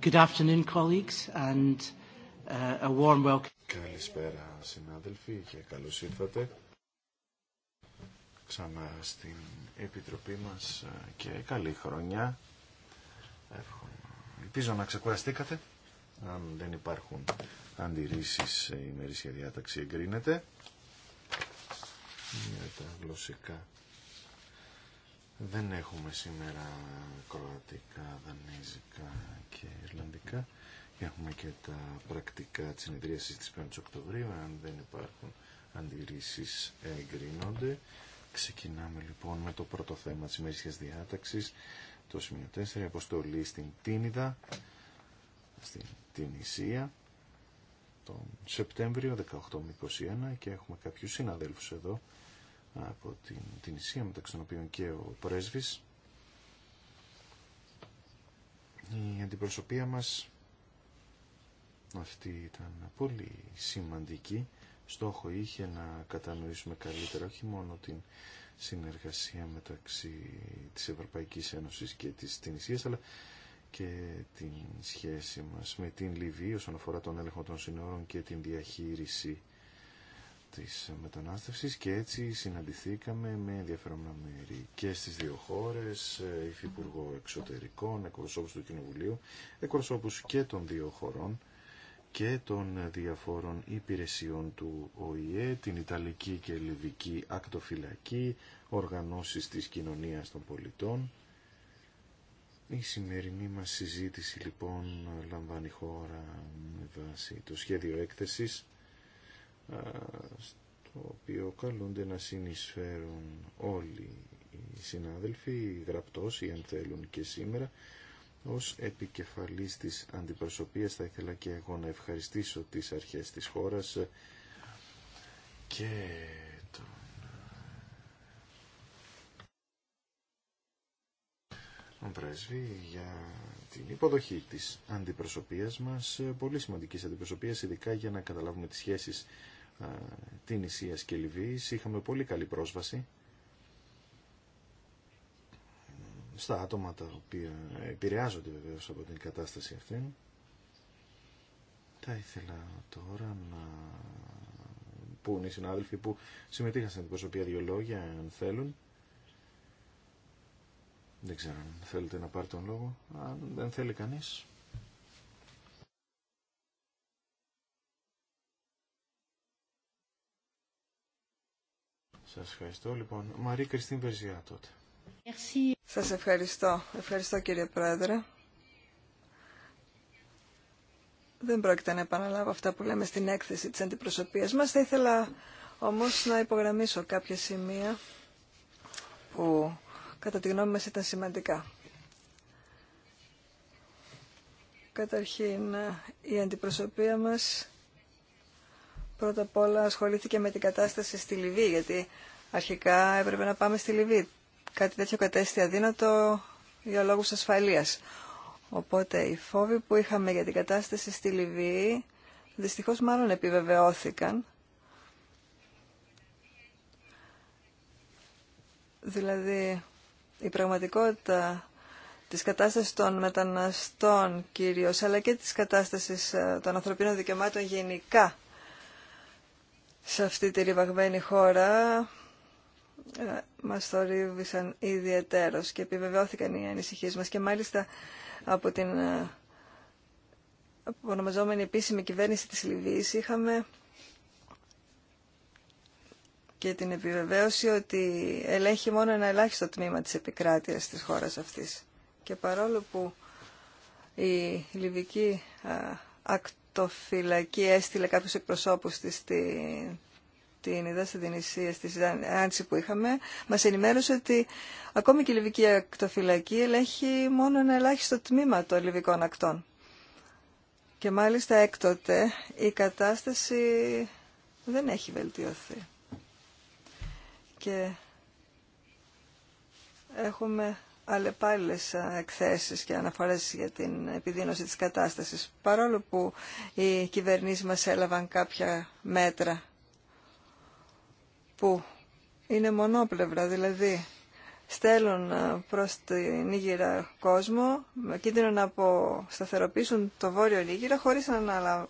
Good afternoon, colleagues, and uh, Καλησπέρα, συνάδελφοι, και καλώς ήρθατε ξανά στην Επιτροπή μας ε, και καλή χρονιά. Ελπίζω να ξεκουραστήκατε. Αν δεν υπάρχουν αντιρρήσεις, ε, η ημερήσια διάταξη εγκρίνεται. Για τα γλωσσικά δεν έχουμε σήμερα κροατικά, δανειζικά και ιρλανδικά. Έχουμε και τα πρακτικά της συνεδρίασης της 5ης Οκτωβρίου. Αν δεν υπάρχουν αντιρρήσεις εγκρίνονται. Ξεκινάμε λοιπόν με το πρώτο θέμα της ημερήσιας διάταξης, το σημείο 4, αποστολή στην Τίνιδα, στην Τινησία, τον Σεπτέμβριο 18 21 και έχουμε κάποιους συναδέλφους εδώ από την, Ισία μεταξύ των οποίων και ο πρέσβης η αντιπροσωπεία μας αυτή ήταν πολύ σημαντική στόχο είχε να κατανοήσουμε καλύτερα όχι μόνο την συνεργασία μεταξύ της Ευρωπαϊκής Ένωσης και της Τινησίας αλλά και την σχέση μας με την Λιβύη όσον αφορά τον έλεγχο των συνόρων και την διαχείριση της μετανάστευσης και έτσι συναντηθήκαμε με ενδιαφέρομενα μέρη και στις δύο χώρες, ε, υφυπουργό εξωτερικών, εκπροσώπους του Κοινοβουλίου, εκπροσώπους και των δύο χωρών και των διαφόρων υπηρεσιών του ΟΗΕ, την Ιταλική και Λιβική Ακτοφυλακή, οργανώσεις της κοινωνίας των πολιτών. Η σημερινή μας συζήτηση λοιπόν λαμβάνει χώρα με βάση το σχέδιο έκθεσης στο οποίο καλούνται να συνεισφέρουν όλοι οι συνάδελφοι, γραπτός ή αν θέλουν και σήμερα. Ως επικεφαλής της αντιπροσωπείας θα ήθελα και εγώ να ευχαριστήσω τις αρχές της χώρας και τον τον πρέσβη για την υποδοχή της αντιπροσωπείας μας, πολύ σημαντικής αντιπροσωπείας, ειδικά για να καταλάβουμε τις σχέσεις την νησία και Λιβύης. Είχαμε πολύ καλή πρόσβαση στα άτομα τα οποία επηρεάζονται βεβαίως από την κατάσταση αυτή. Θα ήθελα τώρα να πούνε οι συνάδελφοι που συμμετείχαν στην αντιπροσωπεία δύο λόγια, αν θέλουν. Δεν ξέρω αν θέλετε να πάρει τον λόγο. Αν δεν θέλει κανείς, Σας ευχαριστώ. Λοιπόν, Μαρή Κριστίν Βερζιά τότε. Σας ευχαριστώ. Ευχαριστώ κύριε Πρόεδρε. Δεν πρόκειται να επαναλάβω αυτά που λέμε στην έκθεση της αντιπροσωπείας μας. Θα ήθελα όμως να υπογραμμίσω κάποια σημεία που κατά τη γνώμη μας ήταν σημαντικά. Καταρχήν, η αντιπροσωπεία μας πρώτα απ' όλα ασχολήθηκε με την κατάσταση στη Λιβύη, γιατί αρχικά έπρεπε να πάμε στη Λιβύη. Κάτι τέτοιο κατέστη αδύνατο για λόγου ασφαλείας. Οπότε οι φόβοι που είχαμε για την κατάσταση στη Λιβύη δυστυχώς μάλλον επιβεβαιώθηκαν. Δηλαδή η πραγματικότητα της κατάστασης των μεταναστών κυρίως, αλλά και της κατάστασης ε, των ανθρωπίνων δικαιωμάτων γενικά σε αυτή τη ρηβαγμένη χώρα ε, μας θορύβησαν ιδιαίτερος και επιβεβαιώθηκαν οι ανησυχίες μας και μάλιστα από την ε, ονομαζόμενη επίσημη κυβέρνηση της Λιβύης είχαμε και την επιβεβαίωση ότι ελέγχει μόνο ένα ελάχιστο τμήμα της επικράτειας της χώρας αυτής. Και παρόλο που η Λιβική ε, το φυλακή έστειλε κάποιους εκπροσώπους της στην την είδα στην Τινησία, στη που είχαμε, μας ενημέρωσε ότι ακόμη και η Λιβική Ακτοφυλακή ελέγχει μόνο ένα ελάχιστο τμήμα των Λιβικών ακτών. Και μάλιστα έκτοτε η κατάσταση δεν έχει βελτιωθεί. Και έχουμε αλλεπάλληλες εκθέσεις και αναφορές για την επιδείνωση της κατάστασης, παρόλο που οι κυβερνήσεις μας έλαβαν κάποια μέτρα που είναι μονόπλευρα, δηλαδή στέλνουν προς την ήγυρα κόσμο με κίνδυνο να αποσταθεροποιήσουν το βόρειο Ήγυρα χωρίς να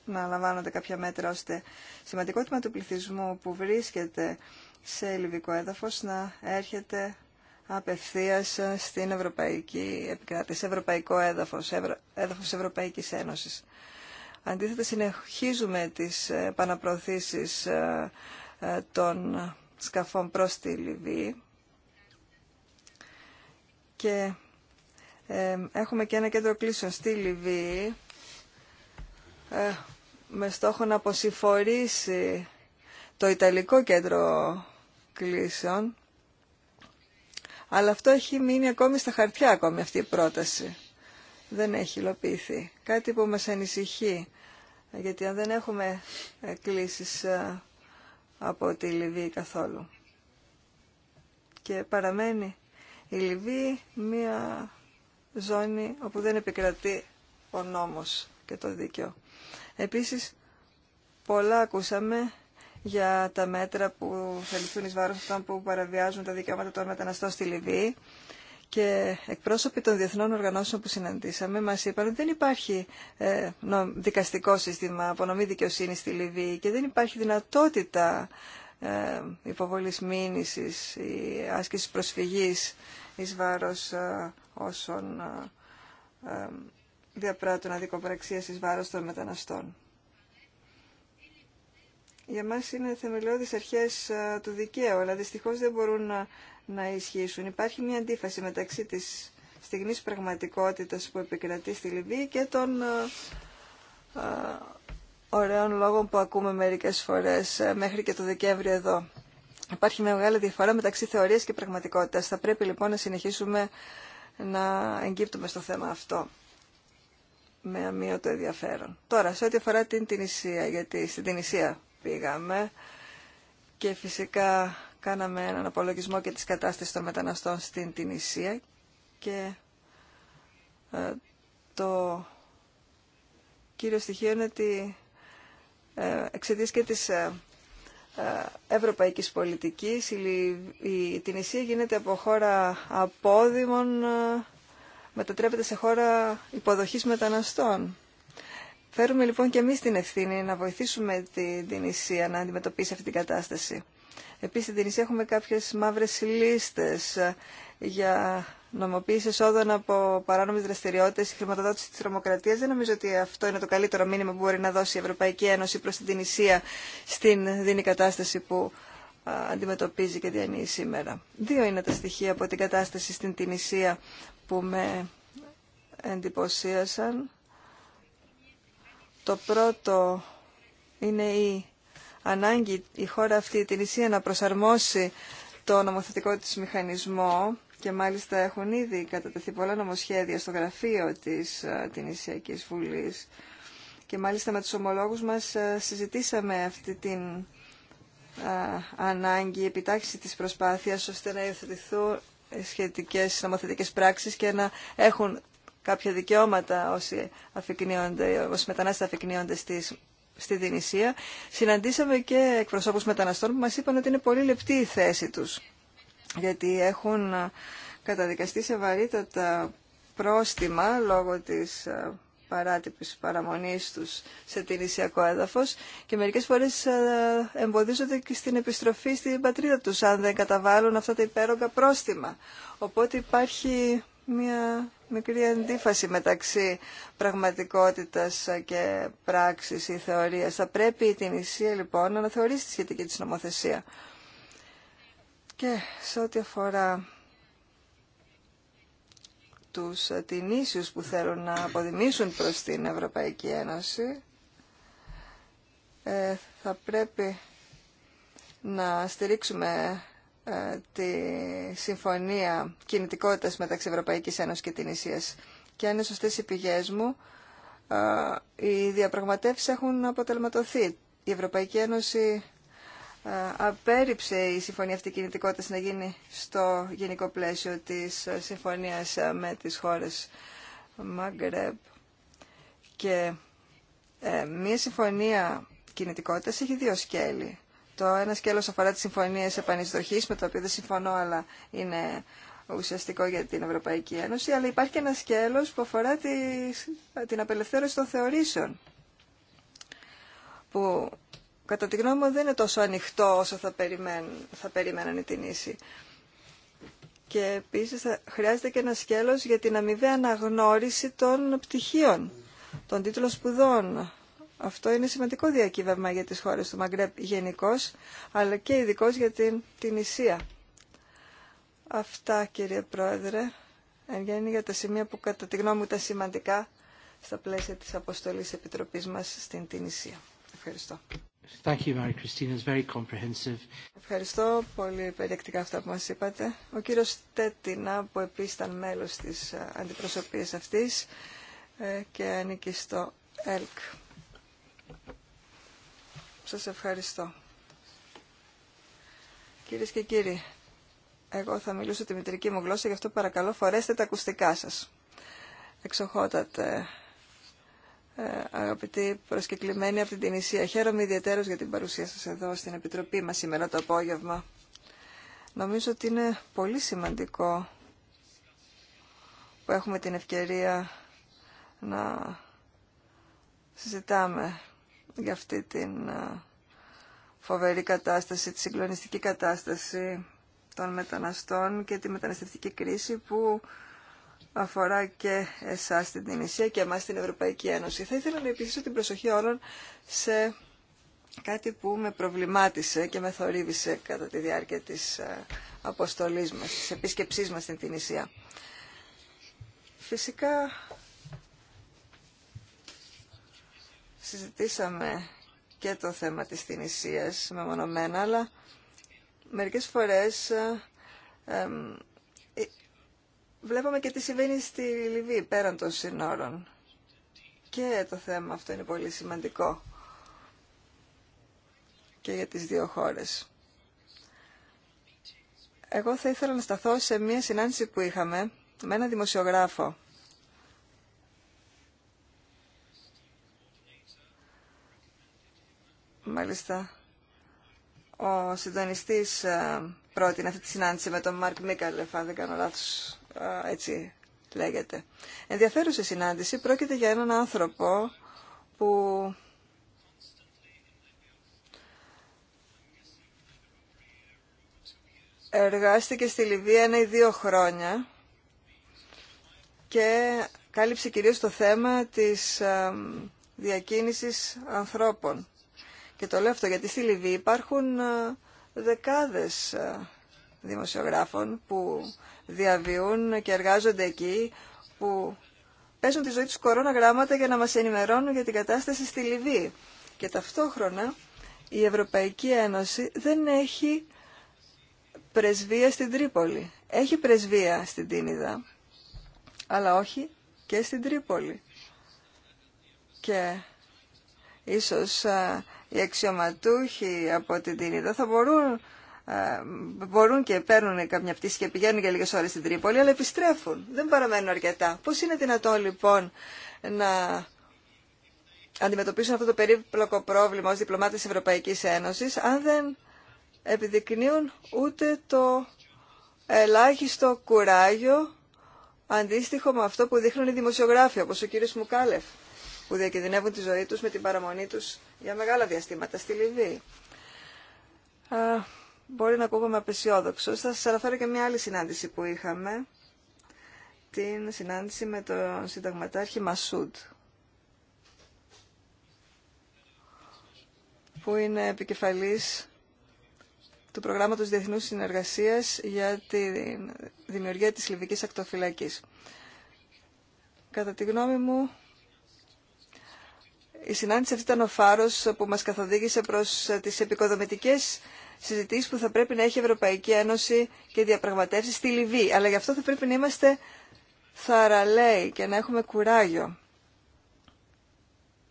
αναλαμβάνονται κάποια μέτρα ώστε σημαντικό του πληθυσμού που βρίσκεται σε λιβικό έδαφος να έρχεται απευθείας στην Ευρωπαϊκή Επικράτηση, σε ευρωπαϊκό έδαφος, ευρω... έδαφος Ευρωπαϊκής Ένωσης. Αντίθετα, συνεχίζουμε τις επαναπροωθήσεις ε, ε, των σκαφών προς τη Λιβύη και ε, έχουμε και ένα κέντρο κλήσεων στη Λιβύη με στόχο να αποσυφορήσει το Ιταλικό κέντρο κλήσεων αλλά αυτό έχει μείνει ακόμη στα χαρτιά ακόμη αυτή η πρόταση. Δεν έχει υλοποιηθεί. Κάτι που μας ανησυχεί. Γιατί αν δεν έχουμε ε, κλήσεις ε, από τη Λιβύη καθόλου. Και παραμένει η Λιβύη μία ζώνη όπου δεν επικρατεί ο νόμος και το δίκαιο. Επίσης, πολλά ακούσαμε για τα μέτρα που θα ληφθούν εις βάρος αυτών που παραβιάζουν τα δικαιώματα των μεταναστών στη Λιβύη. Και εκπρόσωποι των διεθνών οργανώσεων που συναντήσαμε μας είπαν ότι δεν υπάρχει ε, δικαστικό σύστημα, απονομή δικαιοσύνη στη Λιβύη και δεν υπάρχει δυνατότητα ε, υποβολής μήνυσης ή άσκηση προσφυγής εις βάρος ε, όσων διαπράττουν αδικοπραξία εις βάρος των μεταναστών για μας είναι θεμελιώδεις αρχές ε, του δικαίου, αλλά δυστυχώς δεν μπορούν να, να ισχύσουν. Υπάρχει μια αντίφαση μεταξύ της στιγμής πραγματικότητας που επικρατεί στη Λιβύη και των α, ε, ε, ωραίων λόγων που ακούμε μερικές φορές μέχρι και το Δεκέμβριο εδώ. Υπάρχει μια μεγάλη διαφορά μεταξύ θεωρίας και πραγματικότητας. Θα πρέπει λοιπόν να συνεχίσουμε να εγκύπτουμε στο θέμα αυτό με αμύωτο ενδιαφέρον. Τώρα, σε ό,τι αφορά την Τινησία, γιατί στην Τινησία πήγαμε και φυσικά κάναμε έναν απολογισμό και της κατάστασης των μεταναστών στην Τινησία και ε, το κύριο στοιχείο είναι ότι ε, εξαιτίας και της ε, ευρωπαϊκής πολιτικής η Τινησία γίνεται από χώρα απόδημων μετατρέπεται σε χώρα υποδοχής μεταναστών Φέρουμε λοιπόν και εμείς την ευθύνη να βοηθήσουμε την, Τινησία να αντιμετωπίσει αυτή την κατάσταση. Επίσης στην Ισία έχουμε κάποιες μαύρες λίστες για νομοποίηση εσόδων από παράνομες δραστηριότητες, και χρηματοδότηση της τρομοκρατίας. Δεν νομίζω ότι αυτό είναι το καλύτερο μήνυμα που μπορεί να δώσει η Ευρωπαϊκή Ένωση προς την Ισία στην δίνη κατάσταση που αντιμετωπίζει και διανύει σήμερα. Δύο είναι τα στοιχεία από την κατάσταση στην Τινησία που με εντυπωσίασαν το πρώτο είναι η ανάγκη η χώρα αυτή, την Ισία, να προσαρμόσει το νομοθετικό της μηχανισμό και μάλιστα έχουν ήδη κατατεθεί πολλά νομοσχέδια στο γραφείο της ε, την Ισιακής Βουλής και μάλιστα με τους ομολόγους μας ε, συζητήσαμε αυτή την ε, ανάγκη επιτάχυση της προσπάθειας ώστε να υιοθετηθούν σχετικές νομοθετικές πράξεις και να έχουν κάποια δικαιώματα όσοι, αφικνύονται, όσοι μετανάστες αφικνύονται στη Δινησία. Συναντήσαμε και εκπροσώπους μεταναστών που μας είπαν ότι είναι πολύ λεπτή η θέση τους, γιατί έχουν ε, καταδικαστεί σε βαρύτατα πρόστιμα λόγω της ε, παράτυπης παραμονής τους σε την Ισιακό έδαφος και μερικές φορές ε, εμποδίζονται και στην επιστροφή στην πατρίδα τους αν δεν καταβάλουν αυτά τα υπέρογκα πρόστιμα. Οπότε υπάρχει μια μικρή αντίφαση μεταξύ πραγματικότητας και πράξης ή θεωρίας. Θα πρέπει η Τινησία λοιπόν να αναθεωρήσει τη σχετική της νομοθεσία. Και σε ό,τι αφορά τους Τινήσιους που θέλουν να αποδημήσουν προς την Ευρωπαϊκή Ένωση, ε, θα πρέπει να στηρίξουμε ε, τη συμφωνία κινητικότητας μεταξύ Ευρωπαϊκής Ένωσης και την Ισίας. Και αν είναι σωστές οι πηγές μου, ε, οι διαπραγματεύσεις έχουν αποτελματωθεί. Η Ευρωπαϊκή Ένωση ε, απέρριψε η συμφωνία αυτή κινητικότητας να γίνει στο γενικό πλαίσιο της συμφωνίας με τις χώρες Μαγκρέπ Και μία συμφωνία κινητικότητας έχει δύο σκέλη. Το ένα σκέλος αφορά τις συμφωνίες επανειστοχής, με το οποίο δεν συμφωνώ, αλλά είναι ουσιαστικό για την Ευρωπαϊκή Ένωση, αλλά υπάρχει και ένα σκέλος που αφορά την απελευθέρωση των θεωρήσεων, που κατά τη γνώμη μου δεν είναι τόσο ανοιχτό όσο θα, περιμένανε θα περίμεναν οι Και επίσης χρειάζεται και ένα σκέλος για την αμοιβαία αναγνώριση των πτυχίων, των τίτλων σπουδών, αυτό είναι σημαντικό διακύβευμα για τις χώρες του Μαγκρέπ γενικώ, αλλά και ειδικώ για την, Τινησία. Αυτά κύριε Πρόεδρε, εν γέννη για τα σημεία που κατά τη γνώμη μου ήταν σημαντικά στα πλαίσια της αποστολής Επιτροπής μας στην Τινησία. Ευχαριστώ. Thank you, Mary It's very comprehensive. Ευχαριστώ πολύ περιεκτικά αυτά που μας είπατε. Ο κύριος Τέτινα, που επίσης ήταν μέλος της ε, αντιπροσωπείας αυτής ε, και ανήκει στο ΕΛΚ. Σας ευχαριστώ. Κυρίε και κύριοι, εγώ θα μιλήσω τη μητρική μου γλώσσα, γι' αυτό παρακαλώ φορέστε τα ακουστικά σας. Εξοχότατε, ε, αγαπητοί προσκεκλημένοι από την Τινησία. Χαίρομαι ιδιαίτερως για την παρουσία σας εδώ στην Επιτροπή μας σήμερα το απόγευμα. Νομίζω ότι είναι πολύ σημαντικό που έχουμε την ευκαιρία να συζητάμε για αυτή την ε, φοβερή κατάσταση, τη συγκλονιστική κατάσταση των μεταναστών και τη μεταναστευτική κρίση που αφορά και εσάς στην Τινησία και εμάς στην Ευρωπαϊκή Ένωση. Θα ήθελα να επιστήσω την προσοχή όλων σε κάτι που με προβλημάτισε και με θορύβησε κατά τη διάρκεια της ε, αποστολής μας, της επίσκεψής μας στην Τινησία. Φυσικά συζητήσαμε και το θέμα της θυνησίας μεμονωμένα, αλλά μερικές φορές ε, ε, ε και τι συμβαίνει στη Λιβύη πέραν των συνόρων. Και το θέμα αυτό είναι πολύ σημαντικό και για τις δύο χώρες. Εγώ θα ήθελα να σταθώ σε μία συνάντηση που είχαμε με ένα δημοσιογράφο Μάλιστα, ο συντονιστής ε, πρότεινε αυτή τη συνάντηση με τον Μάρκ Μίκαλεφ, αν δεν κάνω λάθος, ε, έτσι λέγεται. Ενδιαφέρουσα συνάντηση πρόκειται για έναν άνθρωπο που εργάστηκε στη Λιβύη ένα ή δύο χρόνια και κάλυψε κυρίως το θέμα της ε, διακίνησης ανθρώπων και το λέω αυτό γιατί στη Λιβύη υπάρχουν ε, δεκάδες ε, δημοσιογράφων που διαβιούν και εργάζονται εκεί, που παίζουν τη ζωή τους κορώνα γράμματα για να μας ενημερώνουν για την κατάσταση στη Λιβύη. Και ταυτόχρονα η Ευρωπαϊκή Ένωση δεν έχει πρεσβεία στην Τρίπολη. Έχει πρεσβεία στην Τίνιδα, αλλά όχι και στην Τρίπολη. Και ίσως ε, οι αξιωματούχοι από την Τινίδα θα μπορούν, ε, μπορούν και παίρνουν κάποια πτήση και πηγαίνουν για λίγες ώρες στην Τρίπολη, αλλά επιστρέφουν. Δεν παραμένουν αρκετά. Πώς είναι δυνατόν λοιπόν να αντιμετωπίσουν αυτό το περίπλοκο πρόβλημα ως διπλωμάτες Ευρωπαϊκής Ένωσης, αν δεν επιδεικνύουν ούτε το ελάχιστο κουράγιο αντίστοιχο με αυτό που δείχνουν οι δημοσιογράφοι, όπως ο κύριος Μουκάλεφ, που διακινδυνεύουν τη ζωή τους με την παραμονή τους για μεγάλα διαστήματα στη Λιβύη. μπορεί να ακούγομαι απεσιόδοξο. Θα σα αναφέρω και μια άλλη συνάντηση που είχαμε, την συνάντηση με τον συνταγματάρχη Μασούντ, που είναι επικεφαλής του προγράμματος Διεθνούς Συνεργασίας για τη δημιουργία της Λιβικής Ακτοφυλακής. Κατά τη γνώμη μου, η συνάντηση αυτή ήταν ο φάρος που μας καθοδήγησε προς ε, τις επικοδομητικές συζητήσεις που θα πρέπει να έχει η Ευρωπαϊκή Ένωση και διαπραγματεύσει στη Λιβύη. Αλλά γι' αυτό θα πρέπει να είμαστε θαραλέοι και να έχουμε κουράγιο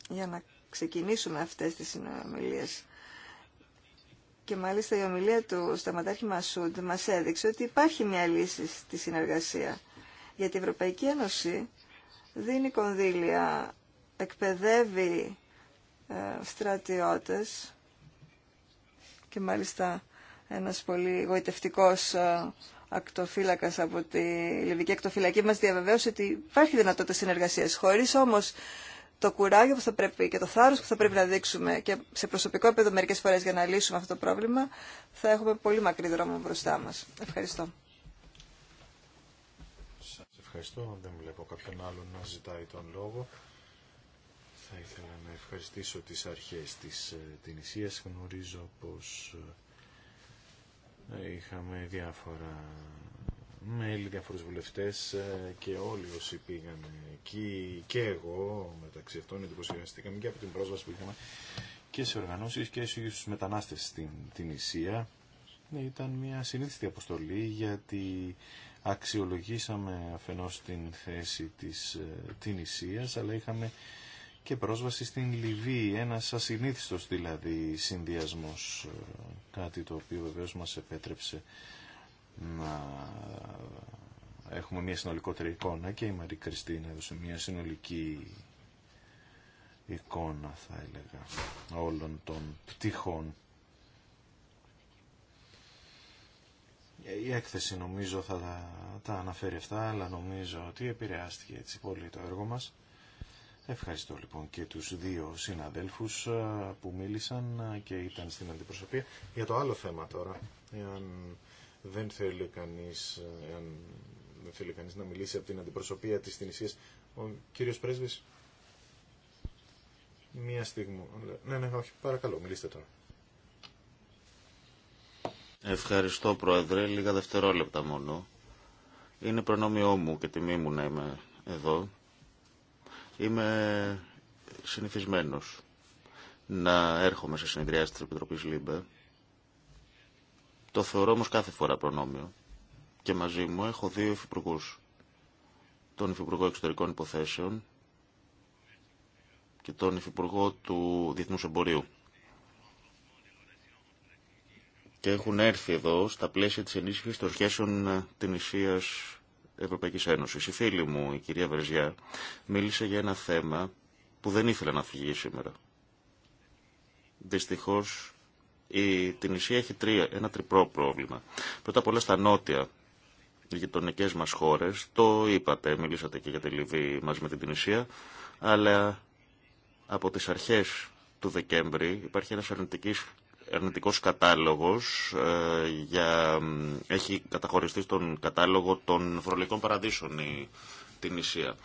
για να ξεκινήσουμε αυτές τις συνομιλίες. Και μάλιστα η ομιλία του Σταματάρχη Μασούντ μας έδειξε ότι υπάρχει μια λύση στη συνεργασία. Γιατί η Ευρωπαϊκή Ένωση δίνει κονδύλια εκπαιδεύει ε, στρατιώτες και μάλιστα ένας πολύ γοητευτικός ε, ακτοφύλακας από τη Λιβική Ακτοφυλακή μας διαβεβαίωσε ότι υπάρχει δυνατότητα συνεργασίας χωρίς όμως το κουράγιο που θα πρέπει και το θάρρος που θα πρέπει να δείξουμε και σε προσωπικό επίπεδο μερικέ φορές για να λύσουμε αυτό το πρόβλημα θα έχουμε πολύ μακρύ δρόμο μπροστά μα. Ευχαριστώ. Σα ευχαριστώ. Δεν βλέπω κάποιον άλλον να ζητάει τον λόγο. Θα ήθελα να ευχαριστήσω τις αρχές της ε, Τινησίας. Γνωρίζω πως ε, είχαμε διάφορα μέλη, διάφορους βουλευτές ε, και όλοι όσοι πήγαν εκεί και εγώ μεταξύ αυτών εντυπωσιαστήκαμε και από την πρόσβαση που είχαμε και σε οργανώσεις και στους μετανάστες στην Τινησία. Ήταν μια συνήθιστη αποστολή γιατί αξιολογήσαμε αφενός την θέση της Τινησίας αλλά είχαμε και πρόσβαση στην Λιβύη, ένας ασυνήθιστος δηλαδή συνδυασμός, ε, κάτι το οποίο βεβαίως μας επέτρεψε να έχουμε μια συνολικότερη εικόνα και η Μαρή Κριστίνα έδωσε μια συνολική εικόνα θα έλεγα όλων των πτυχών. Η έκθεση νομίζω θα τα αναφέρει αυτά, αλλά νομίζω ότι επηρεάστηκε έτσι πολύ το έργο μας. Ευχαριστώ λοιπόν και τους δύο συναδέλφους ε, που μίλησαν ε, και ήταν στην αντιπροσωπεία. Για το άλλο θέμα τώρα, εάν δεν θέλει κανείς, ε, εάν δεν θέλει κανείς να μιλήσει από την αντιπροσωπεία της Τινησίας, ο κύριος Πρέσβης. Μία στιγμή. Ναι, ναι, όχι, παρακαλώ, μιλήστε τώρα. Ευχαριστώ, Πρόεδρε. Λίγα δευτερόλεπτα μόνο. Είναι προνόμιό μου και τιμή μου να είμαι εδώ Είμαι συνηθισμένος να έρχομαι σε συνεδριάσεις της Επιτροπής ΛΥΜΠΕ. Το θεωρώ όμως κάθε φορά προνόμιο. Και μαζί μου έχω δύο υφυπουργούς. Τον Υφυπουργό Εξωτερικών Υποθέσεων και τον Υφυπουργό του Διεθνούς Εμπορίου. Και έχουν έρθει εδώ στα πλαίσια της ενίσχυσης των σχέσεων ε, Ισίας. Ευρωπαϊκή Ένωσης. Η φίλη μου, η κυρία Βρεζιά, μίλησε για ένα θέμα που δεν ήθελα να φυγεί σήμερα. Δυστυχώς, η Τινησία έχει τρία, ένα τριπρό πρόβλημα. Πρώτα απ' όλα στα νότια οι γειτονικέ μα χώρε, το είπατε, μιλήσατε και για τη Λιβύη μαζί με την Τινησία, αλλά από τι αρχέ του Δεκέμβρη υπάρχει ένα αρνητική ερνητικός κατάλογος ε, για... έχει καταχωριστεί στον κατάλογο των φορολογικών παραδείσων η... την Ισία.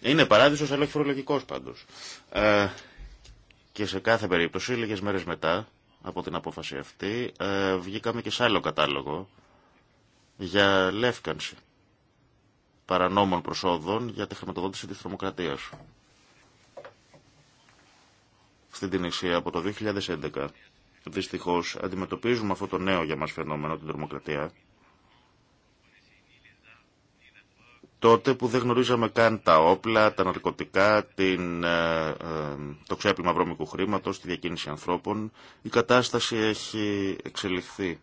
Είναι παράδεισος αλλά όχι φορολογικός πάντως. Ε, και σε κάθε περίπτωση λίγες μέρες μετά από την απόφαση αυτή ε, βγήκαμε και σε άλλο κατάλογο για λεύκανση παρανόμων προσόδων για τη χρηματοδότηση της τρομοκρατίας. Στην Τινησία από το 2011 Δυστυχώ, αντιμετωπίζουμε αυτό το νέο για μα φαινόμενο, την τρομοκρατία, τότε που δεν γνωρίζαμε καν τα όπλα, τα ναρκωτικά, την, ε, ε, το ξέπλυμα βρώμικου χρήματο, τη διακίνηση ανθρώπων, η κατάσταση έχει εξελιχθεί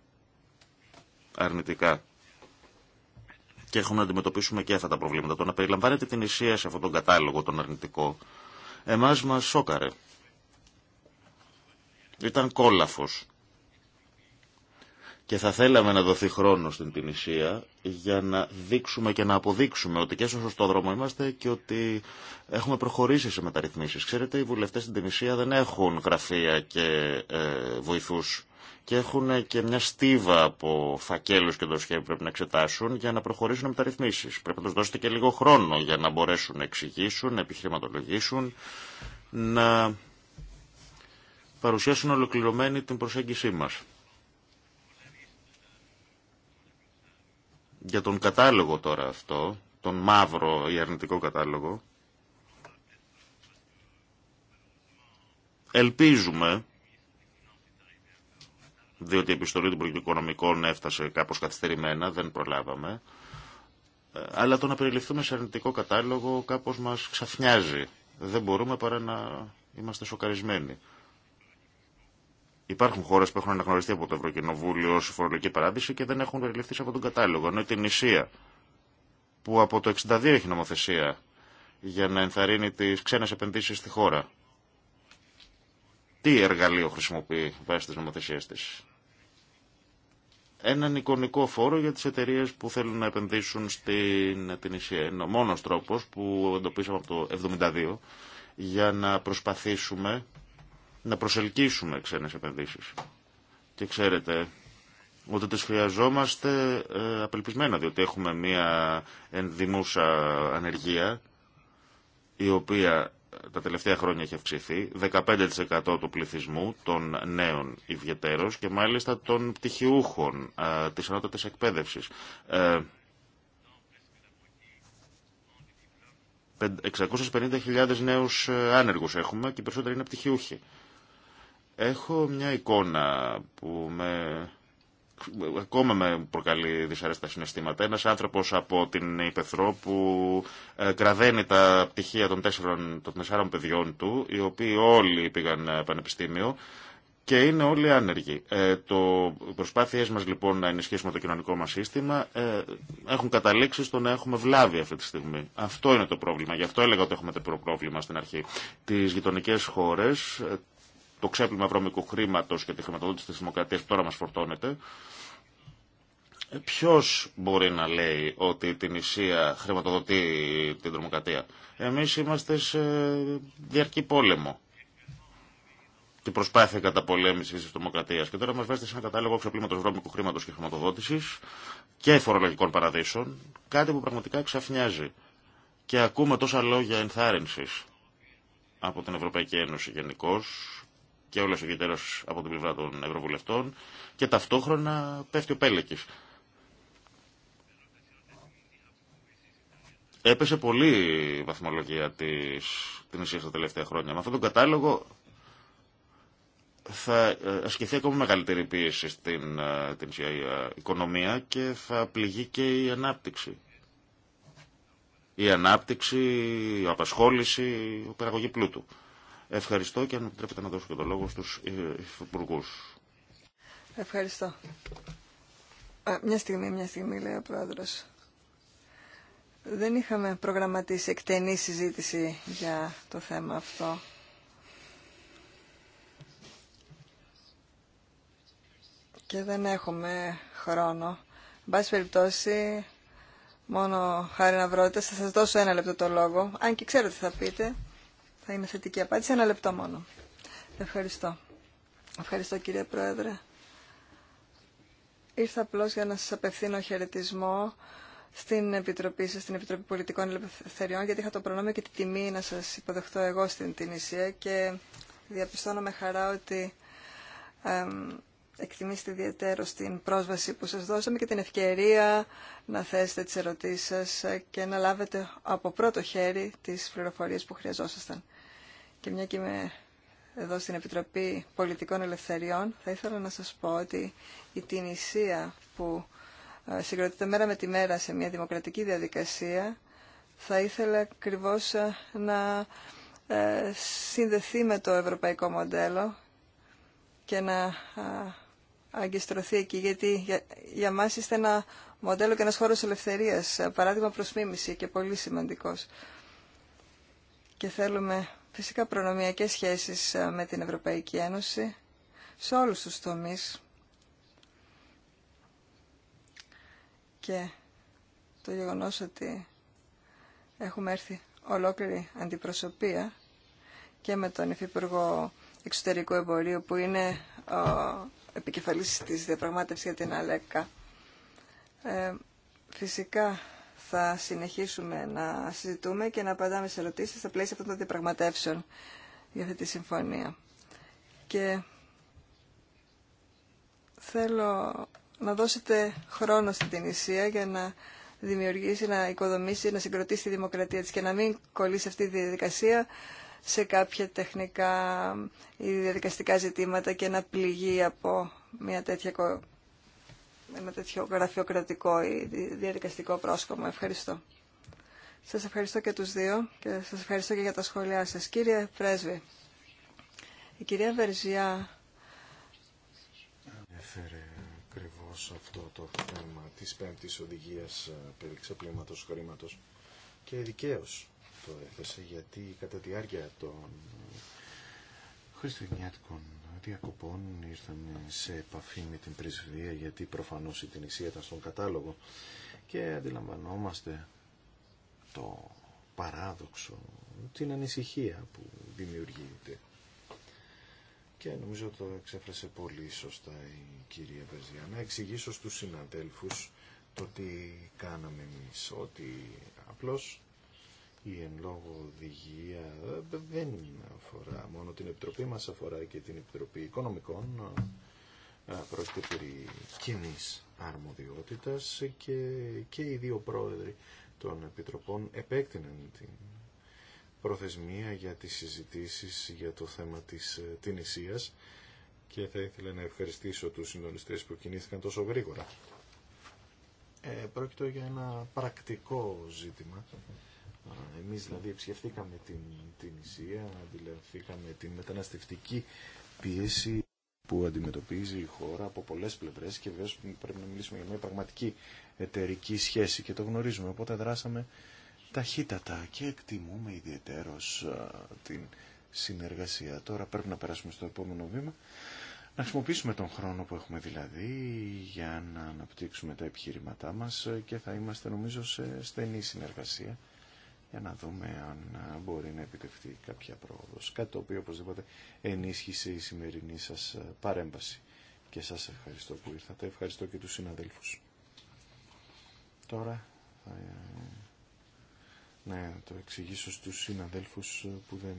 αρνητικά. Και έχουμε να αντιμετωπίσουμε και αυτά τα προβλήματα. Το να περιλαμβάνεται την Ισία σε αυτόν τον κατάλογο, τον αρνητικό, εμάς μας σώκαρε ήταν κόλαφος. Και θα θέλαμε να δοθεί χρόνο στην Τινησία για να δείξουμε και να αποδείξουμε ότι και στο σωστό δρόμο είμαστε και ότι έχουμε προχωρήσει σε μεταρρυθμίσεις. Ξέρετε, οι βουλευτές στην Τινησία δεν έχουν γραφεία και ε, βοηθούς και έχουν και μια στίβα από φακέλους και δοσιά που πρέπει να εξετάσουν για να προχωρήσουν μεταρρυθμίσεις. Πρέπει να τους δώσετε και λίγο χρόνο για να μπορέσουν να εξηγήσουν, να επιχειρηματολογήσουν, να παρουσιάσουν ολοκληρωμένη την προσέγγισή μας. Για τον κατάλογο τώρα αυτό, τον μαύρο ή αρνητικό κατάλογο, ελπίζουμε, διότι η επιστολή των πολιτικών έφτασε κάπως καθυστερημένα, δεν προλάβαμε, αλλά το να περιληφθούμε σε αρνητικό κατάλογο κάπως μας ξαφνιάζει. Δεν μπορούμε παρά να είμαστε σοκαρισμένοι. Υπάρχουν χώρε που έχουν αναγνωριστεί από το Ευρωκοινοβούλιο ω φορολογική παράδειση και δεν έχουν περιληφθεί από τον κατάλογο. Ενώ η Τινησία, που από το 1962 έχει νομοθεσία για να ενθαρρύνει τι ξένε επενδύσει στη χώρα. Τι εργαλείο χρησιμοποιεί βάσει τη νομοθεσία τη. Έναν εικονικό φόρο για τι εταιρείε που θέλουν να επενδύσουν στην Τινησία. Είναι ο μόνο τρόπο που εντοπίσαμε από το 1972 για να προσπαθήσουμε να προσελκύσουμε ξένες επενδύσεις. Και ξέρετε ότι τις χρειαζόμαστε ε, απελπισμένα, διότι έχουμε μία ενδημούσα ανεργία, η οποία τα τελευταία χρόνια έχει αυξηθεί, 15% του πληθυσμού των νέων ιδιαιτέρως και μάλιστα των πτυχιούχων ε, της ανώτατης εκπαίδευσης. 650.000 ε, νέους άνεργους έχουμε και οι περισσότεροι είναι πτυχιούχοι. Έχω μια εικόνα που με... Ακόμα με προκαλεί δυσαρέστα συναισθήματα. Ένα άνθρωπο από την Υπεθρό που ε, κραδένει τα πτυχία των τέσσερων, των τεσσάρων παιδιών του, οι οποίοι όλοι πήγαν ε, πανεπιστήμιο και είναι όλοι άνεργοι. Ε, το οι προσπάθειές μας λοιπόν να ενισχύσουμε το κοινωνικό μας σύστημα έχουν καταλήξει στο να έχουμε βλάβη αυτή τη στιγμή. Αυτό είναι το πρόβλημα. Γι' αυτό έλεγα ότι έχουμε το πρόβλημα στην αρχή. Τις γειτονικέ χώρες το ξέπλυμα βρώμικου χρήματο και τη χρηματοδότηση τη δημοκρατία που τώρα μα φορτώνεται, ε, Ποιο μπορεί να λέει ότι την Ισία χρηματοδοτεί την τρομοκρατία. Εμεί είμαστε σε διαρκή πόλεμο. Την προσπάθεια καταπολέμηση τη τρομοκρατία. Και τώρα μα βάζετε σε ένα κατάλογο ξεπλήματο βρώμικου χρήματο και χρηματοδότηση και φορολογικών παραδείσων. Κάτι που πραγματικά ξαφνιάζει. Και ακούμε τόσα λόγια ενθάρρυνση από την Ευρωπαϊκή Ένωση γενικώ και ο ιδιαίτερως από την πλευρά των Ευρωβουλευτών και ταυτόχρονα πέφτει ο Πέλεκης. Έπεσε πολύ η βαθμολογία της Τινησίας τα τελευταία χρόνια. Με αυτόν τον κατάλογο θα ε, ασκηθεί ακόμα μεγαλύτερη πίεση στην ε, την ε, οικονομία και θα πληγεί και η ανάπτυξη. Η ανάπτυξη, η απασχόληση, η παραγωγή πλούτου. Ευχαριστώ και αν επιτρέπετε να δώσω και το λόγο στους υπουργού. Ευχαριστώ. Α, μια στιγμή, μια στιγμή λέει ο Πρόεδρος. Δεν είχαμε προγραμματίσει εκτενή συζήτηση για το θέμα αυτό. Και δεν έχουμε χρόνο. Εν πάση περιπτώσει, μόνο χάρη να βρώτε, θα σας δώσω ένα λεπτό το λόγο. Αν και ξέρω τι θα πείτε. Θα είναι θετική απάντηση. Ένα λεπτό μόνο. Ευχαριστώ. Ευχαριστώ κύριε Πρόεδρε. Ήρθα απλώ για να σα απευθύνω χαιρετισμό στην Επιτροπή σας, στην Επιτροπή Πολιτικών Ελευθεριών, γιατί είχα το προνόμιο και τη τιμή να σας υποδεχτώ εγώ στην Τινησία και διαπιστώνω με χαρά ότι ε, εκτιμήσετε ιδιαίτερο στην πρόσβαση που σας δώσαμε και την ευκαιρία να θέσετε τις ερωτήσεις σας και να λάβετε από πρώτο χέρι τις πληροφορίες που χρειαζόσασταν. Και μια και είμαι εδώ στην Επιτροπή Πολιτικών Ελευθεριών, θα ήθελα να σας πω ότι η Τινησία που ε, συγκροτείται μέρα με τη μέρα σε μια δημοκρατική διαδικασία, θα ήθελα ακριβώ ε, να ε, συνδεθεί με το ευρωπαϊκό μοντέλο και να αγκιστρωθεί εκεί, γιατί για, για μας είστε ένα μοντέλο και ένας χώρος ελευθερίας, παράδειγμα προς και πολύ σημαντικός. Και θέλουμε φυσικά προνομιακές σχέσεις ε, με την Ευρωπαϊκή Ένωση σε όλους τους τομείς και το γεγονός ότι έχουμε έρθει ολόκληρη αντιπροσωπεία και με τον Υφυπουργό Εξωτερικού Εμπορίου που είναι ο ε, επικεφαλής της διαπραγμάτευσης για την ΑΛΕΚΑ. Ε, φυσικά θα συνεχίσουμε να συζητούμε και να απαντάμε σε ερωτήσεις στα πλαίσια αυτών των διαπραγματεύσεων για αυτή τη συμφωνία. Και θέλω να δώσετε χρόνο στην Τινησία για να δημιουργήσει, να οικοδομήσει, να συγκροτήσει τη δημοκρατία της και να μην κολλήσει αυτή τη διαδικασία σε κάποια τεχνικά ή διαδικαστικά ζητήματα και να πληγεί από μια τέτοια με τέτοιο γραφειοκρατικό ή διαδικαστικό πρόσκομα. Ευχαριστώ. Σας ευχαριστώ και τους δύο και σας ευχαριστώ και για τα σχόλιά σας. Κύριε Πρέσβη, η κυρία Βερζιά... Έφερε ακριβώ αυτό το θέμα της πέμπτης οδηγίας ε, περί ξεπλήματος χρήματος και δικαίω το έθεσε γιατί κατά τη διάρκεια των χριστουγεννιάτικων διακοπών ήρθαμε σε επαφή με την πρεσβεία γιατί προφανώς η Τινησία ήταν στον κατάλογο και αντιλαμβανόμαστε το παράδοξο, την ανησυχία που δημιουργείται. Και νομίζω το εξέφρασε πολύ σωστά η κυρία Βερζιά. Να εξηγήσω στους συναδέλφους το τι κάναμε εμείς, ότι απλώς η εν λόγω οδηγία δεν αφορά μόνο την Επιτροπή μας, αφορά και την Επιτροπή Οικονομικών. Πρόκειται περί κοινής αρμοδιότητας και, και οι δύο πρόεδροι των Επιτροπών επέκτηναν την προθεσμία για τις συζητήσεις για το θέμα της ε, Τινησίας και θα ήθελα να ευχαριστήσω τους συντονιστές που κινήθηκαν τόσο γρήγορα. Ε, πρόκειται για ένα πρακτικό ζήτημα εμείς δηλαδή επισκεφθήκαμε την, την Ισία, αντιλαφθήκαμε την μεταναστευτική πίεση που αντιμετωπίζει η χώρα από πολλές πλευρές και βέβαια πρέπει να μιλήσουμε για μια πραγματική εταιρική σχέση και το γνωρίζουμε. Οπότε δράσαμε ταχύτατα και εκτιμούμε ιδιαιτέρως την συνεργασία. Τώρα πρέπει να περάσουμε στο επόμενο βήμα. Να χρησιμοποιήσουμε τον χρόνο που έχουμε δηλαδή για να αναπτύξουμε τα επιχειρηματά μας και θα είμαστε νομίζω σε στενή συνεργασία για να δούμε αν μπορεί να επιτευχθεί κάποια πρόοδος. Κάτι το οποίο οπωσδήποτε ενίσχυσε η σημερινή σας παρέμβαση. Και σας ευχαριστώ που ήρθατε. Ευχαριστώ και τους συναδέλφους. Τώρα θα... Ε, ναι, το εξηγήσω στους συναδέλφους που δεν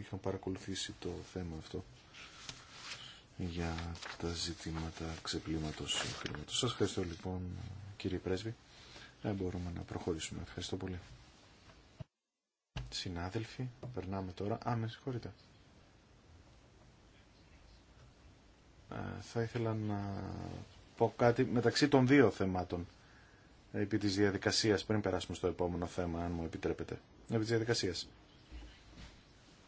είχαν παρακολουθήσει το θέμα αυτό για τα ζητήματα ξεπλήματος χρήματος. Σας ευχαριστώ λοιπόν κύριε Πρέσβη. Δεν μπορούμε να προχωρήσουμε. Ευχαριστώ πολύ συνάδελφοι, περνάμε τώρα. Α, με συγχωρείτε. Ε, θα ήθελα να πω κάτι μεταξύ των δύο θεμάτων επί της διαδικασίας πριν περάσουμε στο επόμενο θέμα αν μου επιτρέπετε επί της διαδικασίας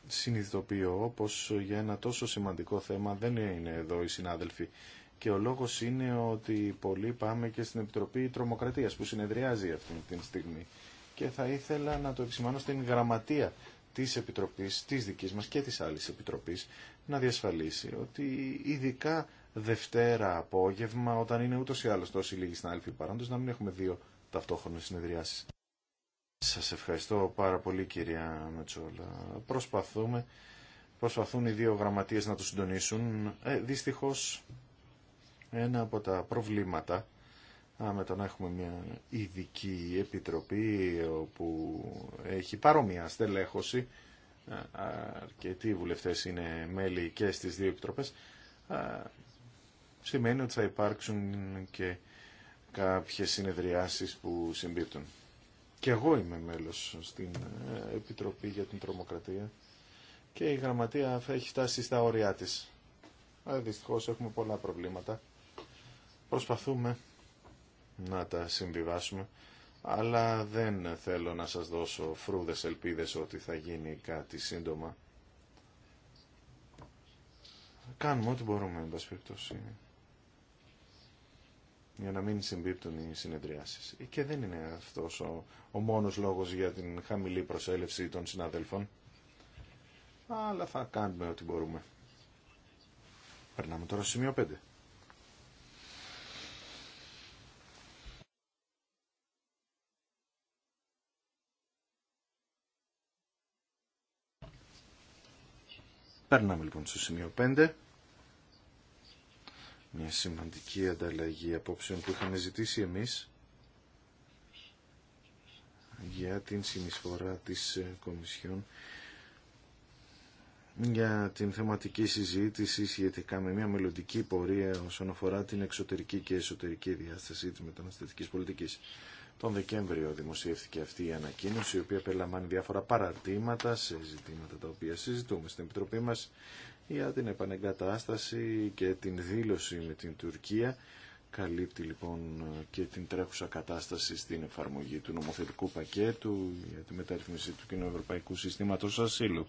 συνειδητοποιώ πως για ένα τόσο σημαντικό θέμα δεν είναι εδώ οι συνάδελφοι και ο λόγος είναι ότι πολλοί πάμε και στην Επιτροπή Τρομοκρατίας που συνεδριάζει αυτή τη στιγμή και θα ήθελα να το επισημάνω στην γραμματεία της Επιτροπής, της δικής μας και της άλλης Επιτροπής, να διασφαλίσει ότι ειδικά Δευτέρα απόγευμα, όταν είναι ούτως ή άλλως τόσοι λίγοι συνάδελφοι παρόντες, να μην έχουμε δύο ταυτόχρονες συνεδριάσεις. Σας ευχαριστώ πάρα πολύ κυρία Μετσόλα. Προσπαθούμε, προσπαθούν οι δύο γραμματείες να το συντονίσουν. Ε, δυστυχώς ένα από τα προβλήματα το να έχουμε μια ειδική επιτροπή όπου έχει παρόμοια στελέχωση αρκετοί βουλευτές είναι μέλη και στις δύο επιτροπές σημαίνει ότι θα υπάρξουν και κάποιες συνεδριάσεις που συμπίπτουν. Και εγώ είμαι μέλος στην ε, Επιτροπή για την Τρομοκρατία και η γραμματεία θα έχει φτάσει στα όρια της. Δυστυχώς έχουμε πολλά προβλήματα. Προσπαθούμε να τα συμβιβάσουμε, αλλά δεν θέλω να σας δώσω φρούδες ελπίδες ότι θα γίνει κάτι σύντομα. Κάνουμε ό,τι μπορούμε, εν πάση για να μην συμπίπτουν οι συνεδριάσεις. Και δεν είναι αυτός ο, ο μόνος λόγος για την χαμηλή προσέλευση των συναδέλφων, αλλά θα κάνουμε ό,τι μπορούμε. Περνάμε τώρα στο σημείο 5. Περνάμε λοιπόν στο σημείο 5. Μια σημαντική ανταλλαγή απόψεων που είχαμε ζητήσει εμείς για την συνεισφορά της ε, Κομισιόν για την θεματική συζήτηση σχετικά με μια μελλοντική πορεία όσον αφορά την εξωτερική και εσωτερική διάσταση της μεταναστευτικής πολιτικής. Τον Δεκέμβριο δημοσιεύθηκε αυτή η ανακοίνωση, η οποία περιλαμβάνει διάφορα παραρτήματα σε ζητήματα τα οποία συζητούμε στην Επιτροπή μας για την επανεγκατάσταση και την δήλωση με την Τουρκία. Καλύπτει λοιπόν και την τρέχουσα κατάσταση στην εφαρμογή του νομοθετικού πακέτου για τη μεταρρύθμιση του Κοινοευρωπαϊκού συστήματο Ασύλου.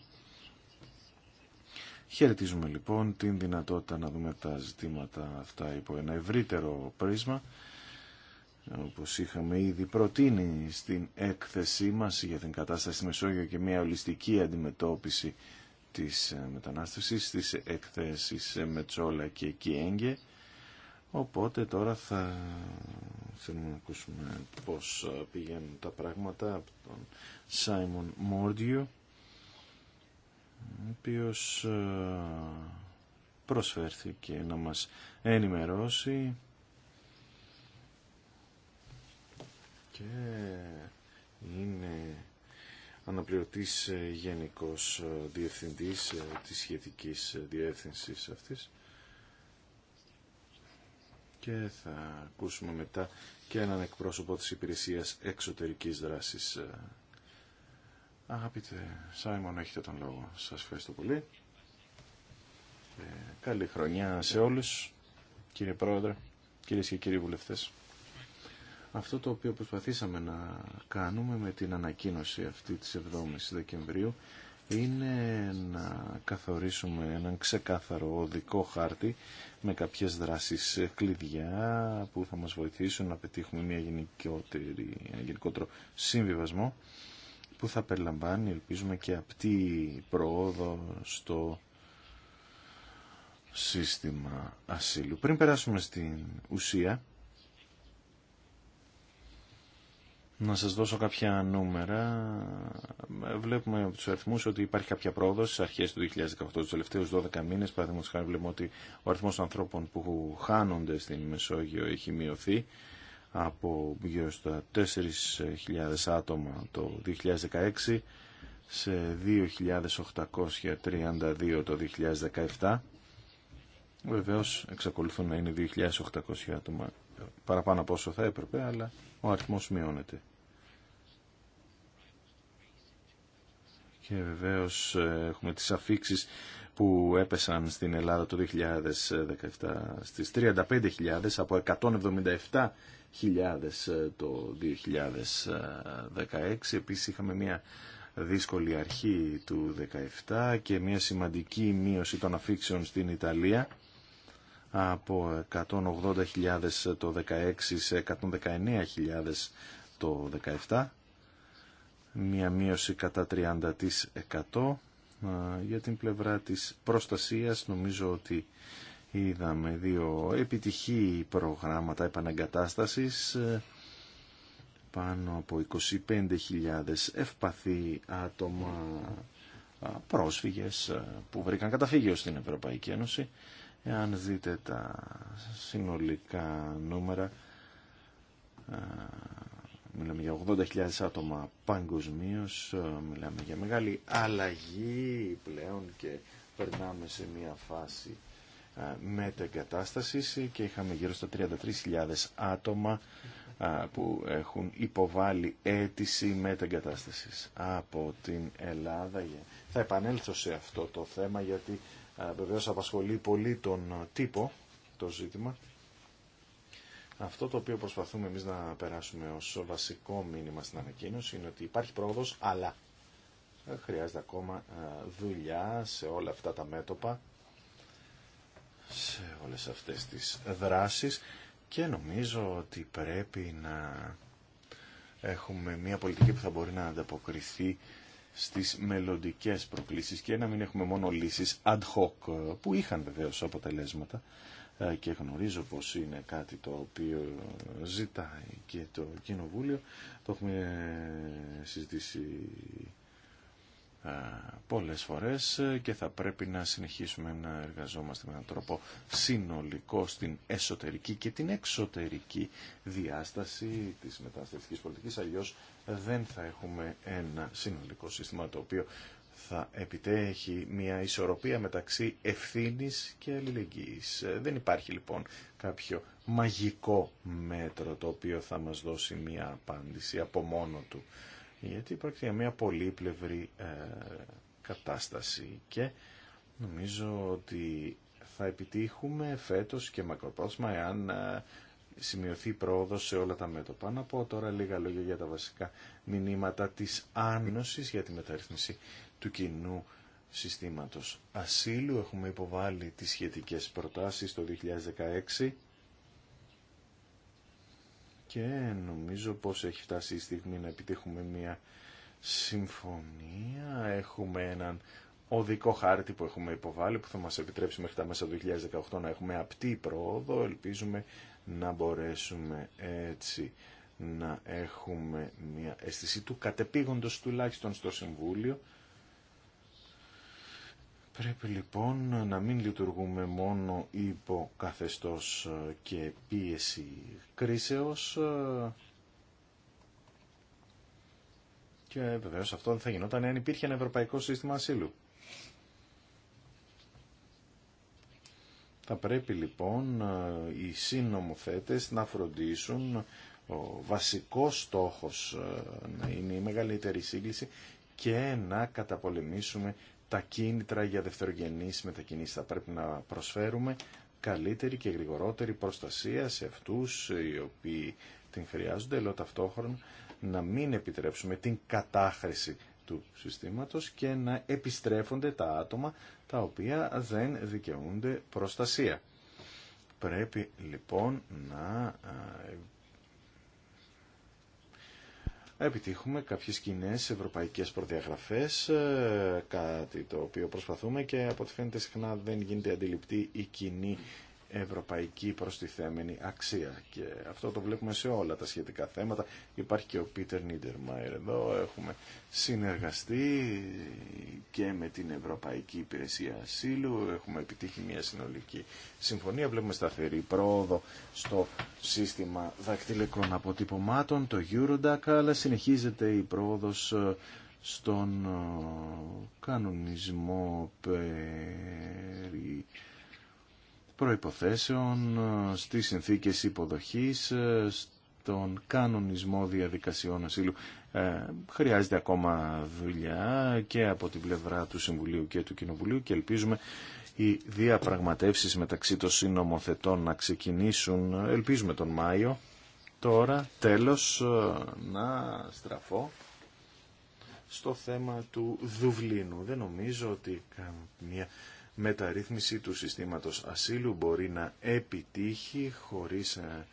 Χαιρετίζουμε λοιπόν την δυνατότητα να δούμε τα ζητήματα αυτά υπό ένα ευρύτερο πρίσμα όπως είχαμε ήδη προτείνει στην έκθεσή μας για την κατάσταση στη Μεσόγειο και μια ολιστική αντιμετώπιση της ε, μετανάστευσης, της εκθέσεις ε, Μετσόλα και Κιέγγε. Οπότε τώρα θα θέλουμε να ακούσουμε πώς ε, πηγαίνουν τα πράγματα από τον Σάιμον Μόρντιο, ο οποίος προσφέρθηκε να μας ενημερώσει και είναι αναπληρωτής ε, γενικός ε, διευθυντής ε, της σχετικής διεύθυνσης αυτής και θα ακούσουμε μετά και έναν εκπρόσωπο της υπηρεσίας εξωτερικής δράσης. Αγαπητέ Σάιμον, έχετε τον λόγο. Σας ευχαριστώ πολύ. καλή χρονιά σε όλους, κύριε Πρόεδρε, κυρίες και κύριοι βουλευτές αυτό το οποίο προσπαθήσαμε να κάνουμε με την ανακοίνωση αυτή της 7ης Δεκεμβρίου είναι να καθορίσουμε έναν ξεκάθαρο οδικό χάρτη με κάποιες δράσεις κλειδιά που θα μας βοηθήσουν να πετύχουμε μια γενικότερη, ένα γενικότερο συμβιβασμό που θα περιλαμβάνει, ελπίζουμε, και απτή προόδο στο σύστημα ασύλου. Πριν περάσουμε στην ουσία, Να σας δώσω κάποια νούμερα. Βλέπουμε από τους αριθμούς ότι υπάρχει κάποια πρόοδος στις αρχές του 2018, τους τελευταίους 12 μήνες. Παραδείγματος βλέπουμε ότι ο αριθμός των ανθρώπων που χάνονται στην Μεσόγειο έχει μειωθεί από γύρω στα 4.000 άτομα το 2016 σε 2.832 το 2017. Βεβαίως εξακολουθούν να είναι 2.800 άτομα παραπάνω από όσο θα έπρεπε, αλλά ο αριθμός μειώνεται. και βεβαίως ε, έχουμε τις αφήξεις που έπεσαν στην Ελλάδα το 2017 στις 35.000 από 177.000 ε, το 2016. Επίσης είχαμε μια δύσκολη αρχή του 2017 και μια σημαντική μείωση των αφήξεων στην Ιταλία από 180.000 το 2016 σε 119.000 το 2017 μία μείωση κατά 30% για την πλευρά της προστασίας νομίζω ότι είδαμε δύο επιτυχή προγράμματα επαναγκατάστασης ε, πάνω από 25.000 ευπαθή άτομα πρόσφυγες που βρήκαν καταφύγιο στην Ευρωπαϊκή Ένωση. Εάν δείτε τα συνολικά νούμερα Μιλάμε για 80.000 άτομα παγκοσμίω, ε, μιλάμε για μεγάλη αλλαγή πλέον και περνάμε σε μια φάση ε, μετεγκατάστασης και είχαμε γύρω στα 33.000 άτομα ε, που έχουν υποβάλει αίτηση μετεγκατάστασης από την Ελλάδα. Θα επανέλθω σε αυτό το θέμα γιατί βεβαίως απασχολεί πολύ τον τύπο το ζήτημα. Αυτό το οποίο προσπαθούμε εμείς να περάσουμε ως βασικό μήνυμα στην ανακοίνωση είναι ότι υπάρχει πρόοδος, αλλά χρειάζεται ακόμα ε, δουλειά σε όλα αυτά τα μέτωπα, σε όλες αυτές τις δράσεις και νομίζω ότι πρέπει να έχουμε μια πολιτική που θα μπορεί να ανταποκριθεί στις μελλοντικέ προκλήσεις και να μην έχουμε μόνο λύσεις ad hoc που είχαν βεβαίως αποτελέσματα ε, και γνωρίζω πως είναι κάτι το οποίο ζητάει και το Κοινοβούλιο. Το έχουμε συζητήσει ε, πολλές φορές και θα πρέπει να συνεχίσουμε να εργαζόμαστε με έναν τρόπο συνολικό στην εσωτερική και την εξωτερική διάσταση της μεταναστευτικής πολιτικής αλλιώς δεν θα έχουμε ένα συνολικό σύστημα το οποίο θα επιτέχει μια ισορροπία μεταξύ ευθύνης και αλληλεγγύης. Δεν υπάρχει λοιπόν κάποιο μαγικό μέτρο το οποίο θα μας δώσει μια απάντηση από μόνο του. Γιατί υπάρχει μια πολύπλευρη ε, κατάσταση και νομίζω ότι θα επιτύχουμε φέτος και μακροπρόθεσμα εάν ε, σημειωθεί πρόοδο σε όλα τα μέτωπα. Να πω τώρα λίγα λόγια για τα βασικά μηνύματα της άνωσης για τη μεταρρύθμιση του κοινού συστήματος ασύλου. Έχουμε υποβάλει τις σχετικές προτάσεις το 2016 και νομίζω πως έχει φτάσει η στιγμή να επιτύχουμε μια συμφωνία. Έχουμε έναν οδικό χάρτη που έχουμε υποβάλει που θα μας επιτρέψει μέχρι τα μέσα του 2018 να έχουμε απτή πρόοδο. Ελπίζουμε να μπορέσουμε έτσι να έχουμε μια αίσθηση του κατεπήγοντος τουλάχιστον στο Συμβούλιο Πρέπει λοιπόν να μην λειτουργούμε μόνο υπό καθεστώς ε, και πίεση κρίσεως ε, και βεβαίως αυτό δεν θα γινόταν αν υπήρχε ένα ευρωπαϊκό σύστημα ασύλου. Θα πρέπει λοιπόν ε, οι συνομοθέτες να φροντίσουν ο βασικός στόχος να είναι η μεγαλύτερη σύγκληση και να καταπολεμήσουμε τα κίνητρα για δευτερογενείς μετακινήσεις. Θα πρέπει να προσφέρουμε καλύτερη και γρηγορότερη προστασία σε αυτούς οι οποίοι την χρειάζονται, αλλά ταυτόχρονα να μην επιτρέψουμε την κατάχρηση του συστήματος και να επιστρέφονται τα άτομα τα οποία δεν δικαιούνται προστασία. Πρέπει λοιπόν να επιτύχουμε κάποιες κοινέ ευρωπαϊκές προδιαγραφές, ε, κάτι το οποίο προσπαθούμε και από ό,τι φαίνεται συχνά δεν γίνεται αντιληπτή η κοινή ευρωπαϊκή προστιθέμενη αξία. Και αυτό το βλέπουμε σε όλα τα σχετικά θέματα. Υπάρχει και ο Πίτερ Νίντερμαϊρ εδώ. Έχουμε συνεργαστεί και με την Ευρωπαϊκή Υπηρεσία Ασύλου. Έχουμε επιτύχει μια συνολική συμφωνία. Βλέπουμε σταθερή πρόοδο στο σύστημα δακτυλικών αποτυπωμάτων, το Eurodac, αλλά συνεχίζεται η πρόοδος ε, στον ε, κανονισμό περί προϋποθέσεων, ε, στις συνθήκες υποδοχής, ε, στον κανονισμό διαδικασιών ασύλου. Ε, χρειάζεται ακόμα δουλειά και από την πλευρά του Συμβουλίου και του Κοινοβουλίου και ελπίζουμε οι διαπραγματεύσεις μεταξύ των συνομοθετών να ξεκινήσουν, ελπίζουμε τον Μάιο. Τώρα, τέλος, να στραφώ στο θέμα του Δουβλίνου. Δεν νομίζω ότι καμία μεταρρύθμιση του συστήματος ασύλου μπορεί να επιτύχει χωρίς ε,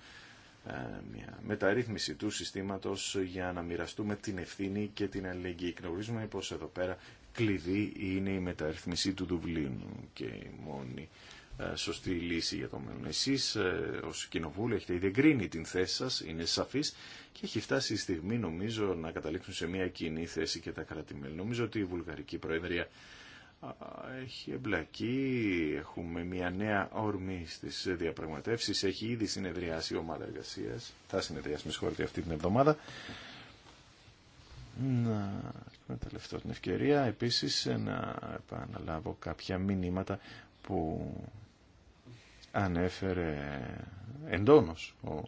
ε, μια μεταρρύθμιση του συστήματος για να μοιραστούμε την ευθύνη και την αλληλεγγύη. Γνωρίζουμε πως εδώ πέρα κλειδί είναι η μεταρρύθμιση του Δουβλίνου και η μόνη ε, σωστή λύση για το μέλλον. Εσείς ως κοινοβούλιο έχετε ήδη εγκρίνει την θέση σας, είναι σαφής και έχει φτάσει η στιγμή νομίζω να καταλήξουν σε μια κοινή θέση και τα κράτη-μέλη. Νομίζω ότι η Βουλγαρική Προεδρία έχει εμπλακεί, έχουμε μια νέα όρμη στις διαπραγματεύσεις, έχει ήδη συνεδριάσει η ομάδα εργασίας, θα συνεδριάσει με συγχωρείτε αυτή την εβδομάδα. Να εκμεταλλευτώ την ευκαιρία επίσης να επαναλάβω κάποια μηνύματα που ανέφερε εντόνως ο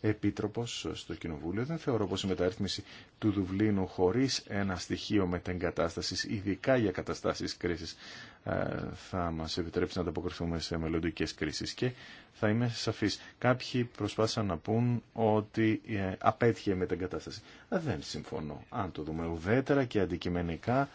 επίτροπος στο Κοινοβούλιο. Δεν θεωρώ πως η μεταρρύθμιση του Δουβλίνου χωρίς ένα στοιχείο μετεγκατάστασης, ειδικά για καταστάσεις κρίσης, ε, θα μας επιτρέψει να ανταποκριθούμε σε μελλοντικές κρίσεις. Και θα είμαι σαφής. Κάποιοι προσπάθησαν να πούν ότι ε, απέτυχε η μετεγκατάσταση. Ε, δεν συμφωνώ. Αν το δούμε ουδέτερα και αντικειμενικά,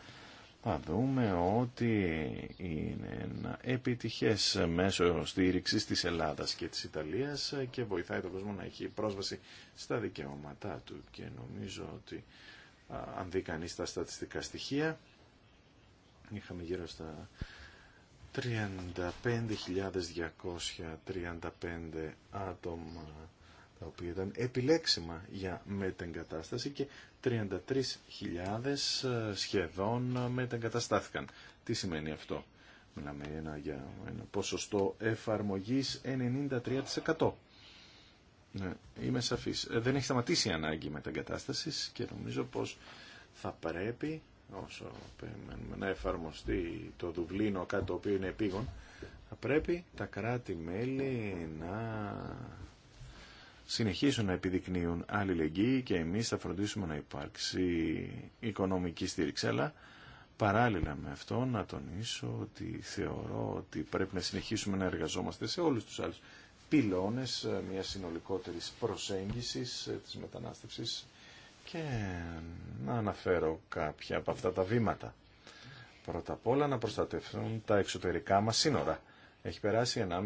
θα δούμε ότι είναι ένα επιτυχές μέσο στήριξης της Ελλάδας και της Ιταλίας και βοηθάει τον κόσμο να έχει πρόσβαση στα δικαιώματά του και νομίζω ότι αν δει κανεί τα στατιστικά στοιχεία είχαμε γύρω στα 35.235 άτομα τα οποία ήταν επιλέξιμα για μετεγκατάσταση και 33.000 ε, σχεδόν ε, μετεγκαταστάθηκαν. Τι σημαίνει αυτό. Μιλάμε για ένα ποσοστό εφαρμογής 93%. Ναι, είμαι σαφής. Ε, δεν έχει σταματήσει η ανάγκη μεταγκατάστασης και νομίζω πως θα πρέπει όσο περιμένουμε να εφαρμοστεί το Δουβλίνο κάτι το οποίο είναι επίγον θα πρέπει τα κράτη-μέλη να συνεχίσουν να επιδεικνύουν αλληλεγγύη και εμείς θα φροντίσουμε να υπάρξει οικονομική στήριξη. Αλλά παράλληλα με αυτό να τονίσω ότι θεωρώ ότι πρέπει να συνεχίσουμε να εργαζόμαστε σε όλους τους άλλους πυλώνες ε, μια συνολικότερης προσέγγισης ε, της μετανάστευσης και να αναφέρω κάποια από αυτά τα βήματα. Πρώτα απ' όλα να προστατευτούν τα εξωτερικά μας σύνορα. Έχει περάσει 1,5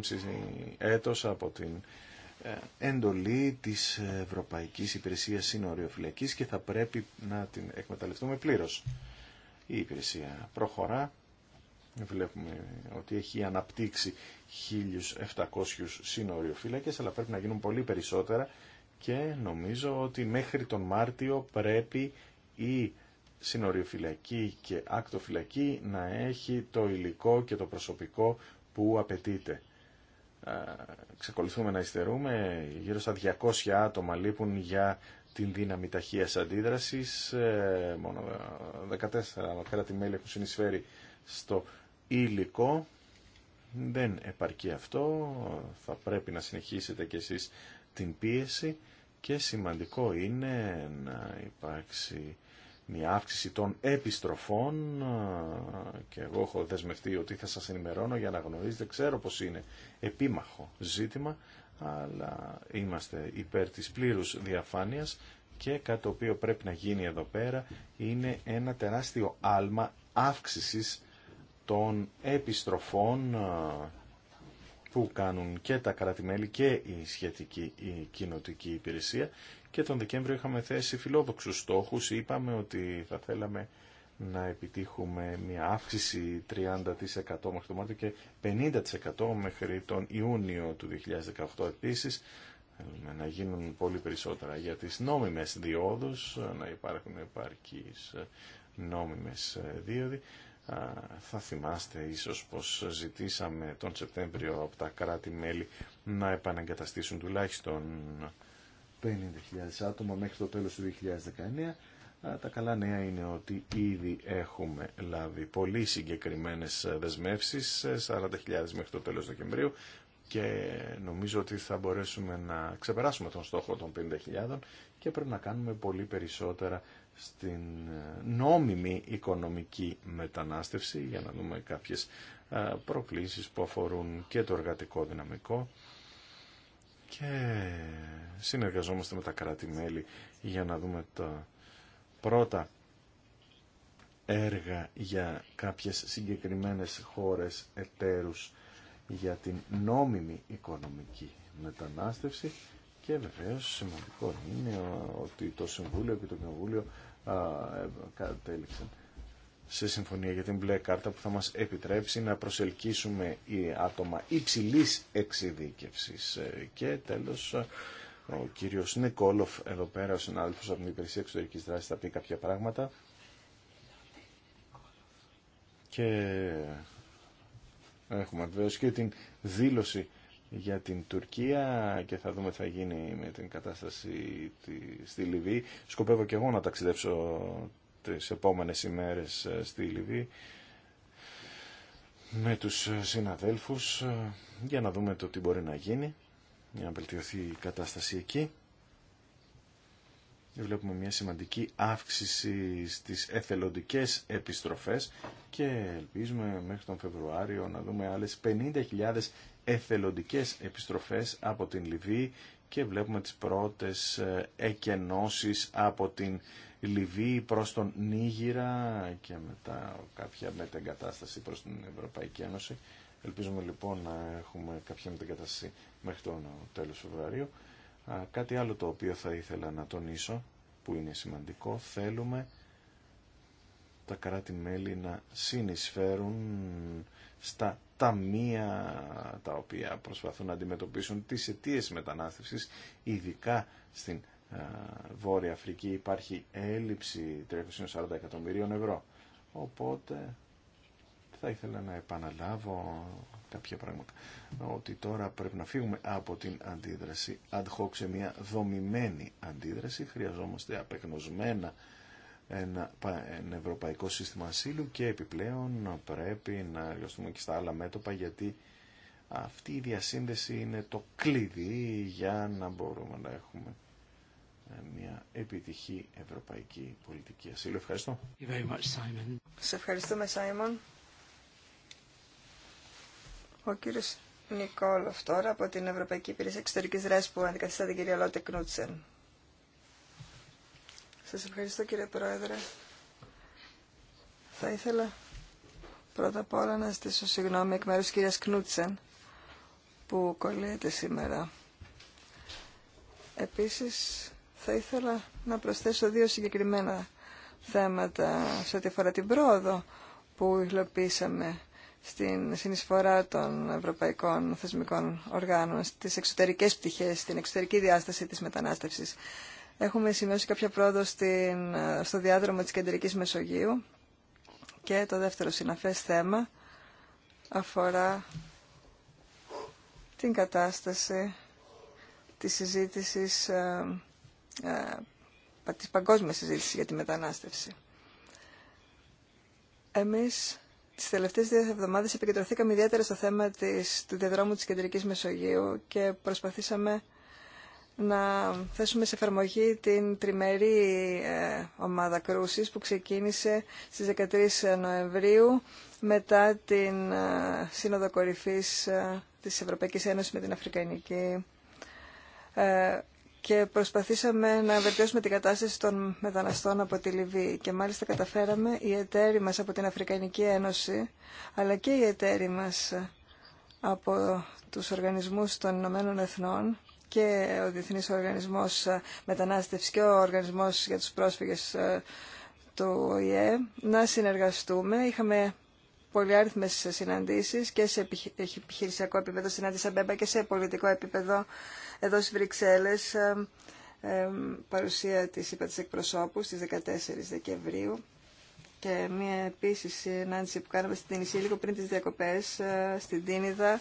έτος από την ε, εντολή της Ευρωπαϊκής Υπηρεσίας Συνοριοφυλακής και θα πρέπει να την εκμεταλλευτούμε πλήρως. Η υπηρεσία προχωρά. Βλέπουμε ότι έχει αναπτύξει 1.700 σύνοριοφύλακες, αλλά πρέπει να γίνουν πολύ περισσότερα και νομίζω ότι μέχρι τον Μάρτιο πρέπει η συνοριοφυλακή και ακτοφυλακή να έχει το υλικό και το προσωπικό που απαιτείται ξεκολουθούμε να υστερούμε. Γύρω στα 200 άτομα λείπουν για την δύναμη ταχεία αντίδρασης. Ε, μόνο 14 ε, κράτη-μέλη έχουν συνεισφέρει στο υλικό. Δεν επαρκεί αυτό. Θα πρέπει να συνεχίσετε κι εσείς την πίεση και σημαντικό είναι να υπάρξει μια αύξηση των επιστροφών και εγώ έχω δεσμευτεί ότι θα σας ενημερώνω για να γνωρίζετε. Ξέρω πως είναι επίμαχο ζήτημα, αλλά είμαστε υπέρ της πλήρους διαφάνειας και κάτι το οποίο πρέπει να γίνει εδώ πέρα είναι ένα τεράστιο άλμα αύξησης των επιστροφών που κάνουν και τα κρατημέλη και η σχετική η κοινοτική υπηρεσία και τον Δεκέμβριο είχαμε θέσει φιλόδοξους στόχους. Είπαμε ότι θα θέλαμε να επιτύχουμε μια αύξηση 30% μέχρι το Μάρτιο και 50% μέχρι τον Ιούνιο του 2018 επίσης. Θέλουμε να γίνουν πολύ περισσότερα για τις νόμιμες διόδους, να υπάρχουν επαρκείς νόμιμες δίωδοι. Θα θυμάστε ίσως πως ζητήσαμε τον Σεπτέμβριο από τα κράτη-μέλη να επαναγκαταστήσουν τουλάχιστον 50.000 άτομα μέχρι το τέλος του 2019. Τα καλά νέα είναι ότι ήδη έχουμε λάβει πολύ συγκεκριμένες ε, δεσμεύσεις, 40.000 ε, μέχρι το τέλος Δεκεμβρίου και νομίζω ότι θα μπορέσουμε να ξεπεράσουμε τον στόχο των 50.000 και πρέπει να κάνουμε πολύ περισσότερα στην ε, νόμιμη οικονομική μετανάστευση για να δούμε κάποιες προκλήσεις που αφορούν και το εργατικό δυναμικό και συνεργαζόμαστε με τα κράτη-μέλη για να δούμε τα πρώτα έργα για κάποιες συγκεκριμένες χώρες εταίρους για την νόμιμη οικονομική μετανάστευση και βεβαίως σημαντικό είναι ότι το Συμβούλιο και το Κοινοβούλιο ε, κατέληξαν σε συμφωνία για την μπλε κάρτα που θα μας επιτρέψει να προσελκύσουμε οι άτομα υψηλής εξειδίκευσης. Ε, και τέλος, ο κύριος Νικόλοφ εδώ πέρα, ο συνάδελφος από την Υπηρεσία Εξωτερικής Δράσης, θα πει κάποια πράγματα. Και έχουμε βεβαίω και την δήλωση για την Τουρκία και θα δούμε τι θα γίνει με την κατάσταση στη Λιβύη. Σκοπεύω και εγώ να ταξιδέψω τις επόμενες ημέρες ε, στη Λιβύη με τους ε, συναδέλφους ε, για να δούμε το τι μπορεί να γίνει για να βελτιωθεί η κατάσταση εκεί. Βλέπουμε μια σημαντική αύξηση στις εθελοντικές επιστροφές και ελπίζουμε μέχρι τον Φεβρουάριο να δούμε άλλες 50.000 εθελοντικές επιστροφές από την Λιβύη και βλέπουμε τις πρώτες εκενώσεις από την Λιβύη προς τον Νίγηρα και μετά κάποια μετεγκατάσταση προς την Ευρωπαϊκή Ένωση. Ελπίζουμε λοιπόν να έχουμε κάποια μετεγκατάσταση μέχρι τον τέλος Φεβρουαρίου. Κάτι άλλο το οποίο θα ήθελα να τονίσω, που είναι σημαντικό, θέλουμε τα κράτη-μέλη να συνεισφέρουν στα ταμεία τα οποία προσπαθούν να αντιμετωπίσουν τις αιτίε μετανάστευσης, ειδικά στην Βόρεια Αφρική υπάρχει έλλειψη 340 εκατομμυρίων ευρώ. Οπότε θα ήθελα να επαναλάβω κάποια πράγματα. Ότι τώρα πρέπει να φύγουμε από την αντίδραση ad hoc σε μια δομημένη αντίδραση. Χρειαζόμαστε απεγνωσμένα ένα, ένα ευρωπαϊκό σύστημα ασύλου και επιπλέον πρέπει να εργαστούμε και στα άλλα μέτωπα γιατί αυτή η διασύνδεση είναι το κλειδί για να μπορούμε να έχουμε ε, μια επιτυχή ευρωπαϊκή πολιτική ασύλου. Ευχαριστώ. Very much, Simon. Σε ευχαριστούμε, Σάιμον. Ο κύριο Νικόλοφ τώρα από την Ευρωπαϊκή Υπηρεσία Εξωτερικής Δράσης που αντικαθιστά την κυρία Λότε Κνούτσεν. Σας ευχαριστώ κύριε Πρόεδρε. Θα ήθελα πρώτα απ' όλα να στήσω συγγνώμη εκ μέρους κυρία κυρίας Κνούτσεν που κολλείται σήμερα. Επίσης θα ήθελα να προσθέσω δύο συγκεκριμένα θέματα σε ό,τι αφορά την πρόοδο που υλοποίησαμε στην συνεισφορά των ευρωπαϊκών θεσμικών οργάνων στις εξωτερικές πτυχές, στην εξωτερική διάσταση της μετανάστευσης. Έχουμε σημειώσει κάποια πρόοδο στο διάδρομο της Κεντρικής Μεσογείου και το δεύτερο συναφές θέμα αφορά την κατάσταση της συζήτησης ε, ε, της παγκόσμιας συζήτηση για τη μετανάστευση. Εμείς τις τελευταίες δύο εβδομάδες επικεντρωθήκαμε ιδιαίτερα στο θέμα της, του διαδρόμου της Κεντρικής Μεσογείου και προσπαθήσαμε να θέσουμε σε εφαρμογή την τριμερή ε, ομάδα κρούσης που ξεκίνησε στις 13 Νοεμβρίου μετά την ε, Σύνοδο Κορυφής της Ευρωπαϊκής Ένωσης με την Αφρικανική και προσπαθήσαμε να βελτιώσουμε την κατάσταση των μεταναστών από τη Λιβύη και μάλιστα καταφέραμε οι εταίροι μας από την Αφρικανική Ένωση αλλά και οι εταίροι μας από τους οργανισμούς των Ηνωμένων Εθνών και ο Διεθνής Οργανισμός Μετανάστευσης και ο Οργανισμός για τους Πρόσφυγες ε, του ΟΗΕ να συνεργαστούμε. Είχαμε πολυάριθμες συναντήσεις και σε επιχειρησιακό επίπεδο στην Μπέμπα και σε πολιτικό επίπεδο εδώ στις Βρυξέλλες παρουσία της είπα της εκπροσώπου στις 14 Δεκεμβρίου και μία επίση συνάντηση που κάναμε στην Τινησία λίγο πριν τις διακοπές ε, στην Τίνιδα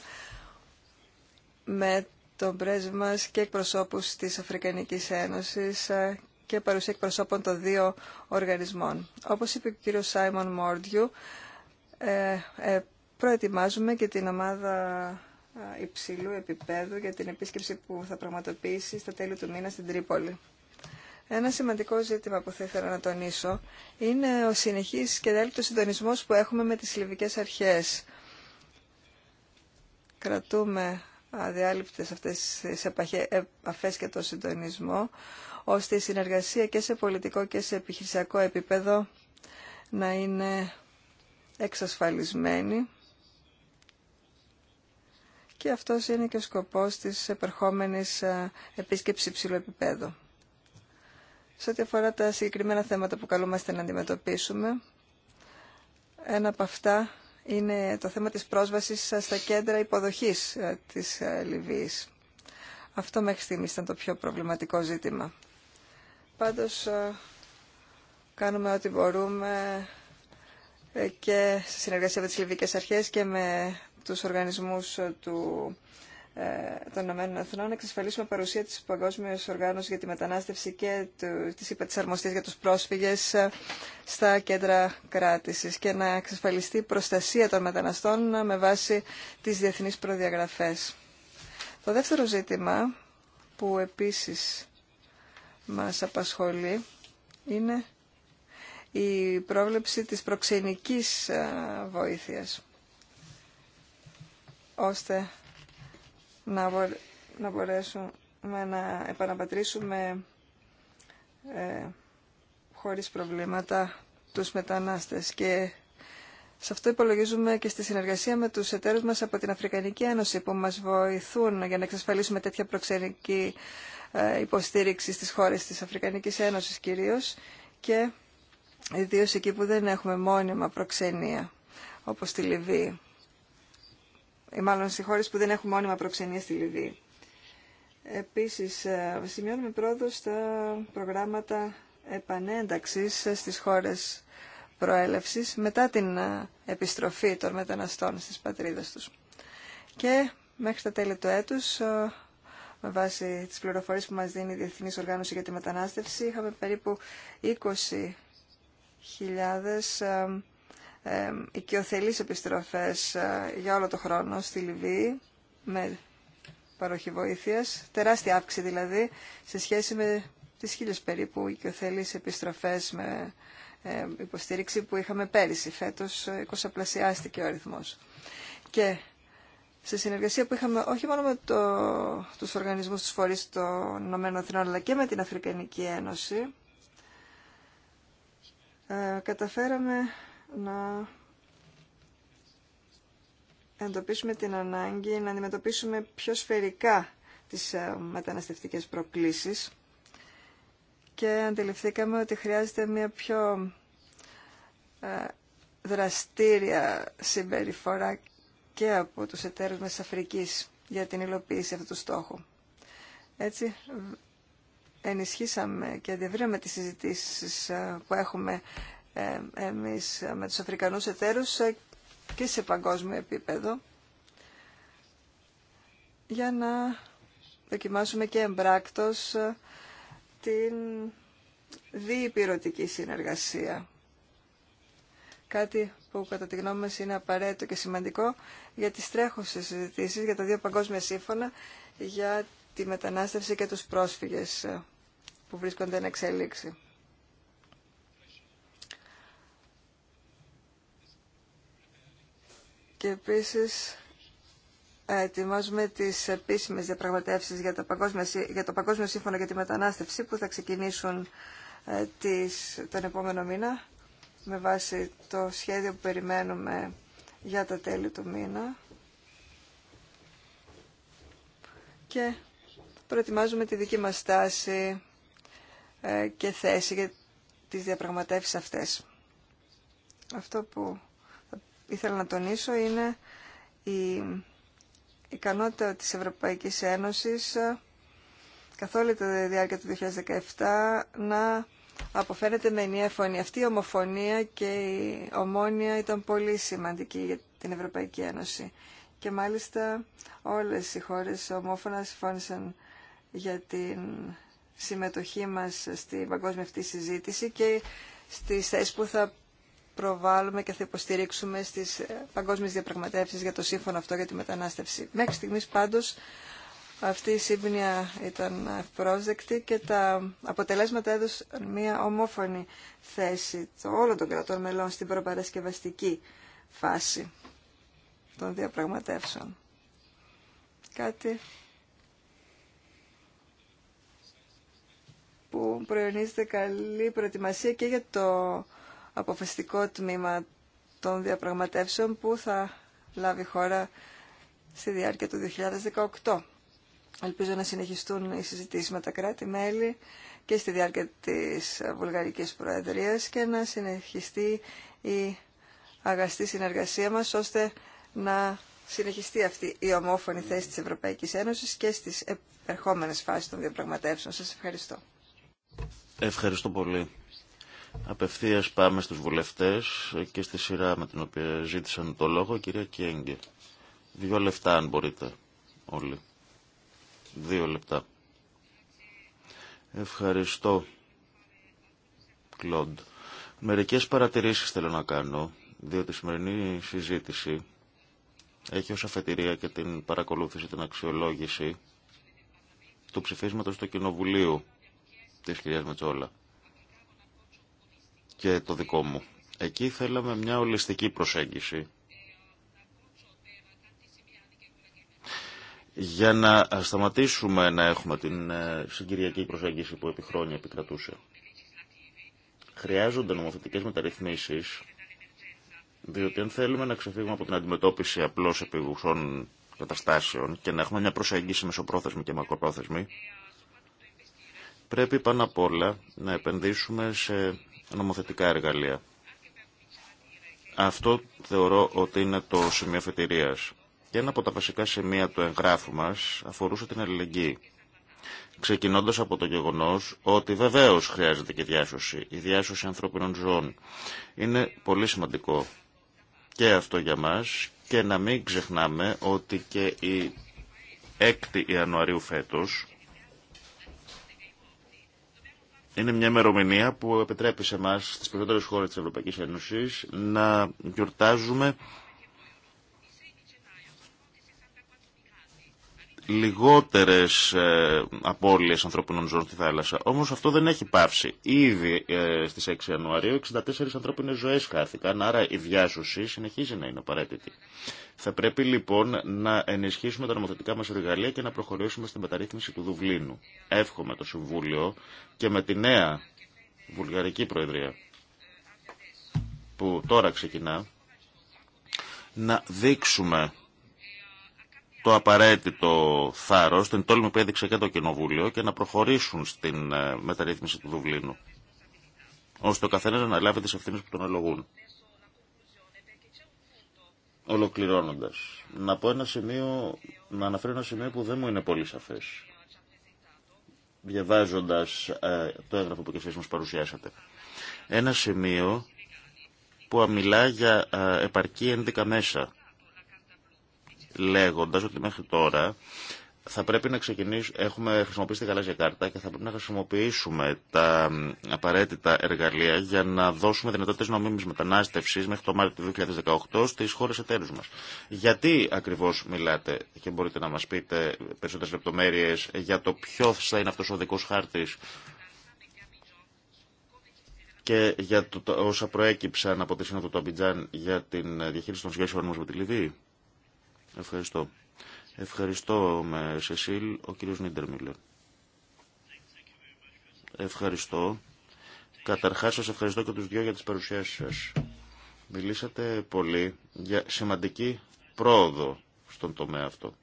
με τον πρέσβη μας και εκπροσώπους της Αφρικανικής Ένωσης ε, και παρουσία εκπροσώπων των δύο οργανισμών. Όπως είπε ο κύριος Σάιμον Μόρντιου, ε, προετοιμάζουμε και την ομάδα υψηλού επίπεδου για την επίσκεψη που θα πραγματοποιήσει στα τέλη του μήνα στην Τρίπολη. Ένα σημαντικό ζήτημα που θα ήθελα να τονίσω είναι ο συνεχής και δέλτος συντονισμός που έχουμε με τις λιβικές αρχές. Κρατούμε αδιάλειπτες αυτές τις επαφές και το συντονισμό, ώστε η συνεργασία και σε πολιτικό και σε επιχειρησιακό επίπεδο να είναι εξασφαλισμένη και αυτός είναι και ο σκοπός της επερχόμενης ε, επίσκεψης υψηλού επίπεδου. Σε ό,τι αφορά τα συγκεκριμένα θέματα που καλούμαστε να αντιμετωπίσουμε, ένα από αυτά είναι το θέμα της πρόσβασης στα κέντρα υποδοχής ε, της ε, Λιβύης. Αυτό μέχρι στιγμής ήταν το πιο προβληματικό ζήτημα. Πάντως, κάνουμε ό,τι μπορούμε και σε συνεργασία με τις Λιβύικες Αρχές και με τους οργανισμούς ε, του, ε, των Ηνωμένων Εθνών, να εξασφαλίσουμε παρουσία της Παγκόσμιας Οργάνωσης για τη Μετανάστευση και της για τους πρόσφυγες ε, στα κέντρα κράτησης και να εξασφαλιστεί η προστασία των μεταναστών με βάση τις διεθνείς προδιαγραφές. Το δεύτερο ζήτημα που επίσης μας απασχολεί είναι η πρόβλεψη της προξενικής βοήθειας ώστε να, να μπορέσουμε να επαναπατρίσουμε ε, χωρίς προβλήματα τους μετανάστες και σε αυτό υπολογίζουμε και στη συνεργασία με τους εταίρους μας από την Αφρικανική Ένωση που μας βοηθούν για να εξασφαλίσουμε τέτοια προξενική ε, υποστήριξη στις χώρες της Αφρικανικής Ένωσης κυρίως και ιδίως εκεί που δεν έχουμε μόνιμα προξενία όπως στη Λιβύη ή ε, μάλλον σε χώρες που δεν έχουν μόνιμα προξενία στη Λιβύη. Επίσης, ε, σημειώνουμε πρόοδο στα προγράμματα επανένταξης στις χώρες προέλευσης μετά την ε, επιστροφή των μεταναστών στις πατρίδες τους. Και μέχρι τα τέλη του έτους, με βάση τις πληροφορίες που μας δίνει η Διεθνής Οργάνωση για τη Μετανάστευση, είχαμε περίπου 20.000 ε, οικειοθελείς επιστροφές ε, για όλο το χρόνο στη Λιβύη με παροχή βοήθειας, τεράστια αύξηση δηλαδή σε σχέση με τις χίλιες περίπου οικειοθελείς επιστροφές με υποστήριξη που είχαμε πέρυσι. Φέτος 20 ε, ο αριθμός. Και σε συνεργασία που είχαμε όχι μόνο με το, τους οργανισμούς τους φορείς των Ηνωμένων αλλά και με την Αφρικανική Ένωση ε, καταφέραμε να εντοπίσουμε την ανάγκη να αντιμετωπίσουμε πιο σφαιρικά τις ε, μεταναστευτικές προκλήσεις και αντιληφθήκαμε ότι χρειάζεται μια πιο ε, δραστήρια συμπεριφορά και από τους εταίρους μας Αφρικής για την υλοποίηση αυτού του στόχου. Έτσι ενισχύσαμε και διαβρύαμε τις συζητήσεις ε, που έχουμε εμείς με τους Αφρικανούς εταίρους και σε παγκόσμιο επίπεδο για να δοκιμάσουμε και εμπράκτος ε, την διυπηρωτική συνεργασία. Κάτι που κατά τη γνώμη μας είναι απαραίτητο και σημαντικό για τις τρέχουσες συζητήσεις για τα δύο παγκόσμια σύμφωνα για τη μετανάστευση και τους πρόσφυγες ε, που βρίσκονται εν εξέλιξη. Και επίσης ε, ετοιμάζουμε τις επίσημες διαπραγματεύσεις για το Παγκόσμιο, για το Σύμφωνο για τη Μετανάστευση που θα ξεκινήσουν ε, τις, τον επόμενο μήνα με βάση το σχέδιο που περιμένουμε για τα τέλη του μήνα. Και προετοιμάζουμε τη δική μας στάση ε, και θέση για τις διαπραγματεύσεις αυτές. Αυτό που ήθελα να τονίσω είναι η ικανότητα της Ευρωπαϊκής Ένωσης ε, καθ' όλη τη διάρκεια του 2017 να αποφαίνεται με ενιαία φωνή. Αυτή η ομοφωνία και η ομόνοια ήταν πολύ σημαντική για την Ευρωπαϊκή Ένωση. Και μάλιστα όλες οι χώρες ομόφωνα συμφώνησαν για την συμμετοχή μας στην παγκόσμια αυτή συζήτηση και στις θέσεις που θα προβάλλουμε και θα υποστηρίξουμε στις ε, παγκόσμιες διαπραγματεύσεις για το σύμφωνο αυτό για τη μετανάστευση. Μέχρι στιγμής πάντως αυτή η σύμπνοια ήταν ευπρόσδεκτη και τα αποτελέσματα έδωσαν μια ομόφωνη θέση όλων των κρατών μελών στην προπαρασκευαστική φάση των διαπραγματεύσεων. Κάτι που προϊονίζεται καλή προετοιμασία και για το αποφασιστικό τμήμα των διαπραγματεύσεων που θα λάβει χώρα στη διάρκεια του 2018. Ελπίζω να συνεχιστούν οι συζητήσεις με τα κράτη-μέλη και στη διάρκεια της Βουλγαρικής Προεδρίας και να συνεχιστεί η αγαστή συνεργασία μας ώστε να συνεχιστεί αυτή η ομόφωνη θέση της Ευρωπαϊκής Ένωσης και στις ερχόμενες φάσεις των διαπραγματεύσεων. Σας ευχαριστώ. Ευχαριστώ πολύ. Απευθείας πάμε στους βουλευτές και στη σειρά με την οποία ζήτησαν το λόγο, κυρία Κιέγγε. Δύο λεπτά αν μπορείτε όλοι. Δύο λεπτά. Ευχαριστώ, Κλοντ. Μερικές παρατηρήσεις θέλω να κάνω, διότι η σημερινή συζήτηση έχει ως αφετηρία και την παρακολούθηση, την αξιολόγηση του ψηφίσματος του Κοινοβουλίου της κυρίας Μετσόλα και το δικό μου. Εκεί θέλαμε μια ολιστική προσέγγιση για να σταματήσουμε να έχουμε την ε, συγκυριακή προσέγγιση που επί χρόνια επικρατούσε. Χρειάζονται νομοθετικές μεταρρυθμίσεις, διότι αν θέλουμε να ξεφύγουμε από την αντιμετώπιση απλώς επιβουσών καταστάσεων και να έχουμε μια προσέγγιση μεσοπρόθεσμη και μακροπρόθεσμη, πρέπει πάνω απ' όλα να επενδύσουμε σε νομοθετικά εργαλεία. Αυτό θεωρώ ότι είναι το σημείο αφετηρίας. Και ένα από τα βασικά σημεία του εγγράφου μας αφορούσε την αλληλεγγύη. Ξεκινώντας από το γεγονός ότι βεβαίως χρειάζεται και διάσωση, η διάσωση ανθρώπινων ζώων. Είναι πολύ σημαντικό και αυτό για μας και να μην ξεχνάμε ότι και η 6η Ιανουαρίου φέτος είναι μια ημερομηνία που επιτρέπει σε εμά, στι περισσότερε χώρε τη Ευρωπαϊκή Ένωση, να γιορτάζουμε λιγότερες ε, απώλειες ανθρώπινων ζώων στη θάλασσα. Όμως αυτό δεν έχει πάυσει. Ήδη ε, στις 6 Ιανουαρίου 64 ανθρώπινες ζωές χάθηκαν, άρα η διάσωση συνεχίζει να είναι απαραίτητη. Θα πρέπει λοιπόν να ενισχύσουμε τα νομοθετικά μας εργαλεία και να προχωρήσουμε στην μεταρρύθμιση του Δουβλίνου. Εύχομαι το Συμβούλιο και με τη νέα Βουλγαρική Προεδρία που τώρα ξεκινά να δείξουμε το απαραίτητο θάρρος, την τόλμη που έδειξε και το Κοινοβούλιο και να προχωρήσουν στην ε, μεταρρύθμιση του Δουβλίνου, ώστε ο καθένας να αναλάβει τις ευθύνες που τον αλογούν. Ολοκληρώνοντας, να πω ένα σημείο, να αναφέρω ένα σημείο που δεν μου είναι πολύ σαφές, διαβάζοντας ε, το έγγραφο που και εσείς μας παρουσιάσατε. Ένα σημείο που μιλά για ε, επαρκή ένδικα μέσα λέγοντας ότι μέχρι τώρα θα πρέπει να ξεκινήσουμε, έχουμε χρησιμοποιήσει τη γαλάζια κάρτα και θα πρέπει να χρησιμοποιήσουμε τα απαραίτητα εργαλεία για να δώσουμε δυνατότητες νομίμης μετανάστευσης μέχρι το Μάρτιο του 2018 στις χώρες εταίρους μας. Γιατί ακριβώς μιλάτε και μπορείτε να μας πείτε περισσότερες λεπτομέρειες για το ποιο θα είναι αυτός ο δικός χάρτης και για το, όσα προέκυψαν από τη Σύνοδο του Αμπιτζάν για την διαχείριση των σχέσεων μας με τη Λιβύη. Ευχαριστώ. Ευχαριστώ με Σεσίλ, ο κύριος Νίντερμιλερ. Ευχαριστώ. Καταρχάς σας ευχαριστώ και τους δυο για τις παρουσιάσεις σας. Μιλήσατε πολύ για σημαντική πρόοδο στον τομέα αυτό.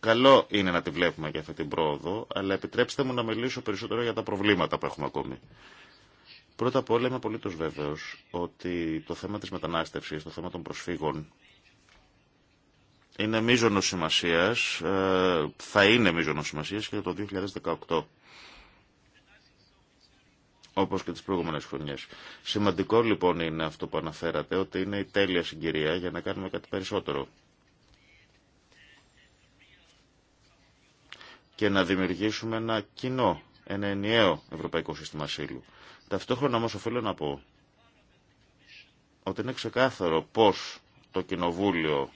Καλό είναι να τη βλέπουμε για αυτή την πρόοδο, αλλά επιτρέψτε μου να μιλήσω περισσότερο για τα προβλήματα που έχουμε ακόμη. Πρώτα απ' όλα είμαι απολύτως βέβαιος ότι το θέμα της μετανάστευση, το θέμα των προσφύγων, είναι μείζονο σημασία, ε, θα είναι μείζονο σημασία και το 2018 όπως και τις προηγούμενες χρονίε. Σημαντικό λοιπόν είναι αυτό που αναφέρατε, ότι είναι η τέλεια συγκυρία για να κάνουμε κάτι περισσότερο. Και να δημιουργήσουμε ένα κοινό, ένα ενιαίο ευρωπαϊκό σύστημα ασύλου. Ταυτόχρονα όμω οφείλω να πω ότι είναι ξεκάθαρο πώς το Κοινοβούλιο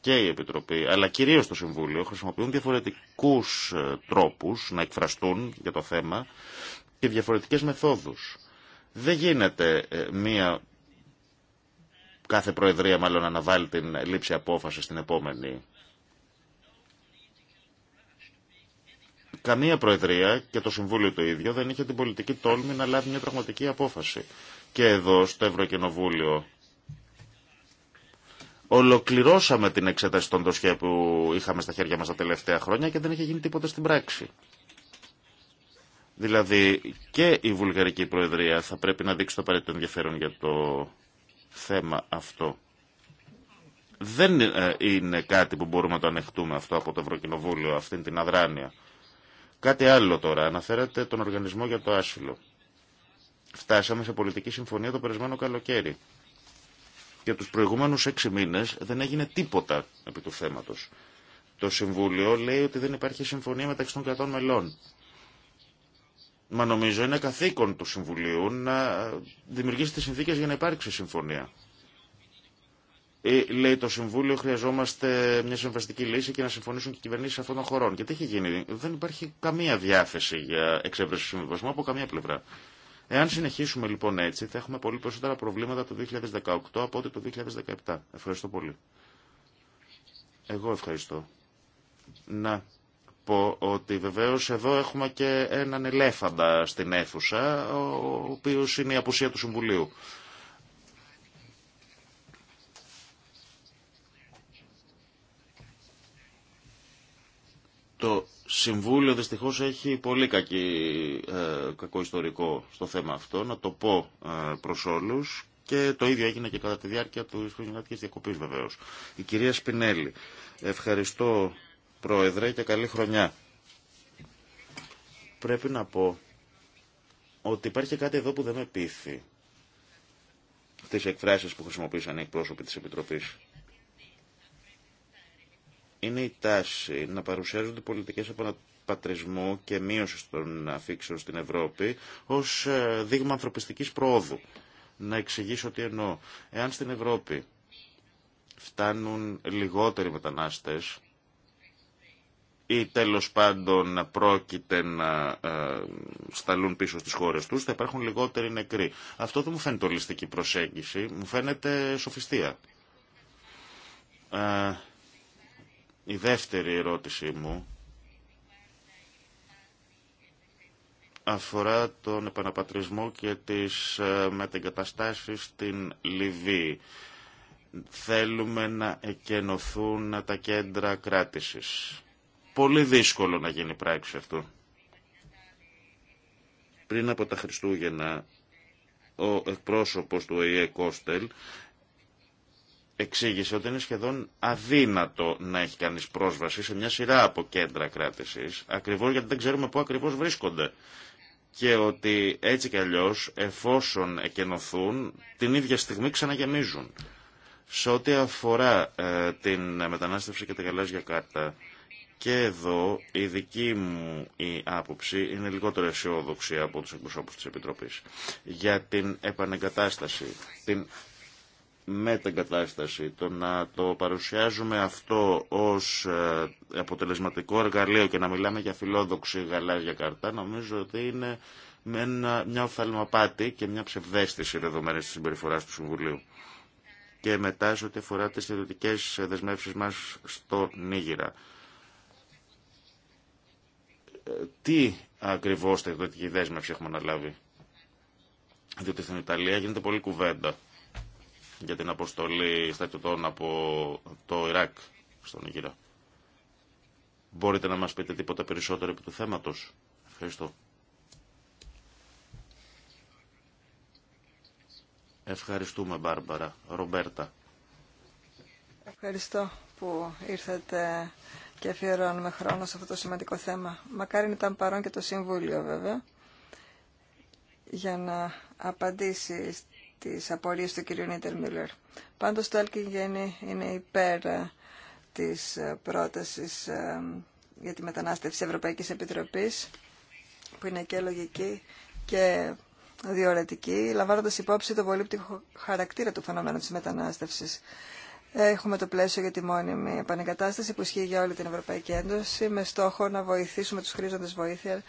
και η Επιτροπή, αλλά κυρίως το Συμβούλιο, χρησιμοποιούν διαφορετικούς ε, τρόπους να εκφραστούν για το θέμα και διαφορετικές μεθόδους. Δεν γίνεται ε, μία κάθε Προεδρία μάλλον βάλει την λήψη απόφαση στην επόμενη. Καμία Προεδρία και το Συμβούλιο το ίδιο δεν είχε την πολιτική τόλμη να λάβει μια πραγματική απόφαση. Και εδώ στο Ευρωκοινοβούλιο Ολοκληρώσαμε την εξέταση των δοσιέ που είχαμε στα χέρια μας τα τελευταία χρόνια και δεν είχε γίνει τίποτα στην πράξη. Δηλαδή και η Βουλγαρική Προεδρία θα πρέπει να δείξει το απαραίτητο ενδιαφέρον για το θέμα αυτό. Δεν ε, είναι κάτι που μπορούμε να το ανεχτούμε αυτό από το Ευρωκοινοβούλιο, αυτήν την αδράνεια. Κάτι άλλο τώρα. Αναφέρατε τον Οργανισμό για το Άσυλο. Φτάσαμε σε πολιτική συμφωνία το περασμένο καλοκαίρι. Για τους προηγούμενους έξι μήνες δεν έγινε τίποτα επί του θέματος. Το Συμβούλιο λέει ότι δεν υπάρχει συμφωνία μεταξύ των κρατών μελών. Μα νομίζω είναι καθήκον του Συμβουλίου να δημιουργήσει τις συνθήκες για να υπάρξει συμφωνία. Ή, ε, λέει το Συμβούλιο χρειαζόμαστε μια συμβαστική λύση και να συμφωνήσουν και οι κυβερνήσεις αυτών των χωρών. Και τι έχει γίνει, δεν υπάρχει καμία διάθεση για εξέβρεση συμβιβασμού από καμία πλευρά. Εάν συνεχίσουμε λοιπόν έτσι, θα έχουμε πολύ περισσότερα προβλήματα το 2018 από ό,τι το 2017. Ευχαριστώ πολύ. Εγώ ευχαριστώ. Να πω ότι βεβαίως εδώ έχουμε και έναν ελέφαντα στην αίθουσα, ο οποίος είναι η απουσία του Συμβουλίου. Το Συμβούλιο δυστυχώς έχει πολύ κακή, ε, κακό ιστορικό στο θέμα αυτό, να το πω ε, προς όλους και το ίδιο έγινε και κατά τη διάρκεια του Χριστουγεννιάτικης Διακοπής βεβαίως. Η κυρία Σπινέλη, ευχαριστώ Πρόεδρε και καλή χρονιά. Πρέπει να πω ότι υπάρχει κάτι εδώ που δεν με πείθει τις εκφράσεις που χρησιμοποίησαν οι εκπρόσωποι της Επιτροπής είναι η τάση να παρουσιάζονται πολιτικές επαναπατρισμού και μείωση των αφήξεων στην Ευρώπη ως ε, δείγμα ανθρωπιστικής προόδου. Να εξηγήσω τι εννοώ. Εάν στην Ευρώπη φτάνουν λιγότεροι μετανάστες ή τέλος πάντων πρόκειται να ε, σταλούν πίσω στις χώρες τους, θα υπάρχουν λιγότεροι νεκροί. Αυτό δεν μου φαίνεται ολιστική προσέγγιση, μου φαίνεται σοφιστία. Ε, η δεύτερη ερώτησή μου αφορά τον επαναπατρισμό και τις ε, μετεγκαταστάσεις στην Λιβύη. Θέλουμε να εκενωθούν τα κέντρα κράτησης. Πολύ δύσκολο να γίνει πράξη αυτό. Πριν από τα Χριστούγεννα, ο εκπρόσωπος του ΟΗΕ Κόστελ εξήγησε ότι είναι σχεδόν αδύνατο να έχει κανείς πρόσβαση σε μια σειρά από κέντρα κράτησης, ακριβώς γιατί δεν ξέρουμε πού ακριβώς βρίσκονται. Και ότι έτσι κι αλλιώς, εφόσον εκενωθούν, την ίδια στιγμή ξαναγεμίζουν. Σε ό,τι αφορά ε, την μετανάστευση και τη γαλάζια κάρτα, και εδώ η δική μου η άποψη είναι λιγότερο αισιόδοξη από τους εκπροσώπους της Επιτροπής για την επανεγκατάσταση, την με την κατάσταση Το να το παρουσιάζουμε αυτό ως ε, αποτελεσματικό εργαλείο και να μιλάμε για φιλόδοξη γαλάζια καρτά νομίζω ότι είναι μια οφθαλμαπάτη και μια ψευδέστηση δεδομένη τη συμπεριφορά του Συμβουλίου. Και μετά σε ό,τι αφορά τι θεωρητικέ δεσμεύσει μα στο Νίγηρα. Ε, τι ακριβώ θεωρητική δέσμευση έχουμε αναλάβει. Διότι στην Ιταλία γίνεται πολλή κουβέντα για την αποστολή στρατιωτών από το Ιράκ στον Ιγυρά. Μπορείτε να μας πείτε τίποτα περισσότερο επί του θέματος. Ευχαριστώ. Ευχαριστούμε Μπάρμπαρα. Ρομπέρτα. Ευχαριστώ που ήρθατε και αφιερώνουμε χρόνο σε αυτό το σημαντικό θέμα. Μακάρι ήταν παρόν και το Συμβούλιο βέβαια για να απαντήσει τις απορίες του κυρίου Νίτερ Μίλλερ. Πάντως το Έλκιν είναι υπέρ ε, της ε, πρότασης ε, για τη μετανάστευση Ευρωπαϊκής Επιτροπής, που είναι και λογική και διορατική, λαμβάνοντας υπόψη το πολύπτυχο χαρακτήρα του φαινομένου της μετανάστευσης. Έχουμε το πλαίσιο για τη μόνιμη επανεγκατάσταση που ισχύει για όλη την Ευρωπαϊκή Ένωση με στόχο να βοηθήσουμε τους χρήζοντες βοήθεια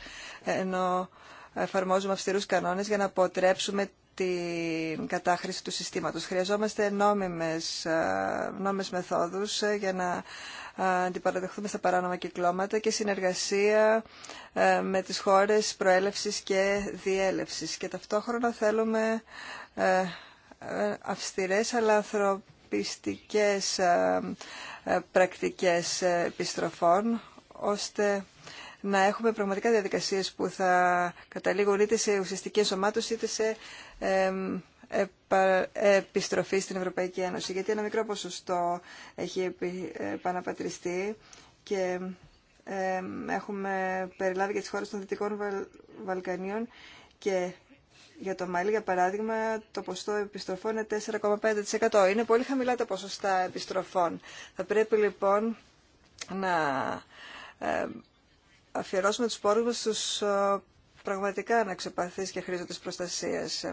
ενώ εφαρμόζουμε αυστηρούς κανόνες για να αποτρέψουμε την κατάχρηση του συστήματος. Χρειαζόμαστε νόμιμες, ε, νόμιμες μεθόδους ε, για να ε, αντιπαραδεχθούμε στα παράνομα κυκλώματα και συνεργασία με τις χώρες προέλευσης και διέλευσης. Και ταυτόχρονα θέλουμε αυστηρές αλλά ανθρωπιστικές πρακτικές επιστροφών, ώστε να έχουμε πραγματικά διαδικασίες που θα καταλήγουν είτε σε ουσιαστική ενσωμάτωση είτε σε επιστροφή στην Ευρωπαϊκή Ένωση. Γιατί ένα μικρό ποσοστό έχει επαναπατριστεί και έχουμε περιλάβει και τις χώρες των Δυτικών Βαλκανίων και για το Μάλι, για παράδειγμα, το ποσοστό επιστροφών είναι 4,5%. Είναι πολύ χαμηλά τα ποσοστά επιστροφών. Θα πρέπει λοιπόν να αφιερώσουμε τους πόρους μας στους ε, πραγματικά αναξεπαθείς και χρήζοντες προστασίας.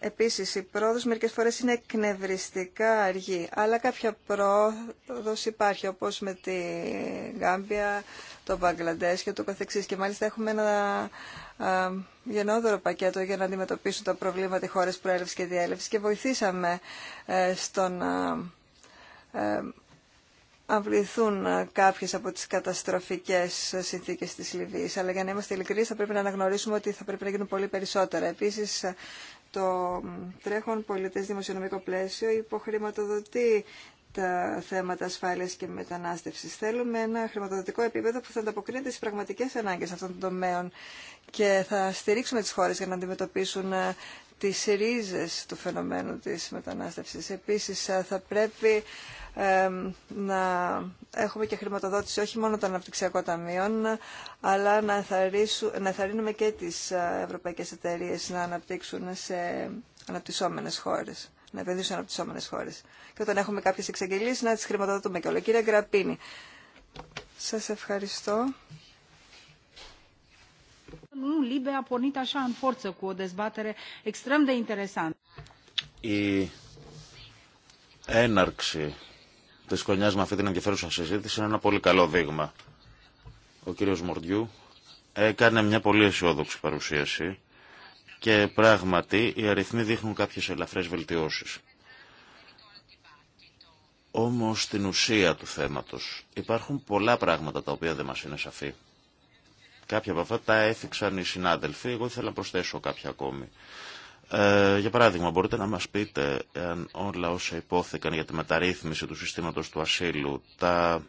Επίσης, η πρόοδος μερικές φορές είναι εκνευριστικά αργή, αλλά κάποια πρόοδος υπάρχει, όπως με τη Γάμπια, το Μπαγκλαντές και το καθεξής. Και μάλιστα έχουμε ένα ε, γενναιόδωρο πακέτο για να αντιμετωπίσουν τα προβλήματα χώρες προέλευσης και διέλευσης και βοηθήσαμε ε, στον αυληθούν ε, κάποιες από τις καταστροφικές ε, συνθήκες της Λιβύης. Αλλά για να είμαστε ειλικροί θα πρέπει να αναγνωρίσουμε ότι θα πρέπει να γίνουν πολύ περισσότερα. Επίσης, ε, το τρέχον πολιτές δημοσιονομικό πλαίσιο υποχρηματοδοτεί τα θέματα ασφάλεια και μετανάστευση. Θέλουμε ένα χρηματοδοτικό επίπεδο που θα ανταποκρίνεται στι πραγματικέ ανάγκε αυτών των τομέων και θα στηρίξουμε τι χώρε για να αντιμετωπίσουν τις ρίζες του φαινομένου της μετανάστευσης. Επίσης ε, θα πρέπει να έχουμε και χρηματοδότηση όχι μόνο των αναπτυξιακών ταμείων, αλλά να, να και τις ε, ευρωπαϊκές εταιρείες να αναπτύξουν σε αναπτυσσόμενες χώρες να επενδύσουν σε αναπτυσσόμενες χώρες. Και όταν έχουμε κάποιες εξαγγελίες να τις χρηματοδοτούμε και όλα. Κύριε Γκραπίνη, σας ευχαριστώ. Nu, Libe a pornit așa în forță cu o dezbatere extrem de interesantă. Η έναρξη τη κονιά με αυτή την ενδιαφέρουσα συζήτηση είναι ένα πολύ καλό δείγμα. Ο κύριο Μορδιού έκανε μια πολύ αισιόδοξη παρουσίαση και πράγματι οι αριθμοί δείχνουν κάποιε ελαφρε βελτιώσει. Όμω στην ουσία του θέματο υπάρχουν πολλά πράγματα τα οποία δεν μα είναι σαφή. Κάποια από αυτά τα έθιξαν οι συνάδελφοι, εγώ ήθελα να προσθέσω κάποια ακόμη. Ε, για παράδειγμα, μπορείτε να μας πείτε αν όλα όσα υπόθηκαν για τη μεταρρύθμιση του συστήματος του ασύλου, τα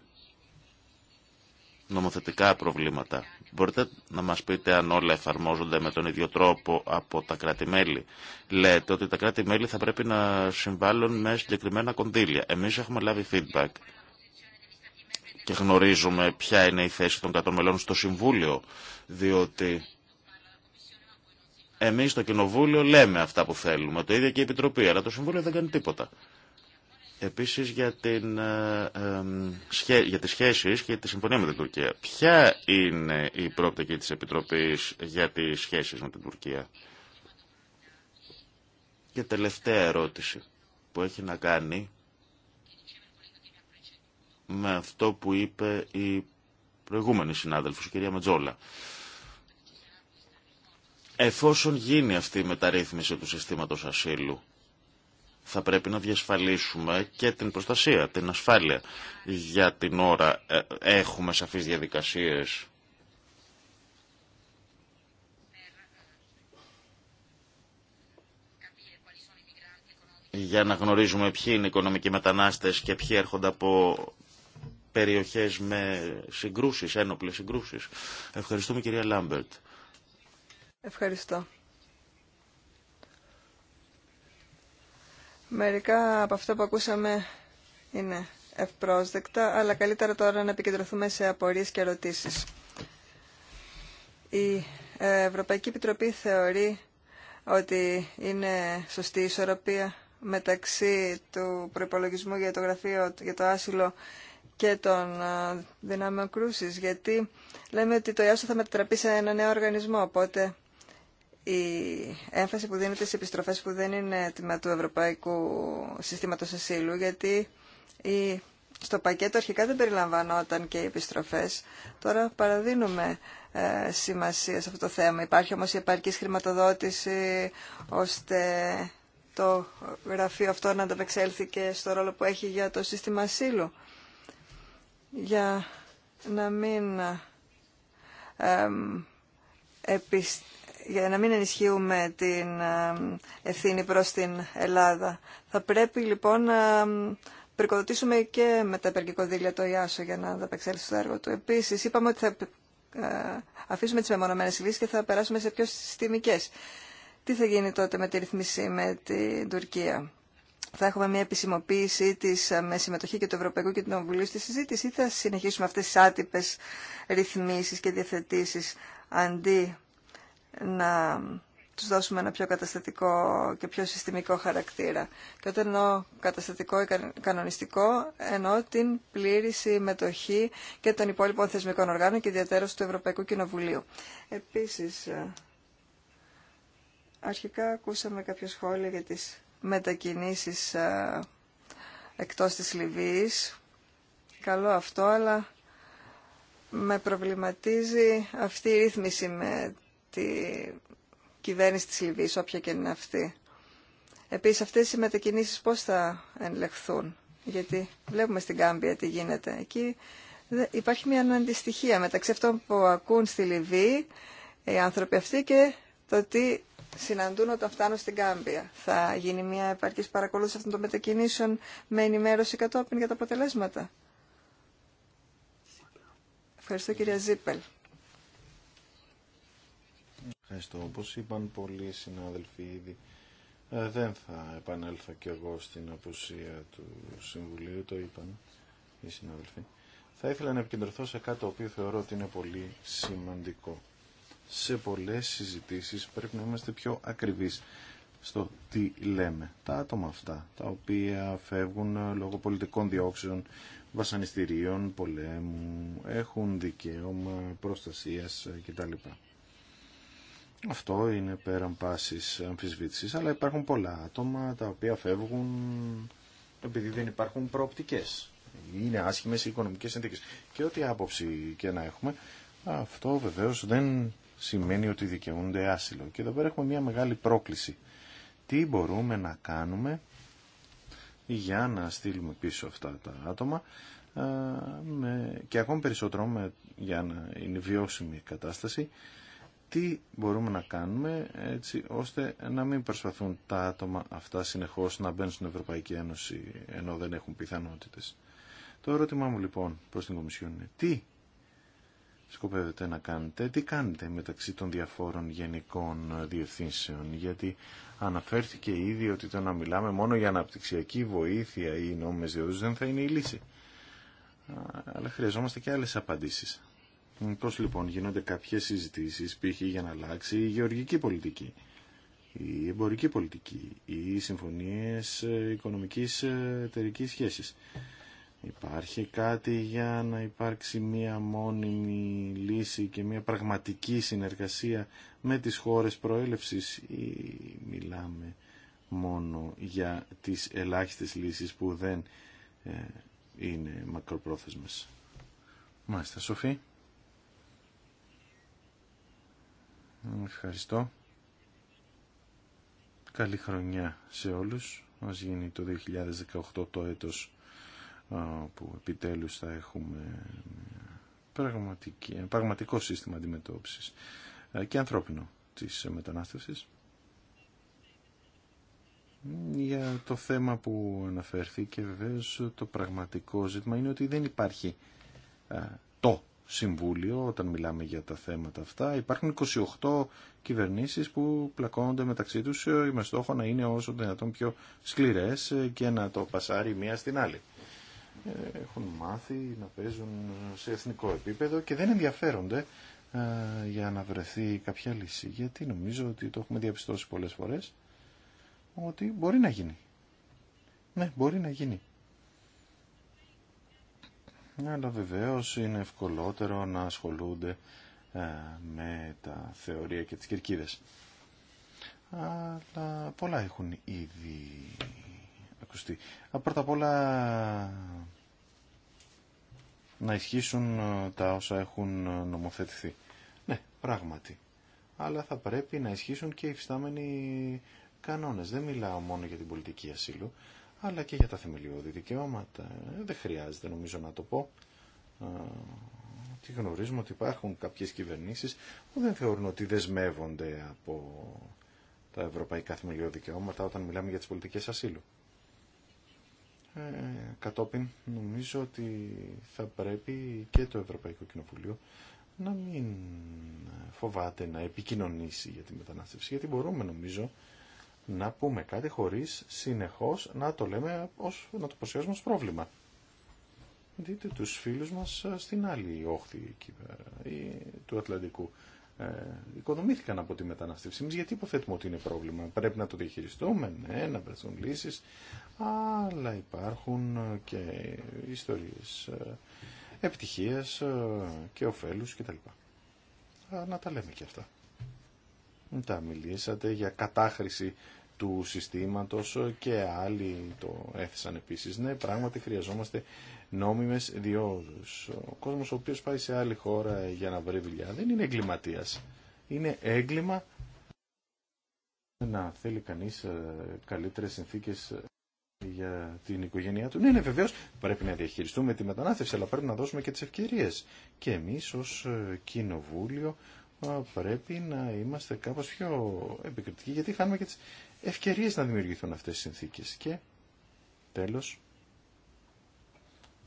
νομοθετικά προβλήματα, μπορείτε να μας πείτε αν όλα εφαρμόζονται με τον ίδιο τρόπο από τα κράτη-μέλη. Λέτε ότι τα κράτη-μέλη θα πρέπει να συμβάλλουν με συγκεκριμένα κονδύλια. Εμείς έχουμε λάβει feedback και γνωρίζουμε ποια είναι η θέση των κατομελών στο Συμβούλιο, διότι εμείς στο Κοινοβούλιο λέμε αυτά που θέλουμε, το ίδιο και η Επιτροπή, αλλά το Συμβούλιο δεν κάνει τίποτα. Επίσης για, την, ε, ε για τις σχέσεις και τη συμφωνία με την Τουρκία. Ποια είναι η πρόπτικη της Επιτροπής για τις σχέσεις με την Τουρκία. Και τελευταία ερώτηση που έχει να κάνει με αυτό που είπε η προηγούμενη συνάδελφος, η κυρία Μετζόλα. Εφόσον γίνει αυτή η μεταρρύθμιση του συστήματος ασύλου, θα πρέπει να διασφαλίσουμε και την προστασία, την ασφάλεια. Για την ώρα ε, έχουμε σαφείς διαδικασίες για να γνωρίζουμε ποιοι είναι οι οικονομικοί μετανάστες και ποιοι έρχονται από περιοχές με συγκρούσεις, ένοπλες συγκρούσεις. Ευχαριστούμε κυρία Λάμπερτ. Ευχαριστώ. Μερικά από αυτά που ακούσαμε είναι ευπρόσδεκτα, αλλά καλύτερα τώρα να επικεντρωθούμε σε απορίες και ερωτήσεις. Η ε, Ευρωπαϊκή Επιτροπή θεωρεί ότι είναι σωστή η ισορροπία μεταξύ του προϋπολογισμού για το γραφείο για το άσυλο και των δυνάμεων κρούση, γιατί λέμε ότι το ΙΑΣΟ θα μετατραπεί σε ένα νέο οργανισμό. Οπότε η έμφαση που δίνεται στι επιστροφέ που δεν είναι τμήμα του Ευρωπαϊκού Συστήματο Ασύλου, γιατί η, στο πακέτο αρχικά δεν περιλαμβανόταν και οι επιστροφέ. Τώρα παραδίνουμε ε, σημασία σε αυτό το θέμα. Υπάρχει όμω η επαρκή χρηματοδότηση ώστε το γραφείο αυτό να ανταπεξέλθει και στο ρόλο που έχει για το σύστημα ασύλου για να μην, για να μην ενισχύουμε την ευθύνη προς την Ελλάδα. Θα πρέπει λοιπόν να περικοδοτήσουμε και με τα το ΙΑΣΟ για να ανταπεξέλθει στο έργο του. Επίσης είπαμε ότι θα ε, αφήσουμε τις μεμονωμένες λύσεις και θα περάσουμε σε πιο συστημικές. Τι θα γίνει τότε με τη ρυθμίση με την Τουρκία θα έχουμε μια επισημοποίηση της ε, με συμμετοχή και του Ευρωπαϊκού Κοινοβουλίου στη συζήτηση ή θα συνεχίσουμε αυτές τις άτυπες ρυθμίσεις και διαθετήσεις αντί να τους δώσουμε ένα πιο καταστατικό και πιο συστημικό χαρακτήρα. Και όταν εννοώ καταστατικό ή κανονιστικό, εννοώ την πλήρη συμμετοχή και των υπόλοιπων θεσμικών οργάνων και ιδιαίτερα του Ευρωπαϊκού Κοινοβουλίου. Επίσης, ε, αρχικά ακούσαμε κάποια σχόλια για τις μετακινήσεις ε, εκτός της Λιβύης. Καλό αυτό, αλλά με προβληματίζει αυτή η ρύθμιση με τη κυβέρνηση της Λιβύης, όποια και είναι αυτή. Επίσης, αυτές οι μετακινήσεις πώς θα ελεγχθούν, γιατί βλέπουμε στην Κάμπια τι γίνεται. Εκεί υπάρχει μια αντιστοιχία μεταξύ αυτών που ακούν στη Λιβύη οι άνθρωποι αυτοί και το τι συναντούν όταν φτάνουν στην Κάμπια. Θα γίνει μια επαρκής παρακολούθηση αυτών των μετακινήσεων με ενημέρωση κατόπιν για τα αποτελέσματα. Ευχαριστώ κυρία Ζίπελ. Ευχαριστώ. Όπως είπαν πολλοί συνάδελφοι ήδη, ε, δεν θα επανέλθω κι εγώ στην απουσία του Συμβουλίου, το είπαν οι συνάδελφοι. Θα ήθελα να επικεντρωθώ σε κάτι το οποίο θεωρώ ότι είναι πολύ σημαντικό σε πολλές συζητήσεις πρέπει να είμαστε πιο ακριβείς στο τι λέμε. Τα άτομα αυτά, τα οποία φεύγουν λόγω πολιτικών διώξεων, βασανιστήριων, πολέμου, έχουν δικαίωμα προστασίας κτλ. Αυτό είναι πέραν πάσης αμφισβήτησης, αλλά υπάρχουν πολλά άτομα τα οποία φεύγουν επειδή δεν υπάρχουν προοπτικές. Είναι άσχημες οι οικονομικές συνθήκες. Και ό,τι άποψη και να έχουμε, αυτό βεβαίως δεν σημαίνει ότι δικαιούνται άσυλο. Και εδώ πέρα έχουμε μια μεγάλη πρόκληση. Τι μπορούμε να κάνουμε για να στείλουμε πίσω αυτά τα άτομα με, και ακόμη περισσότερο με, για να είναι βιώσιμη η κατάσταση τι μπορούμε να κάνουμε έτσι ώστε να μην προσπαθούν τα άτομα αυτά συνεχώς να μπαίνουν στην Ευρωπαϊκή Ένωση ενώ δεν έχουν πιθανότητες. Το ερώτημά μου λοιπόν προς την Κομισιόν είναι τι σκοπεύετε να κάνετε, τι κάνετε μεταξύ των διαφόρων γενικών διευθύνσεων, γιατί αναφέρθηκε ήδη ότι το να μιλάμε μόνο για αναπτυξιακή βοήθεια ή νόμιμες διόδους δεν θα είναι η λύση. Αλλά χρειαζόμαστε και άλλες απαντήσεις. Πώς λοιπόν γίνονται κάποιες συζητήσεις, π.χ. για να αλλάξει η γεωργική πολιτική, η εμπορική πολιτική, οι συμφωνίες ε, οικονομικής ε, εταιρικής σχέσης. Υπάρχει κάτι για να υπάρξει μία μόνιμη λύση και μία πραγματική συνεργασία με τις χώρες προέλευσης ή μιλάμε μόνο για τις ελάχιστες λύσεις που δεν ε, είναι μακροπρόθεσμες. Μάλιστα, Σοφή. Ευχαριστώ. Καλή χρονιά σε όλους. Μας γίνει το 2018 το έτος που επιτέλους θα έχουμε πραγματική, πραγματικό σύστημα αντιμετώπισης ε, και ανθρώπινο της μετανάστευσης. Για το θέμα που αναφέρθηκε βεβαίως το πραγματικό ζήτημα είναι ότι δεν υπάρχει ε, το Συμβούλιο όταν μιλάμε για τα θέματα αυτά. Υπάρχουν 28 κυβερνήσεις που πλακώνονται μεταξύ τους ε, με στόχο να είναι όσο δυνατόν πιο σκληρές και να το πασάρει μία στην άλλη. Ε, έχουν μάθει να παίζουν σε εθνικό επίπεδο και δεν ενδιαφέρονται ε, για να βρεθεί κάποια λύση. Γιατί νομίζω ότι το έχουμε διαπιστώσει πολλές φορές ότι μπορεί να γίνει. Ναι, μπορεί να γίνει. Αλλά βεβαίως είναι ευκολότερο να ασχολούνται ε, με τα θεωρία και τις κερκίδες. Αλλά πολλά έχουν ήδη ακουστεί. Πρώτα απ' όλα να ισχύσουν ε, τα όσα έχουν ε, νομοθετηθεί. Ναι, πράγματι. Αλλά θα πρέπει να ισχύσουν και οι φυστάμενοι κανόνες. Δεν μιλάω μόνο για την πολιτική ασύλου, αλλά και για τα θεμελιώδη δικαιώματα. Ε, δεν χρειάζεται νομίζω να το πω. Τι γνωρίζουμε ότι υπάρχουν κάποιες κυβερνήσεις που δεν θεωρούν ότι δεσμεύονται από τα ευρωπαϊκά θεμελιώδη δικαιώματα όταν μιλάμε για τις πολιτικές ασύλου. Ε, κατόπιν νομίζω ότι θα πρέπει και το Ευρωπαϊκό Κοινοβουλίο να μην φοβάται να επικοινωνήσει για τη μετανάστευση γιατί μπορούμε νομίζω να πούμε κάτι χωρίς συνεχώς να το λέμε ως, να το προσιάζουμε ως πρόβλημα. Δείτε τους φίλους μας στην άλλη όχθη εκεί, ε, του Ατλαντικού ε, οικονομήθηκαν από τη μετανάστευση. Εμεί γιατί υποθέτουμε ότι είναι πρόβλημα. Πρέπει να το διαχειριστούμε, ναι, να βρεθούν λύσεις, αλλά υπάρχουν και ιστορίες ε, επιτυχίας ε, και ωφέλους κτλ. Να τα λέμε και αυτά. Τα μιλήσατε για κατάχρηση του συστήματος και άλλοι το έθεσαν επίσης. Ναι, πράγματι χρειαζόμαστε νόμιμες διόδους. Ο κόσμος ο οποίος πάει σε άλλη χώρα για να βρει δουλειά δεν είναι εγκληματίας. Είναι έγκλημα να θέλει κανείς ε, καλύτερες συνθήκες ε, για την οικογένειά του. Ναι, ναι, βεβαίω πρέπει να διαχειριστούμε τη μετανάστευση, αλλά πρέπει να δώσουμε και τι ευκαιρίε. Και εμεί ω ε, κοινοβούλιο πρέπει να είμαστε κάπως πιο επικριτικοί, γιατί χάνουμε και τις ευκαιρίες να δημιουργηθούν αυτές οι συνθήκες. Και τέλος,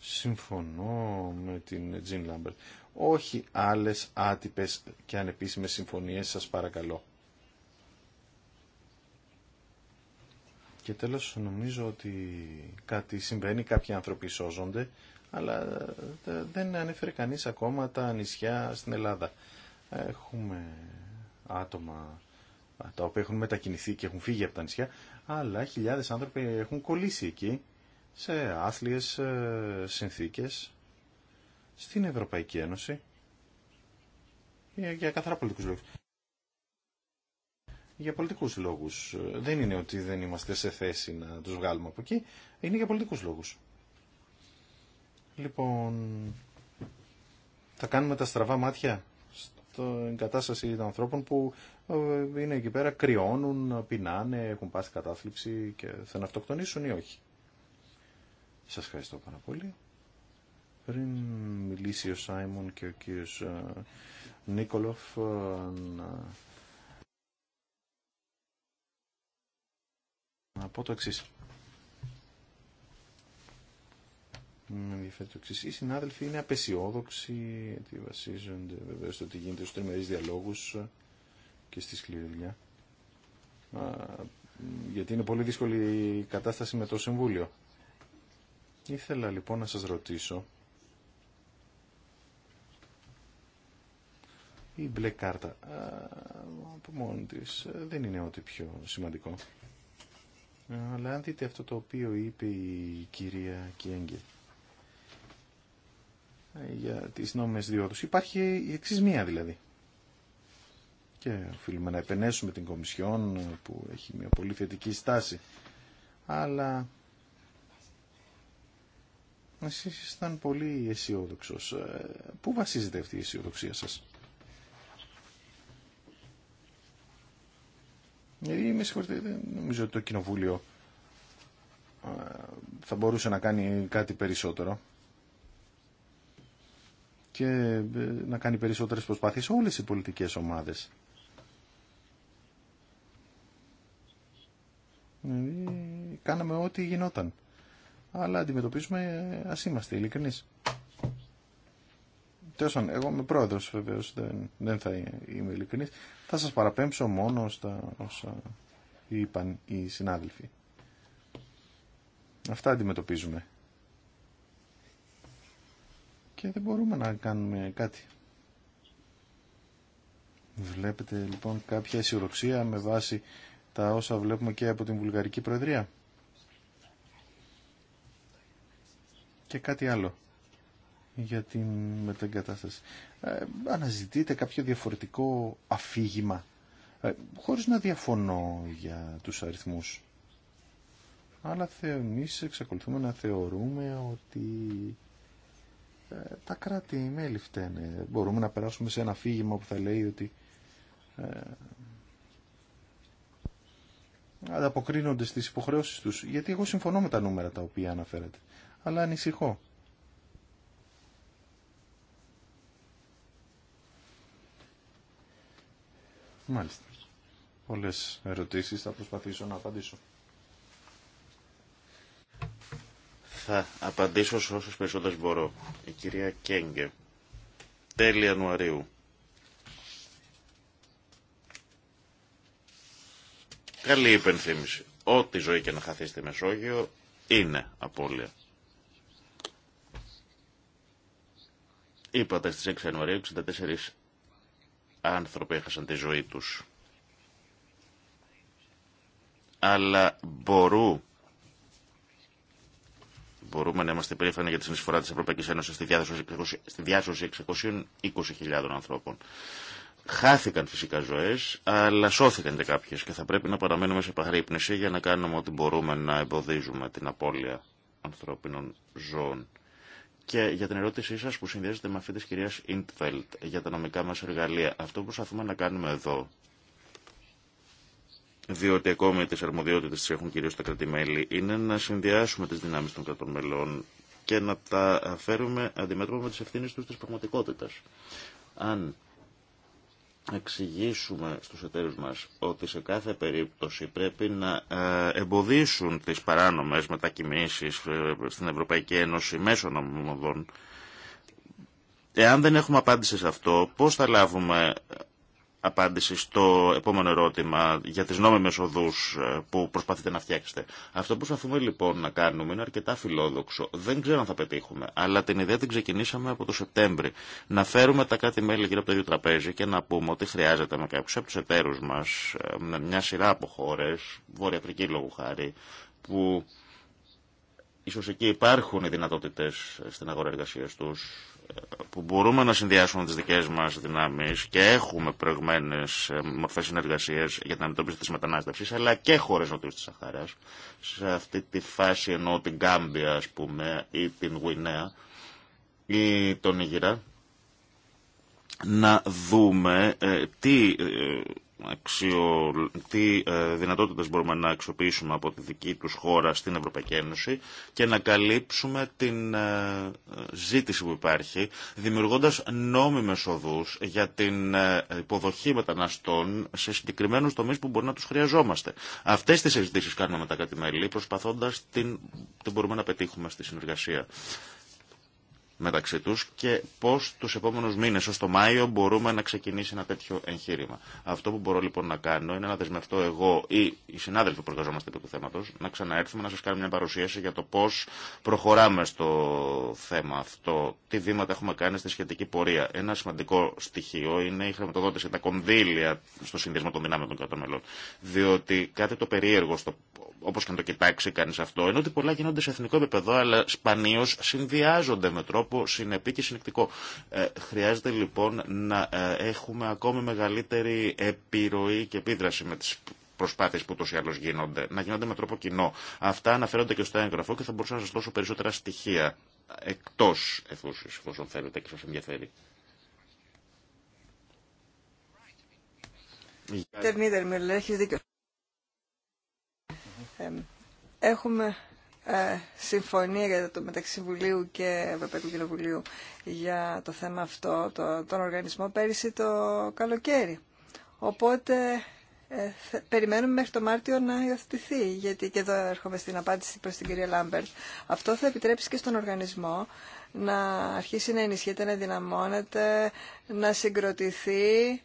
συμφωνώ με την Τζιν Λάμπερτ. Όχι άλλες άτυπες και ανεπίσημες συμφωνίες, σας παρακαλώ. Και τέλος νομίζω ότι κάτι συμβαίνει, κάποιοι άνθρωποι σώζονται, αλλά ε, δεν ανέφερε κανείς ακόμα τα νησιά στην Ελλάδα. Έχουμε άτομα ε, τα οποία έχουν μετακινηθεί και έχουν φύγει από τα νησιά, αλλά χιλιάδες άνθρωποι έχουν κολλήσει εκεί σε άθλιες ε, συνθήκες στην Ευρωπαϊκή Ένωση για καθαρά πολιτικούς λόγους. Για πολιτικούς λόγους. Δεν είναι ότι δεν είμαστε σε θέση να τους βγάλουμε από εκεί. Είναι για πολιτικούς λόγους. Λοιπόν, θα κάνουμε τα στραβά μάτια στην κατάσταση των ανθρώπων που ε, είναι εκεί πέρα, κρυώνουν, πεινάνε, έχουν πάθει κατάθλιψη και θα να αυτοκτονήσουν ή όχι. Σας ευχαριστώ πάρα πολύ. Πριν μιλήσει ο Σάιμον και ο κύριος ε, Νίκολοφ, ε, να... να πω το εξής. Με το εξή. Οι συνάδελφοι είναι απεσιόδοξοι, γιατί βασίζονται βεβαίω στο ότι γίνεται στου τριμερεί διαλόγου και στη σκληρή δουλειά. Γιατί είναι πολύ δύσκολη η κατάσταση με το Συμβούλιο. Ήθελα λοιπόν να σας ρωτήσω η μπλε κάρτα από μόνη της δεν είναι ό,τι πιο σημαντικό. Αλλά αν δείτε αυτό το οποίο είπε η κυρία Κιέγγε για τις νόμιμες διόδους. Υπάρχει η εξής μία δηλαδή. Και οφείλουμε να επενέσουμε την Κομισιόν που έχει μια πολύ θετική στάση. Αλλά Εσεί ήσταν πολύ αισιόδοξο. Ε, πού βασίζεται αυτή η αισιοδοξία σας? Γιατί ε, με συγχωρείτε, δεν νομίζω ότι το κοινοβούλιο ε, θα μπορούσε να κάνει κάτι περισσότερο και να κάνει περισσότερες προσπάθειες όλες οι πολιτικές ομάδες. Δηλαδή, κάναμε ό,τι γινόταν αλλά αντιμετωπίζουμε, ας είμαστε ειλικρινείς. Τέλος εγώ είμαι πρόεδρος βεβαίως, δεν, δεν θα είμαι ειλικρινής. Θα σας παραπέμψω μόνο στα όσα είπαν οι συνάδελφοι. Αυτά αντιμετωπίζουμε. Και δεν μπορούμε να κάνουμε κάτι. Βλέπετε λοιπόν κάποια αισιοδοξία με βάση τα όσα βλέπουμε και από την Βουλγαρική Προεδρία. και κάτι άλλο για την μεταγκατάσταση. Ε, αναζητείτε κάποιο διαφορετικό αφήγημα, ε, χωρίς να διαφωνώ για τους αριθμούς. Αλλά εμείς εξακολουθούμε να θεωρούμε ότι ε, τα κράτη-μέλη φταίνε. Μπορούμε να περάσουμε σε ένα αφήγημα που θα λέει ότι ε, ανταποκρίνονται στις υποχρεώσεις τους. Γιατί εγώ συμφωνώ με τα νούμερα τα οποία αναφέρατε αλλά ανησυχώ. Μάλιστα. Πολλές ερωτήσεις, θα προσπαθήσω να απαντήσω. Θα απαντήσω σε όσες περισσότερες μπορώ. Η κυρία Κέγκε, τέλη Ιανουαρίου. Καλή υπενθύμηση. Ό,τι ζωή και να χαθεί στη Μεσόγειο είναι απώλεια. Είπατε στις 6 Ιανουαρίου 64 άνθρωποι έχασαν τη ζωή τους. Αλλά μπορούμε να είμαστε περήφανοι για τη συνεισφορά της Ευρωπαϊκή Ένωση στη διάσωση 620.000 ανθρώπων. Χάθηκαν φυσικά ζωέ, αλλά σώθηκαν και κάποιε και θα πρέπει να παραμένουμε σε παρύπνιση για να κάνουμε ό,τι μπορούμε να εμποδίζουμε την απώλεια ανθρώπινων ζώων. Και για την ερώτησή σας που συνδέεται με αυτή τη κυρίας Ιντφελτ για τα νομικά μα εργαλεία. Αυτό που προσπαθούμε να κάνουμε εδώ, διότι ακόμη τι αρμοδιότητες τι έχουν κυρίως τα κρατημέλη, είναι να συνδυάσουμε τις δυνάμεις των κρατών μελών και να τα φέρουμε αντιμέτωπα με τι ευθύνε τους τη πραγματικότητα. Αν εξηγήσουμε στους εταίρους μας ότι σε κάθε περίπτωση πρέπει να ε, εμποδίσουν τις παράνομες μετακινήσεις ε, στην Ευρωπαϊκή Ένωση μέσω νομιμοδών. Εάν δεν έχουμε απάντηση σε αυτό, πώς θα λάβουμε απάντηση στο επόμενο ερώτημα για τις νόμιμες οδούς ε, που προσπαθείτε να φτιάξετε. Αυτό που προσπαθούμε λοιπόν να κάνουμε είναι αρκετά φιλόδοξο. Δεν ξέρω αν θα πετύχουμε, αλλά την ιδέα την ξεκινήσαμε από το Σεπτέμβρη. Να φέρουμε τα κάτι μέλη γύρω από το ίδιο τραπέζι και να πούμε ότι χρειάζεται με κάποιους από τους εταίρους μας, ε, με μια σειρά από χώρες, Βόρεια Αφρική λόγου χάρη, που ίσως εκεί υπάρχουν οι δυνατότητες στην αγορά εργασίας τους, που μπορούμε να συνδυάσουμε τις δικές μας δυνάμεις και έχουμε προηγμένες ε, μορφές συνεργασίας για την αντιμετώπιση της μετανάστευσης, αλλά και χώρες νοτιούς της Σαχάρας. Σε αυτή τη φάση ενώ την Γκάμπια, ας πούμε, ή την Γουινέα ή τον Ιγυρά να δούμε ε, τι ε, αξιο... τι ε, δυνατότητες μπορούμε να αξιοποιήσουμε από τη δική τους χώρα στην Ευρωπαϊκή Ένωση και να καλύψουμε την ε, ζήτηση που υπάρχει δημιουργώντας νόμιμες οδούς για την ε, υποδοχή μεταναστών σε συγκεκριμένους τομείς που μπορεί να τους χρειαζόμαστε. Αυτές τις συζητήσεις κάνουμε με τα κρατη προσπαθώντας την... την μπορούμε να πετύχουμε στη συνεργασία μεταξύ τους και πώς τους επόμενους μήνες ως το Μάιο μπορούμε να ξεκινήσει ένα τέτοιο εγχείρημα. Αυτό που μπορώ λοιπόν να κάνω είναι να δεσμευτώ εγώ ή οι συνάδελφοι που εργαζόμαστε επί του θέματος να ξαναέρθουμε να σας κάνουμε μια παρουσίαση για το πώς προχωράμε στο θέμα αυτό, τι βήματα έχουμε κάνει στη σχετική πορεία. Ένα σημαντικό στοιχείο είναι η χρηματοδότηση, τα κονδύλια στο συνδυασμό των δυνάμεων των κρατών μελών. Διότι κάτι το περίεργο στο όπω και να το κοιτάξει κανεί αυτό, είναι ότι πολλά γίνονται σε εθνικό επίπεδο, αλλά σπανίω συνδυάζονται με τρόπο συνεπή και συνεκτικό. Ε, χρειάζεται λοιπόν να ε, έχουμε ακόμη μεγαλύτερη επιρροή και επίδραση με τις προσπάθειε που ούτω ή άλλω γίνονται, να γίνονται με τρόπο κοινό. Αυτά αναφέρονται και στο έγγραφο και θα μπορούσα να σα δώσω περισσότερα στοιχεία εκτό εφόσον θέλετε και σα ενδιαφέρει. Ε, έχουμε ε, συμφωνία για το μεταξύ Συμβουλίου και Ευρωπαϊκού Κοινοβουλίου για το θέμα αυτό, τον οργανισμό, πέρυσι το καλοκαίρι. Οπότε ε, περιμένουμε μέχρι το Μάρτιο να υιοθετηθεί, γιατί και εδώ έρχομαι στην απάντηση προς την κυρία Λάμπερτ. Αυτό θα επιτρέψει και στον οργανισμό να αρχίσει να ενισχύεται, να δυναμώνεται, να συγκροτηθεί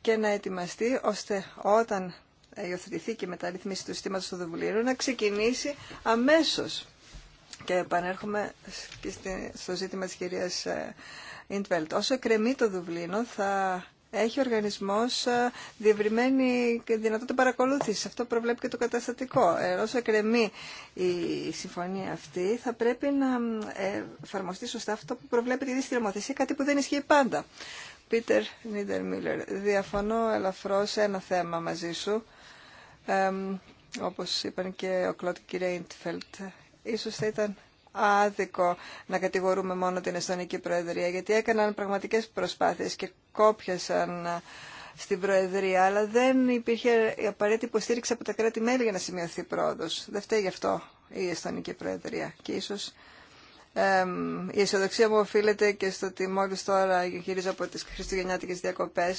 και να ετοιμαστεί, ώστε όταν ε, υιοθετηθεί και μεταρρυθμίσει του συστήματος του Δουβλίνου να ξεκινήσει αμέσω. Και επανέρχομαι και στο ζήτημα τη κυρία ε, Ιντβέλτ. Όσο εκκρεμεί το Δουβλίνο θα έχει ο οργανισμό ε, διευρυμένη δυνατότητα παρακολούθηση. Αυτό προβλέπει και το καταστατικό. όσο εκκρεμεί η συμφωνία αυτή, θα πρέπει να εφαρμοστεί σωστά αυτό που προβλέπει τη δύστη νομοθεσία, κάτι που δεν ισχύει πάντα. Πίτερ Νίτερ Μίλλερ, διαφωνώ σε ένα θέμα μαζί σου όπως είπαν και ο Κλώτ και η ίσως θα ήταν άδικο να κατηγορούμε μόνο την Εστονική Προεδρία, γιατί έκαναν πραγματικές προσπάθειες και κόπιασαν ε, στην Προεδρία, αλλά δεν υπήρχε η απαραίτητη υποστήριξη από τα κράτη-μέλη για να σημειωθεί πρόοδος. Δεν φταίει γι' αυτό η Εστονική Προεδρία και ίσως η αισιοδοξία μου οφείλεται και στο ότι μόλις τώρα γυρίζω από τι χριστουγεννιάτικε διακοπέ,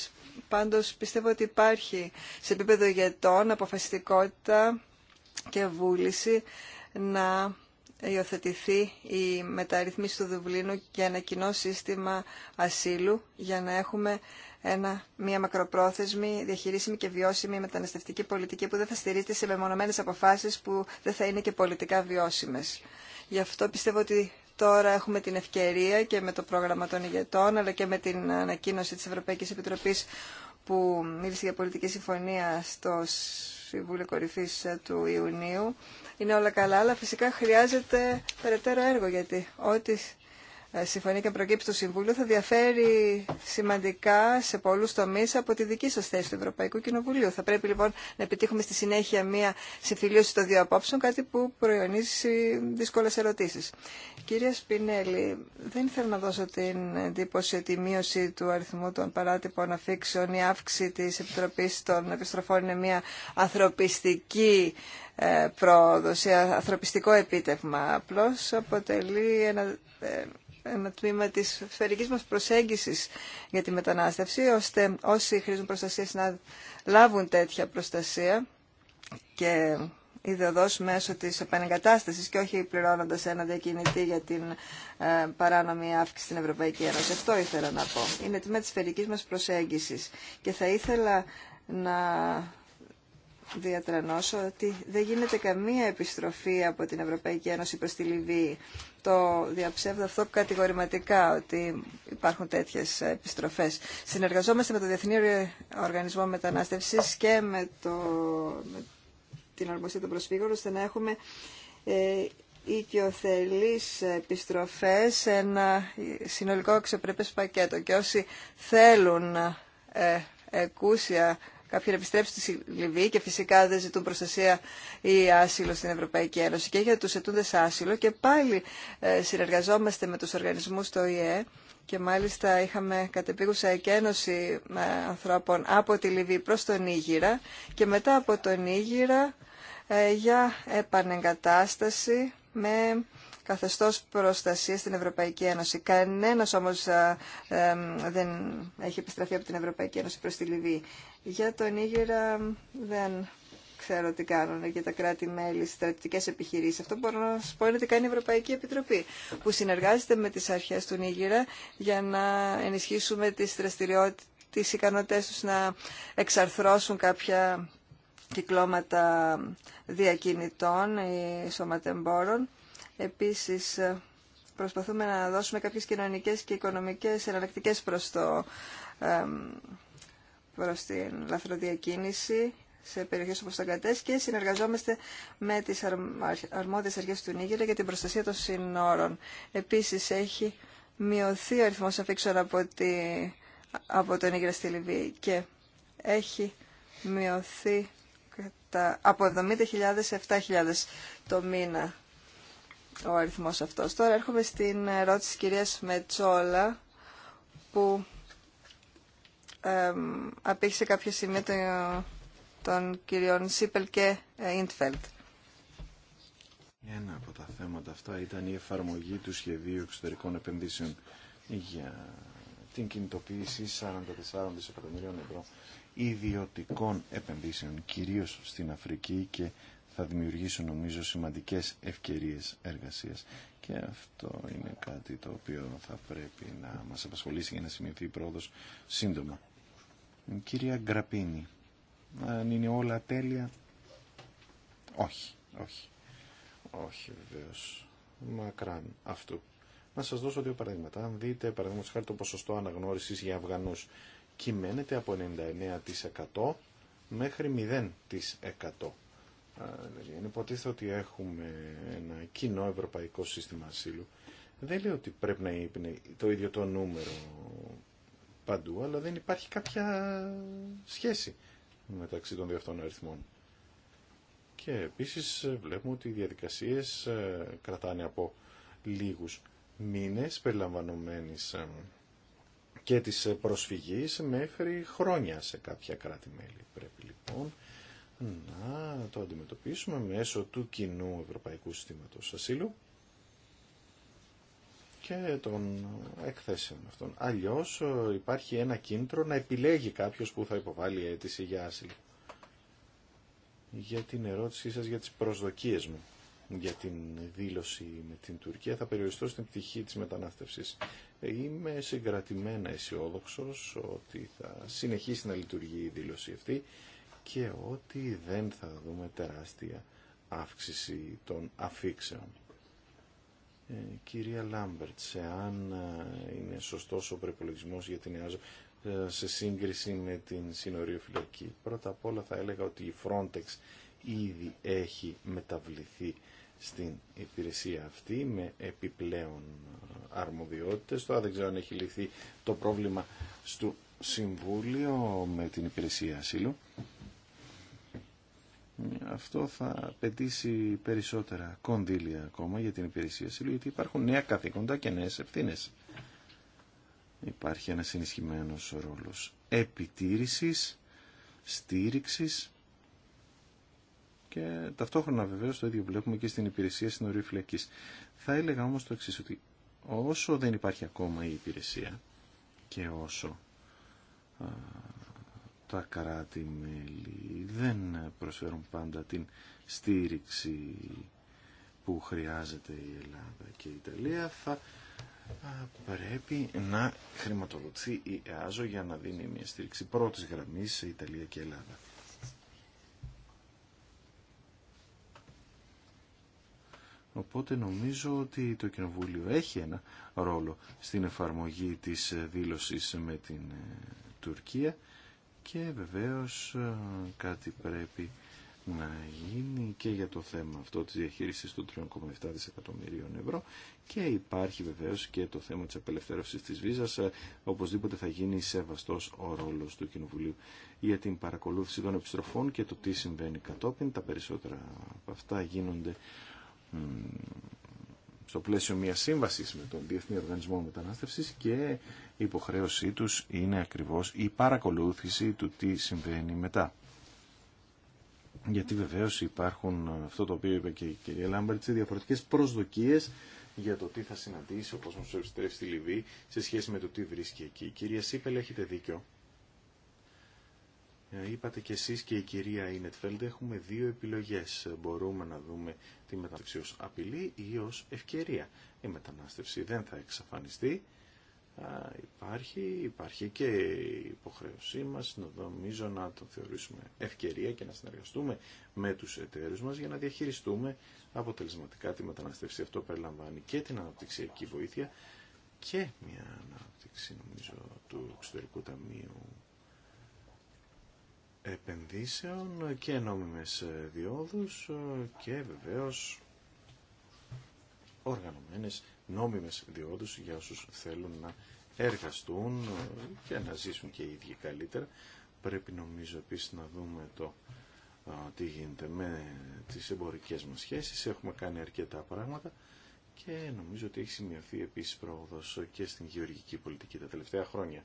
Πάντως πιστεύω ότι υπάρχει σε επίπεδο ηγετών αποφασιστικότητα και βούληση να υιοθετηθεί η μεταρρυθμίση του Δουβλίνου και ένα κοινό σύστημα ασύλου για να έχουμε ένα, μια μακροπρόθεσμη, διαχειρίσιμη και βιώσιμη μεταναστευτική πολιτική που δεν θα στηρίζεται σε μεμονωμένες αποφάσεις που δεν θα είναι και πολιτικά βιώσιμες. Γι' αυτό πιστεύω ότι τώρα έχουμε την ευκαιρία και με το πρόγραμμα των ηγετών αλλά και με την ανακοίνωση της Ευρωπαϊκής Επιτροπής που μίλησε για πολιτική συμφωνία στο Συμβούλιο Κορυφής του Ιουνίου. Είναι όλα καλά, αλλά φυσικά χρειάζεται περαιτέρω έργο γιατί ό,τι ε, συμφωνία και προκύψει του συμβούλιο. θα διαφέρει σημαντικά σε πολλούς τομείς από τη δική σας θέση του Ευρωπαϊκού Κοινοβουλίου. Θα πρέπει λοιπόν να επιτύχουμε στη συνέχεια μία συμφιλίωση των δύο απόψεων, κάτι που προϊονίζει δύσκολες ερωτήσεις. Κυρία Σπινέλη, δεν ήθελα να δώσω την εντύπωση ότι η μείωση του αριθμού των παράτυπων αφήξεων, η αύξηση της Επιτροπής των Επιστροφών είναι μία ανθρωπιστική ε, πρόοδος, ανθρωπιστικό επίτευγμα. Απλώς αποτελεί ένα ε, ένα τμήμα τη φερική μας προσέγγιση για τη μετανάστευση, ώστε όσοι χρήζουν προστασία να λάβουν τέτοια προστασία και ιδεοδός μέσω τη επανεγκατάστασης και όχι πληρώνοντα ένα διακινητή για την ε, παράνομη αύξηση στην Ευρωπαϊκή Ένωση. Αυτό ήθελα να πω. Είναι τμήμα της φερική μα προσέγγιση. και θα ήθελα να διατρανώσω ότι δεν γίνεται καμία επιστροφή από την Ευρωπαϊκή Ένωση προς τη Λιβύη. Το διαψεύδω αυτό κατηγορηματικά ότι υπάρχουν τέτοιες επιστροφές. Συνεργαζόμαστε με το Διεθνή Οργανισμό Μετανάστευσης και με, το, την Ορμοσία των Προσφύγων ώστε να έχουμε ε, οικειοθελείς επιστροφές σε ένα συνολικό αξιοπρεπές πακέτο. Και όσοι θέλουν ε, εκούσια κάποιοι να επιστρέψουν στη Λιβύη και φυσικά δεν ζητούν προστασία ή άσυλο στην Ευρωπαϊκή Ένωση και για τους ετούντες άσυλο και πάλι ε, συνεργαζόμαστε με τους οργανισμούς του ΙΕ και μάλιστα είχαμε κατεπίγουσα εκένωση ε, ανθρώπων από τη Λιβύη προς τον Ήγυρα και μετά από τον Ήγυρα ε, για επανεγκατάσταση με καθεστώς προστασία στην Ευρωπαϊκή Ένωση. Κανένας όμως δεν έχει επιστραφεί από την Ευρωπαϊκή Ένωση προ τη Λιβύη. Για τον Νίγηρα δεν ξέρω τι κάνουν και τα κράτη-μέλη, στρατιωτικέ επιχειρήσει. Αυτό μπορώ να σα πω είναι ότι κάνει η Ευρωπαϊκή Επιτροπή, που συνεργάζεται με τις αρχές του Νίγηρα για να ενισχύσουμε τι δραστηριότητε, τις ικανότητές τους να εξαρθρώσουν κάποια κυκλώματα διακινητών ή σωματεμπόρων Επίσης, προσπαθούμε να δώσουμε κάποιες κοινωνικές και οικονομικές εναλλακτικές προς, το, προς την λαθροδιακίνηση σε περιοχές όπως τα Κατές και συνεργαζόμαστε με τις αρμόδιες αρχές του Νίγηρα για την προστασία των συνόρων. Επίσης, έχει μειωθεί ο αριθμός αφήξεων από, τη, από το Νίγηρα στη Λιβύη και έχει μειωθεί από 70.000 σε 7.000 το μήνα ο αριθμός αυτός. Τώρα έρχομαι στην ερώτηση της κυρίας Μετσόλα που ε, απήχησε κάποια σημεία των, κυριών Σίπελ και ε, Ιντφελτ. Ένα από τα θέματα αυτά ήταν η εφαρμογή του σχεδίου εξωτερικών επενδύσεων για την κινητοποίηση 44 δισεκατομμυρίων ευρώ ιδιωτικών επενδύσεων, κυρίως στην Αφρική και θα δημιουργήσουν νομίζω σημαντικές ευκαιρίες εργασίας και αυτό είναι κάτι το οποίο θα πρέπει να μας απασχολήσει για να σημειωθεί η πρόοδος σύντομα. Κυρία Γκραπίνη, αν είναι όλα τέλεια, όχι, όχι, όχι βεβαίω. μακράν αυτού. Να σας δώσω δύο παραδείγματα. Αν δείτε παραδείγματος χάρη το ποσοστό αναγνώρισης για Αφγανούς κυμαίνεται από 99% μέχρι 0%. Εν δηλαδή, Υποτίθεται ότι έχουμε ένα κοινό ευρωπαϊκό σύστημα ασύλου. Δεν λέω ότι πρέπει να είναι το ίδιο το νούμερο παντού, αλλά δεν υπάρχει κάποια σχέση μεταξύ των δύο αυτών αριθμών. Και επίσης ε, βλέπουμε ότι οι διαδικασίες ε, κρατάνε από λίγους μήνες περιλαμβανομένης ε, και της προσφυγής μέχρι χρόνια σε κάποια κράτη-μέλη. Πρέπει λοιπόν να το αντιμετωπίσουμε μέσω του κοινού Ευρωπαϊκού Συστήματος Ασύλου και των εκθέσεων αυτών. Αλλιώς ε, υπάρχει ένα κίνητρο να επιλέγει κάποιος που θα υποβάλει αίτηση για άσυλο. Για την ερώτησή σας για τις προσδοκίες μου για την δήλωση με την Τουρκία θα περιοριστώ στην πτυχή της μετανάστευσης. Είμαι συγκρατημένα αισιόδοξο ότι θα συνεχίσει να λειτουργεί η δήλωση αυτή και ότι δεν θα δούμε τεράστια αύξηση των αφήξεων. Ε, κυρία Λάμπερτ, εάν ε, είναι σωστός ο προπολογισμό για την ΕΑΖΟ σε σύγκριση με την συνοριοφυλακή, πρώτα απ' όλα θα έλεγα ότι η Frontex ήδη έχει μεταβληθεί στην υπηρεσία αυτή με επιπλέον ε, αρμοδιότητες. Τώρα δεν ξέρω αν έχει λυθεί το πρόβλημα στο Συμβούλιο με την υπηρεσία ασύλου αυτό θα απαιτήσει περισσότερα κονδύλια ακόμα για την υπηρεσία συλλογή, γιατί υπάρχουν νέα καθήκοντα και νέες ευθύνες. Υπάρχει ένας ενισχυμένος ρόλος επιτήρησης, στήριξης και ταυτόχρονα βεβαίως το ίδιο βλέπουμε και στην υπηρεσία στην φυλακής. Θα έλεγα όμως το εξής ότι όσο δεν υπάρχει ακόμα η υπηρεσία και όσο τα κράτη-μέλη δεν προσφέρουν πάντα την στήριξη που χρειάζεται η Ελλάδα και η Ιταλία θα πρέπει να χρηματοδοτεί η ΕΑΖΟ για να δίνει μια στήριξη πρώτης γραμμής σε Ιταλία και Ελλάδα. Οπότε νομίζω ότι το Κοινοβούλιο έχει ένα ρόλο στην εφαρμογή της δήλωσης με την ε, Τουρκία και βεβαίως ε, κάτι πρέπει να γίνει και για το θέμα αυτό της διαχείρισης των 3,7 δισεκατομμυρίων ευρώ και υπάρχει βεβαίως και το θέμα της απελευθέρωσης της βίζας ε, οπωσδήποτε θα γίνει σεβαστός ο ρόλος του Κοινοβουλίου για την παρακολούθηση των επιστροφών και το τι συμβαίνει κατόπιν τα περισσότερα από αυτά γίνονται στο πλαίσιο μιας σύμβαση με τον Διεθνή Οργανισμό μετανάστευση και η υποχρέωσή τους είναι ακριβώς η παρακολούθηση του τι συμβαίνει μετά. Γιατί βεβαίω υπάρχουν, ε, αυτό το οποίο είπε και η κυρία Λάμπερτς, διαφορετικέ προσδοκίες για το τι θα συναντήσει ο κόσμο που επιστρέφει στη Λιβύη σε σχέση με το τι βρίσκει εκεί. Κυρία Σίπελ, έχετε δίκιο. Ε, είπατε και εσείς και η κυρία Ινετφέλντ έχουμε δύο επιλογές. Μπορούμε να δούμε τη μετανάστευση ως απειλή ή ως ευκαιρία. Η μετανάστευση δεν θα εξαφανιστεί. υπάρχει, υπάρχει και η υποχρέωσή μας νομίζω να το θεωρήσουμε ευκαιρία και να συνεργαστούμε με τους εταίρους μας για να διαχειριστούμε αποτελεσματικά τη μεταναστεύση. Αυτό περιλαμβάνει και την αναπτυξιακή βοήθεια και μια ανάπτυξη νομίζω του εξωτερικού ταμείου επενδύσεων και νόμιμες διόδους και βεβαίως οργανωμένες νόμιμες διόδους για όσους θέλουν να εργαστούν και να ζήσουν και οι ίδιοι καλύτερα. Πρέπει νομίζω επίσης να δούμε το τι γίνεται με τις εμπορικές μας σχέσεις. Έχουμε κάνει αρκετά πράγματα και νομίζω ότι έχει σημειωθεί επίσης πρόοδος και στην γεωργική πολιτική τα τελευταία χρόνια.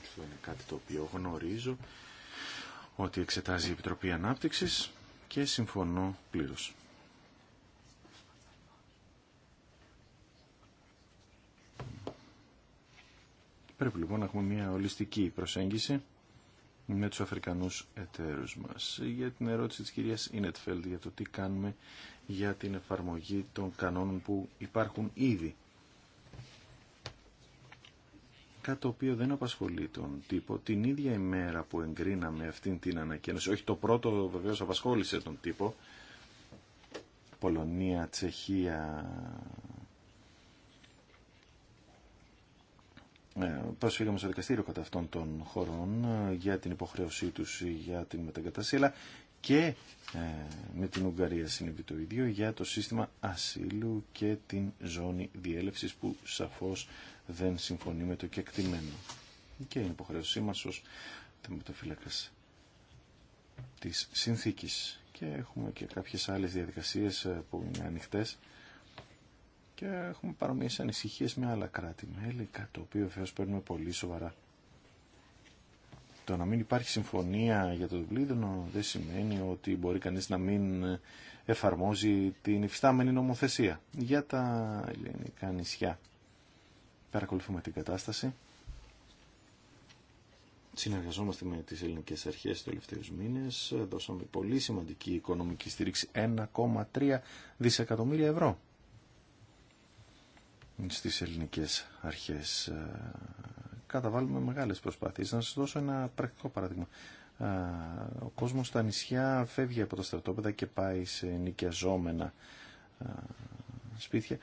Αυτό είναι κάτι το οποίο γνωρίζω ότι εξετάζει η Επιτροπή Ανάπτυξης και συμφωνώ πλήρως. Πρέπει λοιπόν να έχουμε μια ολιστική προσέγγιση με τους Αφρικανούς εταίρους μας. Για την ερώτηση της κυρίας Ινετφέλντ για το τι κάνουμε για την εφαρμογή των κανόνων που υπάρχουν ήδη κάτι το οποίο δεν απασχολεί τον τύπο. Την ίδια ημέρα που εγκρίναμε αυτήν την ανακοίνωση. όχι το πρώτο βεβαίως απασχόλησε τον τύπο, Πολωνία, Τσεχία, ε, προσφύγαμε στο δικαστήριο κατά αυτών των χωρών ε, για την υποχρέωσή τους για την μεταγκατάσταση, και ε, με την Ουγγαρία συνέβη το ίδιο για το σύστημα ασύλου και την ζώνη διέλευσης που σαφώς δεν συμφωνεί με το κεκτημένο. Και είναι υποχρέωσή μα ω θεματοφύλακα τη συνθήκη. Και έχουμε και κάποιε άλλε διαδικασίε ε, που είναι ανοιχτέ και έχουμε παρομοίε ανησυχίε με άλλα κράτη-μέλη, κάτι το οποίο βεβαίω παίρνουμε πολύ σοβαρά. Το να μην υπάρχει συμφωνία για το διπλίδωνο δεν σημαίνει ότι μπορεί κανείς να μην εφαρμόζει την υφιστάμενη νομοθεσία για τα ελληνικά νησιά. Παρακολουθούμε την κατάσταση. Συνεργαζόμαστε με τις ελληνικές αρχές τους τελευταίους μήνες. Δώσαμε πολύ σημαντική οικονομική στήριξη 1,3 δισεκατομμύρια ευρώ στις ελληνικές αρχές. Ε, καταβάλουμε μεγάλες προσπάθειες. Να σας δώσω ένα πρακτικό παράδειγμα. Ε, ο κόσμος στα νησιά φεύγει από τα στρατόπεδα και πάει σε νοικιαζόμενα ε, σπίτια,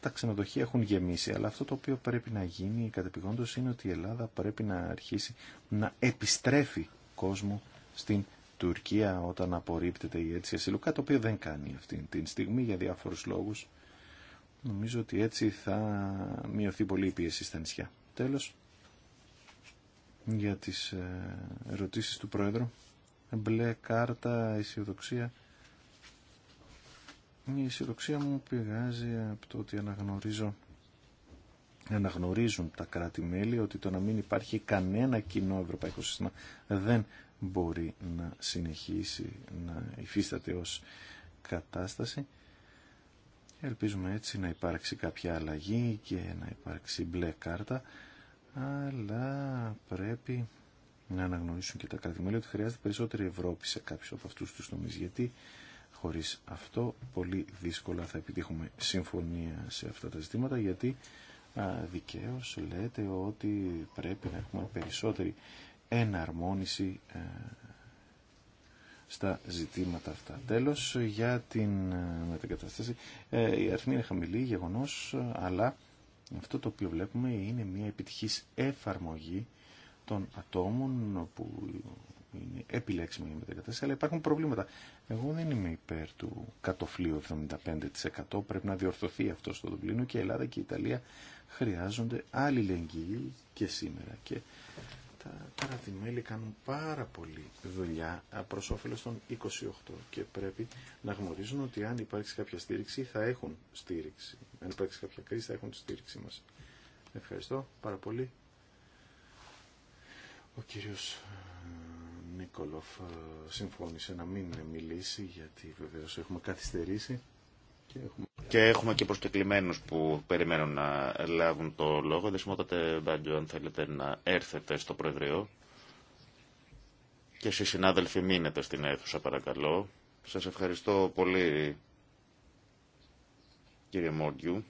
τα ξενοδοχεία έχουν γεμίσει. Αλλά αυτό το οποίο πρέπει να γίνει κατεπηγόντως είναι ότι η Ελλάδα πρέπει να αρχίσει να επιστρέφει κόσμο στην Τουρκία όταν απορρίπτεται η αίτηση ασύλου, κάτι το οποίο δεν κάνει αυτή τη στιγμή για διάφορους λόγους. Νομίζω ότι έτσι θα μειωθεί πολύ η πίεση στα νησιά. Τέλος, για τις ε, ερωτήσεις του Πρόεδρου. Μπλε κάρτα, αισιοδοξία. Η αισιοδοξία μου πηγάζει από το ότι αναγνωρίζω αναγνωρίζουν τα κράτη-μέλη ότι το να μην υπάρχει κανένα κοινό ευρωπαϊκό σύστημα δεν μπορεί να συνεχίσει να υφίσταται ως κατάσταση. Ελπίζουμε έτσι να υπάρξει κάποια αλλαγή και να υπάρξει μπλε κάρτα, αλλά πρέπει να αναγνωρίσουν και τα κράτη-μέλη ότι χρειάζεται περισσότερη Ευρώπη σε κάποιους από αυτούς τους τομείς, γιατί Χωρίς αυτό πολύ δύσκολα θα επιτύχουμε συμφωνία σε αυτά τα ζητήματα γιατί δικαίως λέτε ότι πρέπει να έχουμε περισσότερη εναρμόνιση ε, στα ζητήματα αυτά. Τέλος, για την ε, μετακαταστάση. Ε, η αριθμή είναι χαμηλή, γεγονός, αλλά αυτό το οποίο βλέπουμε είναι μια επιτυχής εφαρμογή των ατόμων που είναι επιλέξιμο για αλλά υπάρχουν προβλήματα. Εγώ δεν είμαι υπέρ του κατοφλίου 75%. Πρέπει να διορθωθεί αυτό στο Δουμπλίνο και η Ελλάδα και η Ιταλία χρειάζονται άλλη αλληλεγγύη και σήμερα. Και τα κράτη-μέλη κάνουν πάρα πολύ δουλειά προ όφελο των 28 και πρέπει να γνωρίζουν ότι αν υπάρξει κάποια στήριξη θα έχουν στήριξη. Αν υπάρξει κάποια κρίση θα έχουν τη στήριξη μα. Ευχαριστώ πάρα πολύ. Ο κύριος Νίκολοφ ε, συμφώνησε να μην μιλήσει γιατί βεβαίω έχουμε καθυστερήσει. Και έχουμε, και, έχουμε και προσκεκλημένους που περιμένουν να λάβουν το λόγο. Δεσμότατε Μπάντιο αν θέλετε να έρθετε στο Προεδρείο. Και εσείς συνάδελφοι μείνετε στην αίθουσα παρακαλώ. Σας ευχαριστώ πολύ κύριε Μόντιου.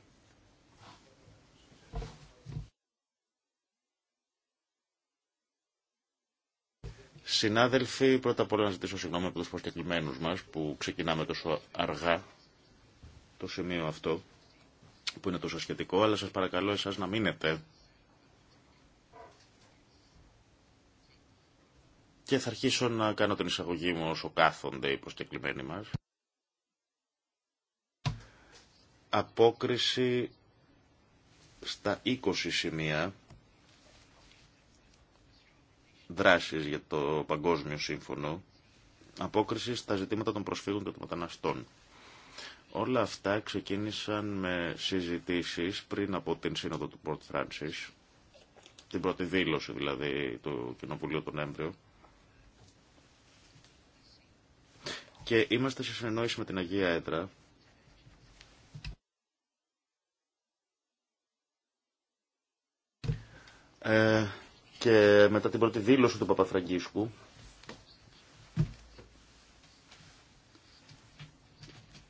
Συνάδελφοι, πρώτα απ' όλα να ζητήσω συγγνώμη από τους προσκεκλημένους μας που ξεκινάμε τόσο αργά το σημείο αυτό που είναι τόσο σχετικό, αλλά σας παρακαλώ εσάς να μείνετε και θα αρχίσω να κάνω την εισαγωγή μου όσο κάθονται οι προσκεκλημένοι μας. Απόκριση στα 20 σημεία δράσεις για το Παγκόσμιο Σύμφωνο απόκριση στα ζητήματα των προσφύγων και των μεταναστών. Όλα αυτά ξεκίνησαν με συζητήσεις πριν από την σύνοδο του Port Francis, την πρώτη δήλωση δηλαδή του Κοινοβουλίου τον Έμβριο. και είμαστε σε συνεννόηση με την Αγία Έντρα, ε, και μετά την πρώτη δήλωση του Παπαφραγκίσκου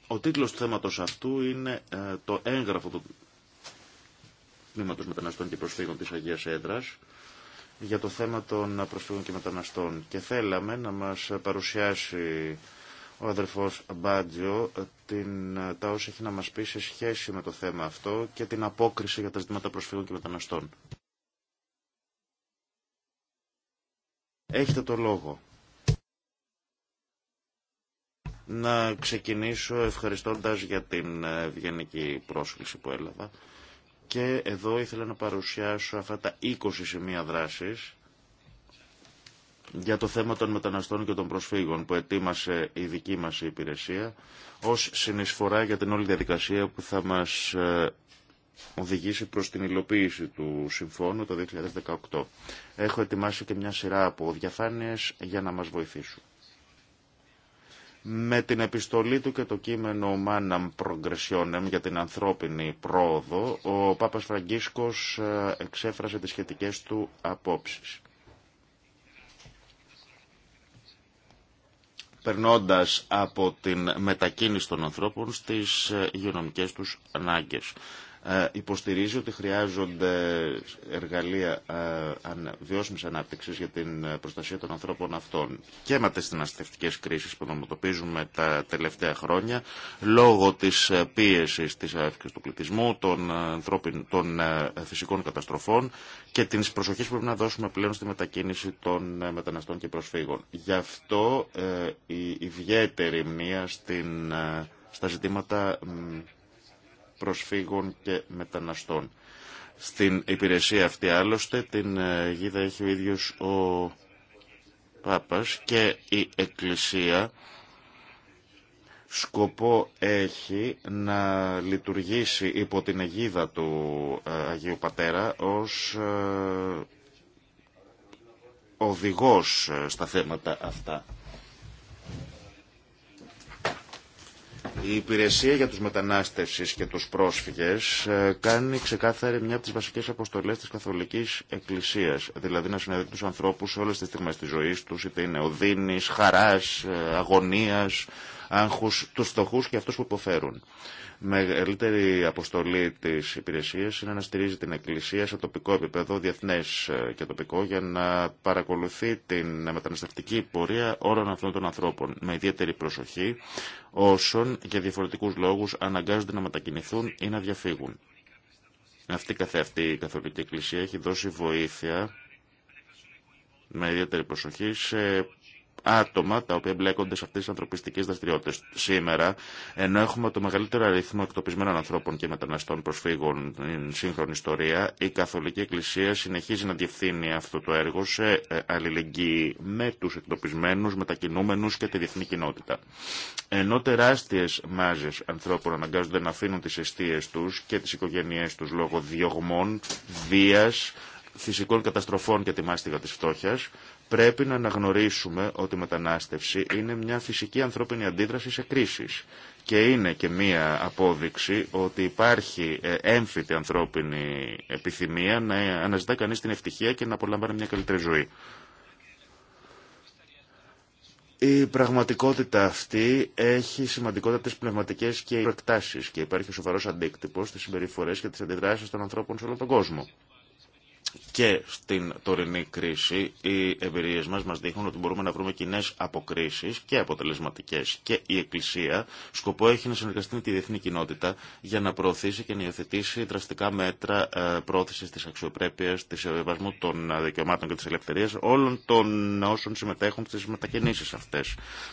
Ο τίτλος του θέματος αυτού είναι ε, το έγγραφο του Τμήματος Μεταναστών και Προσφύγων της Αγίας Έδρας για το θέμα των προσφύγων και μεταναστών. Και θέλαμε να μας παρουσιάσει ο αδερφός Μπάντζιο την, ε, τα όσα έχει να μας πει σε σχέση με το θέμα αυτό και την απόκριση για τα ζητήματα προσφύγων και μεταναστών. Έχετε το λόγο. Να ξεκινήσω ευχαριστώντας για την ε, ευγενική πρόσκληση που έλαβα. Και εδώ ήθελα να παρουσιάσω αυτά τα 20 σημεία δράσης για το θέμα των μεταναστών και των προσφύγων που ετοίμασε η δική μας υπηρεσία ως συνεισφορά για την όλη διαδικασία που θα μας ε, οδηγήσει προς την υλοποίηση του συμφώνου το 2018. Έχω ετοιμάσει και μια σειρά από διαφάνειες για να μας βοηθήσουν. Με την επιστολή του και το κείμενο «Manam Progressionem» για την ανθρώπινη πρόοδο, ο Πάπας Φραγκίσκος ε, εξέφρασε τις σχετικές του απόψεις. περνώντας από την μετακίνηση των ανθρώπων στις υγειονομικές τους ανάγκες. Ε, υποστηρίζει ότι χρειάζονται εργαλεία ε, βιώσιμη ανάπτυξη για την ε, προστασία των ανθρώπων αυτών και με τις κρίσεις κρίσει που νομοτοπίζουμε τα τελευταία χρόνια λόγω της πίεσης της αύξηση του πληθυσμού, των, των φυσικών καταστροφών και τη προσοχή που πρέπει να δώσουμε πλέον στη μετακίνηση των μεταναστών και προσφύγων. Γι' αυτό η ιδιαίτερη μνήμα στα ζητήματα προσφύγων και μεταναστών. Στην υπηρεσία αυτή άλλωστε την ε, γίδα έχει ο ίδιος ο Πάπας και η Εκκλησία σκοπό έχει να λειτουργήσει υπό την αιγίδα του ε, Αγίου Πατέρα ως ε, οδηγός στα θέματα αυτά. Η υπηρεσία για τους μετανάστευσης και τους πρόσφυγες ε, κάνει ξεκάθαρη μια από τις βασικές αποστολές της Καθολικής Εκκλησίας, δηλαδή να συνεδρεί τους ανθρώπους σε όλες τις στιγμές της ζωής τους, είτε είναι οδύνης, χαράς, ε, αγωνίας, άγχους τους και αυτούς που υποφέρουν. Μεγαλύτερη αποστολή της υπηρεσίας είναι να στηρίζει την Εκκλησία σε τοπικό επίπεδο, διεθνές ε, και τοπικό, για να παρακολουθεί την μεταναστευτική πορεία όλων αυτών των ανθρώπων με ιδιαίτερη προσοχή όσων για διαφορετικούς λόγους αναγκάζονται να μετακινηθούν ή να διαφύγουν. Αυτή καθεαυτή η Καθολική Εκκλησία έχει δώσει βοήθεια με ιδιαίτερη προσοχή σε άτομα τα οποία μπλέκονται σε αυτέ τι ανθρωπιστικέ δραστηριότητε. Σήμερα, ενώ έχουμε το μεγαλύτερο αριθμό εκτοπισμένων ανθρώπων και μεταναστών προσφύγων στην σύγχρονη ιστορία, η Καθολική Εκκλησία συνεχίζει να διευθύνει αυτό το έργο σε ε, αλληλεγγύη με του εκτοπισμένου, μετακινούμενου και τη διεθνή κοινότητα. Ενώ τεράστιε μάζε ανθρώπων αναγκάζονται να αφήνουν τι αιστείε του και τι οικογένειέ του λόγω διωγμών, βία, φυσικών καταστροφών και τη μάστιγα τη φτώχεια. Πρέπει να αναγνωρίσουμε ότι η μετανάστευση είναι μια φυσική ανθρώπινη αντίδραση σε κρίσεις και είναι και μία απόδειξη ότι υπάρχει ε, έμφυτη ανθρώπινη επιθυμία να αναζητά κανείς την ευτυχία και να απολαμβάνει μια καλύτερη ζωή. Η πραγματικότητα αυτή έχει σημαντικότητα τι πνευματικέ και οι προεκτάσει. και υπάρχει σοβαρό αντίκτυπο στι συμπεριφορέ και τι αντιδράσει των ανθρώπων σε όλο τον κόσμο και στην τωρινή κρίση οι εμπειρίε μα μας δείχνουν ότι μπορούμε να βρούμε κοινέ αποκρίσεις και αποτελεσματικέ και η Εκκλησία σκοπό έχει να συνεργαστεί με τη διεθνή κοινότητα για να προωθήσει και να υιοθετήσει δραστικά μέτρα ε, πρόθεση τη αξιοπρέπεια, τη σεβασμού των δικαιωμάτων και τη ελευθερία, όλων των όσων συμμετέχουν στις μετακινήσεις αυτέ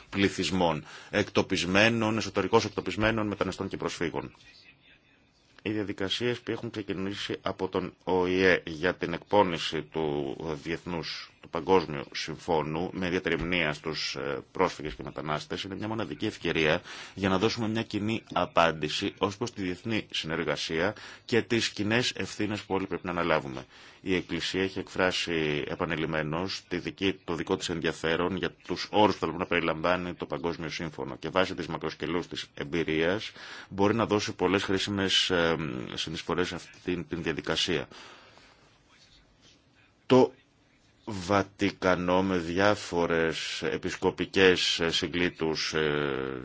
πληθυσμών, εκτοπισμένων, εσωτερικώς εκτοπισμένων μεταναστών και προσφύγων οι διαδικασίες που έχουν ξεκινήσει από τον ΟΗΕ για την εκπόνηση του διεθνούς Παγκόσμιου Συμφώνου με ιδιαίτερη στου ε, πρόσφυγε και μετανάστε είναι μια μοναδική ευκαιρία για να δώσουμε μια κοινή απάντηση ω προ τη διεθνή συνεργασία και τι κοινέ ευθύνε που όλοι πρέπει να αναλάβουμε. Η Εκκλησία έχει εκφράσει επανειλημμένω το δικό τη ενδιαφέρον για του όρου που θέλουμε να περιλαμβάνει το Παγκόσμιο Σύμφωνο και βάσει τη μακροσκελού τη εμπειρία μπορεί να δώσει πολλέ χρήσιμε συνεισφορέ σε αυτή την διαδικασία. Το Βατικανό με διάφορες επισκοπικές ε, συγκλήτους, ε,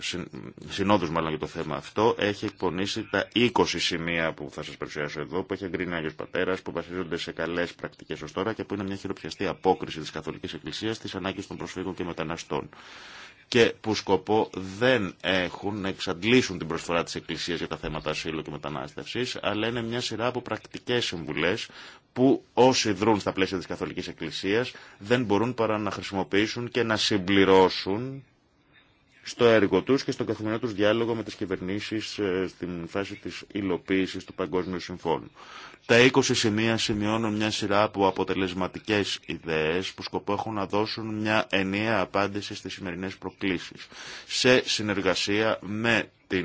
συνόδους μάλλον για το θέμα αυτό, έχει εκπονήσει τα 20 σημεία που θα σας παρουσιάσω εδώ, που έχει εγκρίνει Άγιος Πατέρας, που βασίζονται σε καλές πρακτικές ως τώρα και που είναι μια χειροπιαστή απόκριση της Καθολικής Εκκλησίας στις ανάγκες των προσφύγων και μεταναστών και που σκοπό δεν έχουν να εξαντλήσουν την προσφορά της Εκκλησίας για τα θέματα ασύλου και μετανάστευσης, αλλά είναι μια σειρά από πρακτικές συμβουλές που όσοι δρούν στα πλαίσια της Καθολικής Εκκλησίας δεν μπορούν παρά να χρησιμοποιήσουν και να συμπληρώσουν στο έργο τους και στον καθημερινό τους διάλογο με τις κυβερνήσεις ε, στην φάση της υλοποίησης του Παγκόσμιου Συμφώνου. Τα 20 σημεία σημειώνουν μια σειρά από αποτελεσματικές ιδέες που σκοπό έχουν να δώσουν μια ενιαία απάντηση στις σημερινές προκλήσεις σε συνεργασία με ε,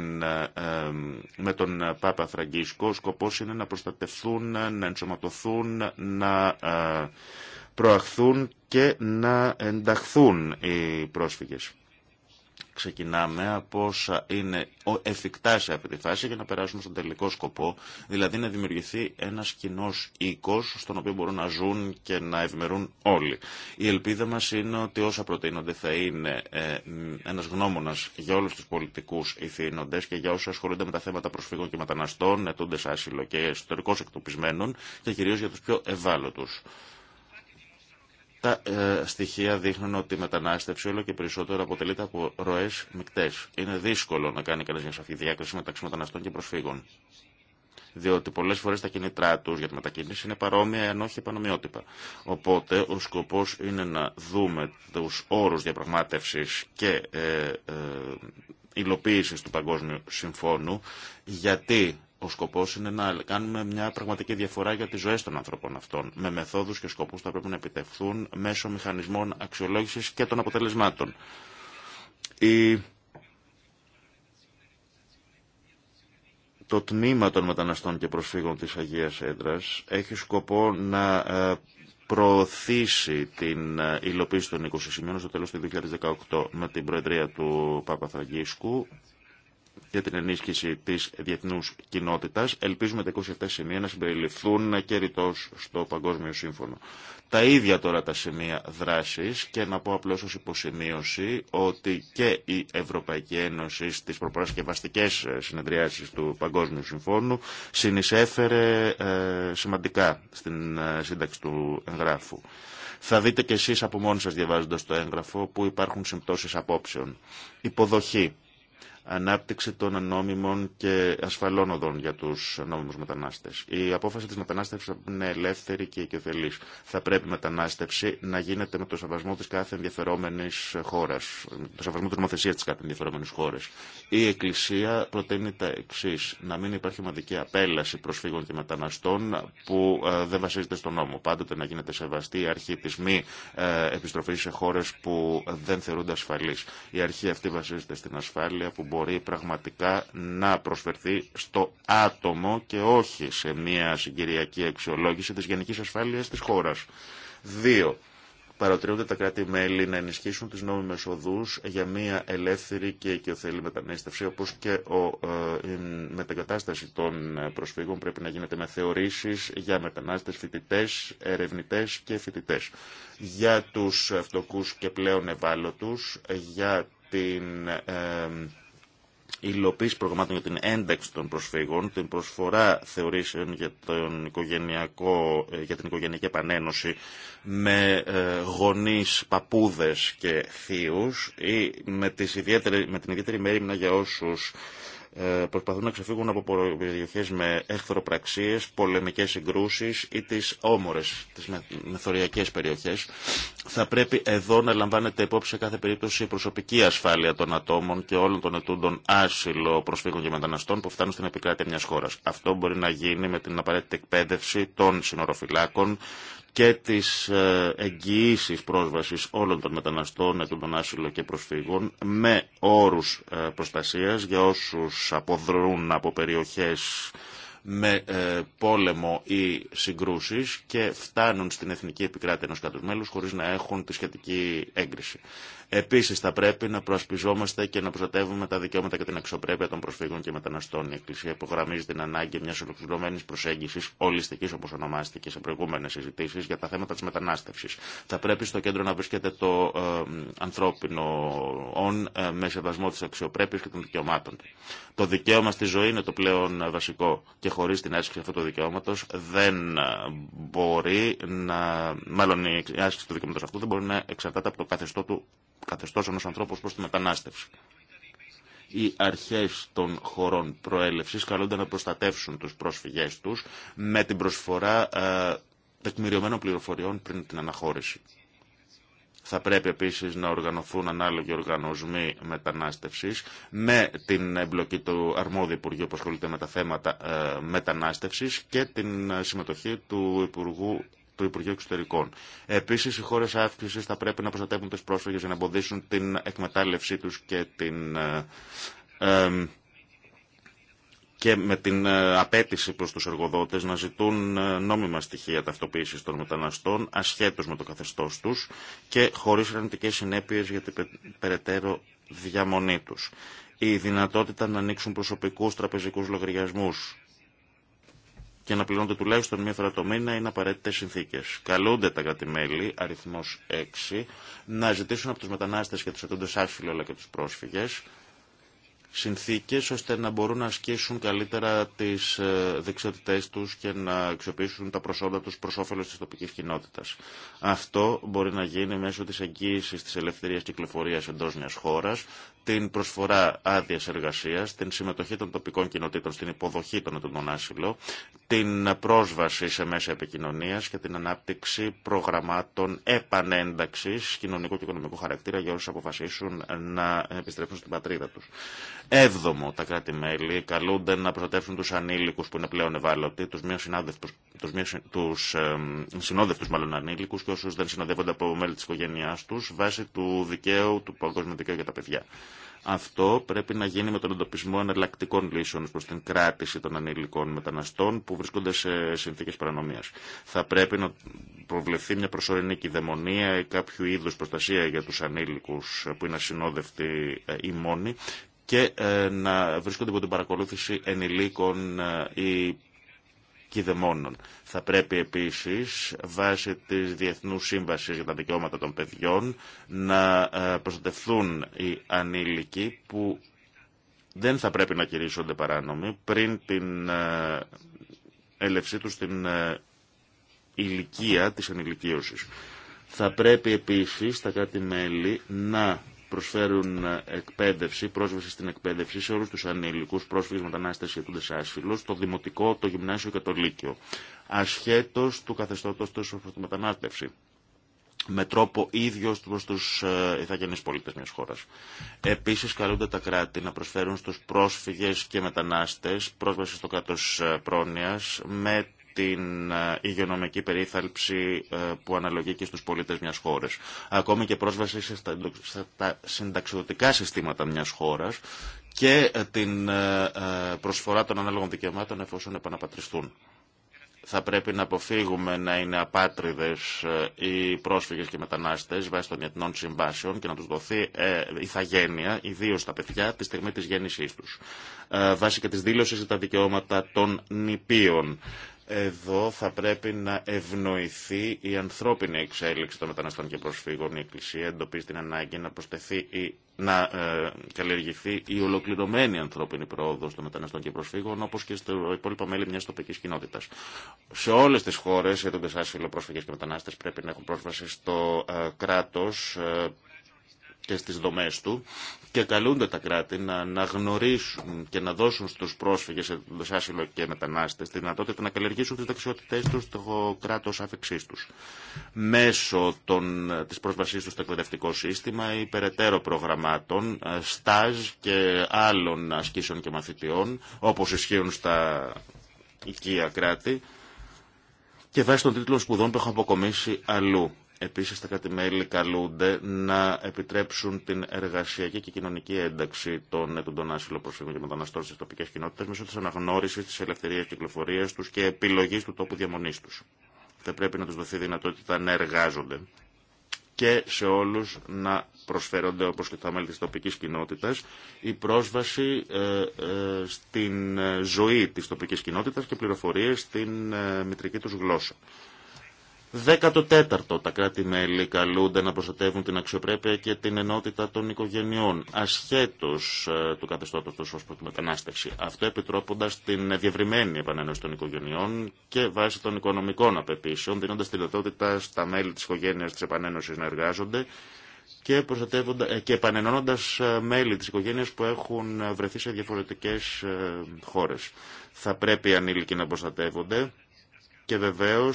ε, τον Πάπα Φραγκίσκο. Ο σκοπός είναι να προστατευθούν, να ενσωματωθούν, να προαχθούν και να ενταχθούν οι πρόσφυγες. Ξεκινάμε από όσα είναι εφικτά σε αυτή τη φάση για να περάσουμε στον τελικό σκοπό, δηλαδή να δημιουργηθεί ένα κοινό οίκο στον οποίο μπορούν να ζουν και να ευημερούν όλοι. Η ελπίδα μα είναι ότι όσα προτείνονται θα είναι ε, ένα γνώμονα για όλου του πολιτικού ηθήνοντε και για όσου ασχολούνται με τα θέματα προσφύγων και μεταναστών, ετούντε άσυλο και εσωτερικώ εκτοπισμένων και κυρίω για του πιο ευάλωτου. Τα ε, στοιχεία δείχνουν ότι η μετανάστευση όλο και περισσότερο αποτελείται από ροέ μεικτέ. Είναι δύσκολο να κάνει κανεί μια σαφή διάκριση μεταξύ μεταναστών και προσφύγων. Διότι πολλέ φορέ τα κινητρά του για τη μετακίνηση είναι παρόμοια αν όχι επανομοιότυπα. Οπότε ο σκοπό είναι να δούμε του όρου διαπραγμάτευση και ε, ε υλοποίηση του Παγκόσμιου Συμφώνου, γιατί ο σκοπό είναι να κάνουμε μια πραγματική διαφορά για τι ζωέ των ανθρώπων αυτών, με μεθόδου και σκοπού που θα πρέπει να επιτευχθούν μέσω μηχανισμών αξιολόγηση και των αποτελεσμάτων. Το τμήμα των μεταναστών και προσφύγων της Αγίας Έντρας έχει σκοπό να ε, προωθήσει την ε, υλοποίηση των 20 σημείων στο τέλο του 2018 με την Προεδρία του Παπαθαγίσκου για την ενίσχυση τη διεθνού κοινότητα, Ελπίζουμε τα 27 σημεία να συμπεριληφθούν και ρητό στο Παγκόσμιο Σύμφωνο. Τα ίδια τώρα τα σημεία δράση και να πω απλώ ω υποσημείωση ότι και η Ευρωπαϊκή Ένωση στι προπαρασκευαστικέ ε, συνεδριάσει του Παγκόσμιου Συμφώνου συνεισέφερε ε, σημαντικά στην ε, σύνταξη του εγγράφου. Θα δείτε κι εσεί από μόνοι σα διαβάζοντα το έγγραφο που υπάρχουν συμπτώσει απόψεων. Υποδοχή ανάπτυξη των νόμιμων και ασφαλών οδών για του νόμιμου μετανάστε. Η απόφαση τη μετανάστευση είναι ελεύθερη και οικειοθελή. Θα πρέπει η μετανάστευση να γίνεται με το σεβασμό τη κάθε ενδιαφερόμενη χώρα, με το σεβασμό τη νομοθεσία τη κάθε ενδιαφερόμενη χώρα. Η Εκκλησία προτείνει τα εξή, να μην υπάρχει ομαδική απέλαση προσφύγων και μεταναστών που ε, δεν βασίζεται στον νόμο. Πάντοτε να γίνεται σεβαστή η αρχή τη μη ε, επιστροφή σε χώρε που δεν θεωρούνται ασφαλεί. Η αρχή αυτή βασίζεται στην ασφάλεια που μπορεί πραγματικά να προσφερθεί στο άτομο και όχι σε μια συγκυριακή αξιολόγηση της γενικής ασφάλειας της χώρας. Δύο. Παροτριούνται τα κράτη-μέλη να ενισχύσουν τις νόμιμες οδούς για μια ελεύθερη και οικειοθελή μετανάστευση, όπως και ο, ε, η μετακατάσταση των προσφύγων πρέπει να γίνεται με θεωρήσεις για μετανάστες φοιτητές, ερευνητές και φοιτητές. Για τους φτωχούς και πλέον ευάλωτους, για την... Ε, υλοποίηση προγραμμάτων για την ένταξη των προσφύγων, την προσφορά θεωρήσεων για, τον οικογενειακό, ε, για την οικογενειακή επανένωση με ε, γονείς, παππούδες και θείους ή με, τις ιδιαίτερη, με την ιδιαίτερη μέρημνα για όσους ε, προσπαθούν να ξεφύγουν από περιοχές με εχθροπραξίες, πολεμικές συγκρούσεις ή τις όμορες, τις μεθοριακές περιοχές. Θα πρέπει εδώ να λαμβάνεται υπόψη σε κάθε περίπτωση η προσωπική ασφάλεια των ατόμων και όλων των ετούντων άσυλο προσφύγων και μεταναστών που φτάνουν στην επικράτεια μιας χώρας. Αυτό μπορεί να γίνει με την απαραίτητη εκπαίδευση των συνοροφυλάκων, και τις ε, εγγυήσει πρόσβασης όλων των μεταναστών, των άσυλο και προσφύγων με όρους ε, προστασίας για όσους αποδρούν από περιοχές με ε, πόλεμο ή συγκρούσεις και φτάνουν στην εθνική επικράτεια ενός κάτω μέλους χωρίς να έχουν τη σχετική έγκριση. Επίση, θα πρέπει να προασπιζόμαστε και να προστατεύουμε τα δικαιώματα και την αξιοπρέπεια των προσφύγων και μεταναστών. Η Εκκλησία υπογραμμίζει την ανάγκη μια ολοκληρωμένη προσέγγιση, ολιστική όπω ονομάστηκε σε προηγούμενε συζητήσει, για τα θέματα τη μετανάστευση. Θα πρέπει στο κέντρο να βρίσκεται το ε, ανθρώπινο όν ε, με σεβασμό τη αξιοπρέπεια και των δικαιωμάτων. Το δικαίωμα στη ζωή είναι το πλέον βασικό και χωρί την άσκηση αυτού του δικαιώματο δεν ε, μπορεί να. Μάλλον η άσκηση του δικαιώματο αυτού δεν μπορεί να εξαρτάται από το καθεστώ του καθεστώς ενός ανθρώπου προς τη μετανάστευση. Οι αρχές των χωρών προέλευσης καλούνται να προστατεύσουν τους πρόσφυγές τους με την προσφορά ε, τεκμηριωμένων πληροφοριών πριν την αναχώρηση. Θα πρέπει επίσης να οργανωθούν ανάλογοι οργανωσμοί μετανάστευσης με την εμπλοκή του αρμόδιου Υπουργείου που ασχολείται με τα θέματα ε, μετανάστευσης και την ε, συμμετοχή του Υπουργού του Υπουργείου Εξωτερικών. Επίση, οι χώρε αύξηση θα πρέπει να προστατεύουν τι πρόσφυγε για να εμποδίσουν την εκμετάλλευσή του και την. Ε, και με την ε, απέτηση προς τους εργοδότες να ζητούν ε, νόμιμα στοιχεία ταυτοποίησης των μεταναστών ασχέτως με το καθεστώς τους και χωρίς αρνητικές συνέπειες για την περαιτέρω διαμονή τους. Η δυνατότητα να ανοίξουν προσωπικούς τραπεζικούς λογαριασμούς και να πληρώνονται τουλάχιστον μία φορά το μήνα είναι απαραίτητε συνθήκε. Καλούνται τα κρατημέλη, αριθμό 6, να ζητήσουν από του μετανάστε και του ετούντε άσυλο αλλά και του πρόσφυγε συνθήκε ώστε να μπορούν να ασκήσουν καλύτερα τι ε, δεξιότητέ του και να αξιοποιήσουν τα προσόντα του προ όφελο τη τοπική κοινότητα. Αυτό μπορεί να γίνει μέσω τη εγγύηση τη ελευθερία κυκλοφορία εντό μια χώρα, την προσφορά άδεια εργασία, την συμμετοχή των τοπικών κοινοτήτων στην υποδοχή των των άσυλο, την πρόσβαση σε μέσα επικοινωνία και την ανάπτυξη προγραμμάτων επανένταξη κοινωνικού και οικονομικού χαρακτήρα για όσου αποφασίσουν να επιστρέψουν στην πατρίδα του. Έβδομο, τα κράτη-μέλη καλούνται να προστατεύσουν του ανήλικου που είναι πλέον ευάλωτοι, του μείον τους, τους ε, συνόδευτους μάλλον ανήλικους και όσους δεν συνοδεύονται από μέλη της οικογένειάς τους βάσει του δικαίου, του παγκόσμιου δικαίου για τα παιδιά. Αυτό πρέπει να γίνει με τον εντοπισμό εναλλακτικών λύσεων προ την κράτηση των ανηλικών μεταναστών που βρίσκονται σε συνθήκε παρανομία. Θα πρέπει να προβλεφθεί μια προσωρινή κυδαιμονία ή κάποιο είδου προστασία για του ανήλικου που είναι ασυνόδευτοι ε, ή μόνοι και ε, να βρίσκονται υπό την παρακολούθηση ενηλίκων ε, ή θα πρέπει επίσης βάσει της Διεθνούς Σύμβασης για τα Δικαιώματα των Παιδιών να ε, προστατευθούν οι ανήλικοι που δεν θα πρέπει να κηρύσσονται παράνομοι πριν την ε, έλευσή τους στην ε, ηλικία της ενηλικίωσης. Θα πρέπει επίσης τα κράτη-μέλη να προσφέρουν ε, εκπαίδευση, πρόσβαση στην εκπαίδευση σε όλου του ανηλικού πρόσφυγε μετανάστε και του άσυλο, το δημοτικό, το γυμνάσιο και το λύκειο, ασχέτω του καθεστώτος του μετανάστευση με τρόπο ίδιο προ του ε, ηθαγενεί πολίτες μιας χώρας. Επίσης καλούνται τα κράτη να προσφέρουν στου πρόσφυγε και μετανάστε, πρόσβαση στο κράτο ε, πρόνοια με την ε, υγειονομική περίθαλψη ε, που αναλογεί και στους πολίτες μιας χώρας. Ακόμη και πρόσβαση στα συνταξιδοτικά συστήματα μιας χώρας και ε, την προσφορά των ανάλογων δικαιωμάτων εφόσον επαναπατριστούν. Θα πρέπει να αποφύγουμε να είναι απάτριδες οι πρόσφυγες και μετανάστες βάσει των διεθνών συμβάσεων και να τους δοθεί ηθαγένεια, ιδίω στα παιδιά, τη στιγμή της γέννησής τους. Βάσει και της δήλωσης για τα δικαιώματα των νηπίων. Εδώ θα πρέπει να ευνοηθεί η ανθρώπινη εξέλιξη των μεταναστών και προσφύγων. Η Εκκλησία εντοπίζει την ανάγκη να προσθεθεί ή να ε, καλλιεργηθεί η ολοκληρωμένη ανθρώπινη πρόοδο των μεταναστών και προσφύγων, όπω και στο υπόλοιπα μέλη μια τοπική κοινότητα. Σε όλε τι χώρε, οι έντοντε άσυλο πρόσφυγε και μετανάστε πρέπει να έχουν πρόσβαση στο ε, κράτο, ε, και στις δομές του και καλούνται τα κράτη να γνωρίσουν και να δώσουν στους πρόσφυγες σε άσυλο και μετανάστες τη δυνατότητα να καλλιεργήσουν τις δεξιότητές τους στο κράτος άφηξής τους. Μέσω των, της πρόσβασής τους στο εκπαιδευτικό σύστημα ή περαιτέρω προγραμμάτων, ε, στάζ και άλλων ασκήσεων και μαθητιών, όπως ισχύουν στα οικία κράτη, και βάσει των τίτλων σπουδών που έχω αποκομίσει αλλού. Επίσης τα κατημέλη καλούνται να επιτρέψουν την εργασιακή και κοινωνική ένταξη των ετούντων άσυλο προσφύγων και μεταναστών στις τοπικές κοινότητες μέσω της αναγνώρισης της ελευθερίας κυκλοφορίας τους και επιλογής του τόπου διαμονής τους. Θα πρέπει να τους δοθεί δυνατότητα να εργάζονται και σε όλους να προσφέρονται, όπως και τα μέλη της τοπικής κοινότητας, η πρόσβαση ε, ε, στην ζωή της τοπικής κοινότητας και πληροφορίες στην ε, μητρική τους γλώσσα. 14. Τα κράτη-μέλη καλούνται να προστατεύουν την αξιοπρέπεια και την ενότητα των οικογενειών, ασχέτω ε, του καθεστώτο του ω προ μετανάστευση. Αυτό επιτρόποντας την διευρυμένη επανένωση των οικογενειών και βάσει των οικονομικών απαιτήσεων, δίνοντας τη δυνατότητα στα μέλη της οικογένειας της επανένωση να εργάζονται και, ε, και επανενώνοντα ε, μέλη της οικογένειας που έχουν βρεθεί σε διαφορετικέ χώρε. Θα πρέπει οι ανήλικοι να προστατεύονται και βεβαίω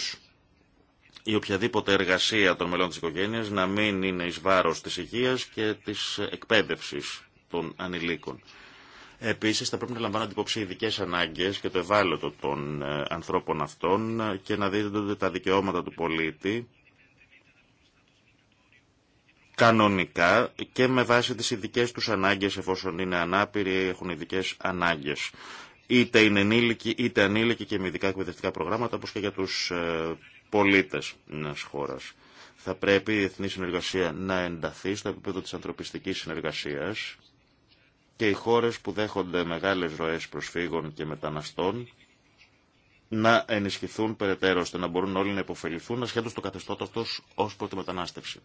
η οποιαδήποτε εργασία των μελών της οικογένειας να μην είναι εις βάρος της υγείας και της εκπαίδευσης των ανηλίκων. Επίσης θα πρέπει να λαμβάνονται υπόψη ειδικέ ανάγκες και το ευάλωτο των ε, ανθρώπων αυτών και να δίδονται τα δικαιώματα του πολίτη κανονικά και με βάση τις ειδικέ του ανάγκες εφόσον είναι ανάπηροι ή έχουν ειδικέ ανάγκες. Είτε είναι ενήλικοι είτε ανήλικοι και με ειδικά εκπαιδευτικά προγράμματα όπως και για τους ε, πολίτες μιας χώρας. Θα πρέπει η διεθνή συνεργασία να ενταθεί στο επίπεδο της ανθρωπιστικής συνεργασίας και οι χώρες που δέχονται μεγάλες ροές προσφύγων και μεταναστών να ενισχυθούν περαιτέρω ώστε να μπορούν όλοι να υποφεληθούν ασχέτως του καθεστώτο αυτός ως πρώτη μετανάστευση.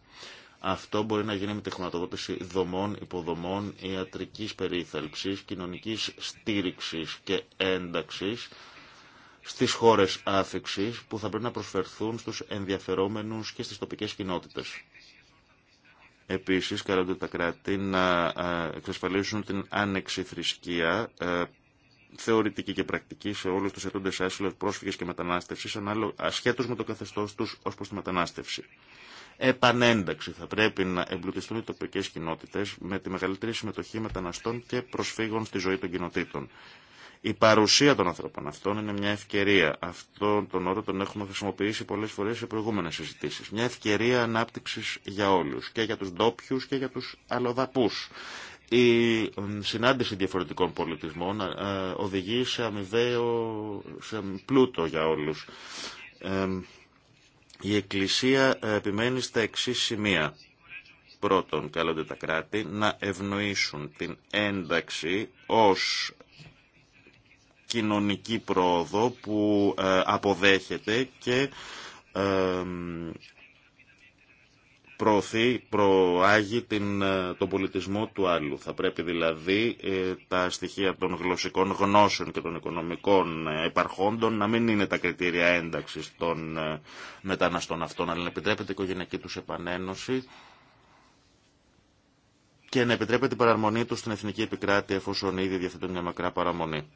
Αυτό μπορεί να γίνει με τη χρηματοδότηση δομών, υποδομών, ιατρικής περίθαλψης, κοινωνικής στήριξης και ένταξης στις χώρες άφηξης που θα πρέπει να προσφερθούν στους ενδιαφερόμενους και στις τοπικές κοινότητες. Επίσης, καλούνται τα κράτη να εξασφαλίσουν την άνεξη θρησκεία θεωρητική και πρακτική σε όλους τους ετούντες άσυλο, πρόσφυγες και μετανάστευσης, ασχέτως με το καθεστώς τους ως προς τη μετανάστευση επανένταξη. Θα πρέπει να εμπλουτιστούν οι τοπικές κοινότητες με τη μεγαλύτερη συμμετοχή μεταναστών και προσφύγων στη ζωή των κοινοτήτων. Η παρουσία των ανθρώπων αυτών είναι μια ευκαιρία. Αυτόν τον όρο τον έχουμε χρησιμοποιήσει πολλέ φορέ σε προηγούμενε συζητήσει. Μια ευκαιρία ανάπτυξη για όλου. Και για του ντόπιου και για του αλλοδαπού. Η συνάντηση διαφορετικών πολιτισμών ε, οδηγεί σε αμοιβαίο σε πλούτο για όλου. Ε, η Εκκλησία ε, επιμένει στα εξή σημεία. Πρώτον, καλούνται τα κράτη να ευνοήσουν την ένταξη ως κοινωνική πρόοδο που ε, αποδέχεται και ε, προωθεί, προάγει την, ε, τον πολιτισμό του άλλου. Θα πρέπει δηλαδή τα στοιχεία των γλωσσικών γνώσεων και των οικονομικών επαρχόντων να μην είναι τα κριτήρια ένταξης των μεταναστών αυτών, αλλά να επιτρέπεται η οικογενειακή τους επανένωση και να επιτρέπεται η παραμονή του στην εθνική επικράτη εφόσον ήδη διαθέτουν μια μακρά παραμονή.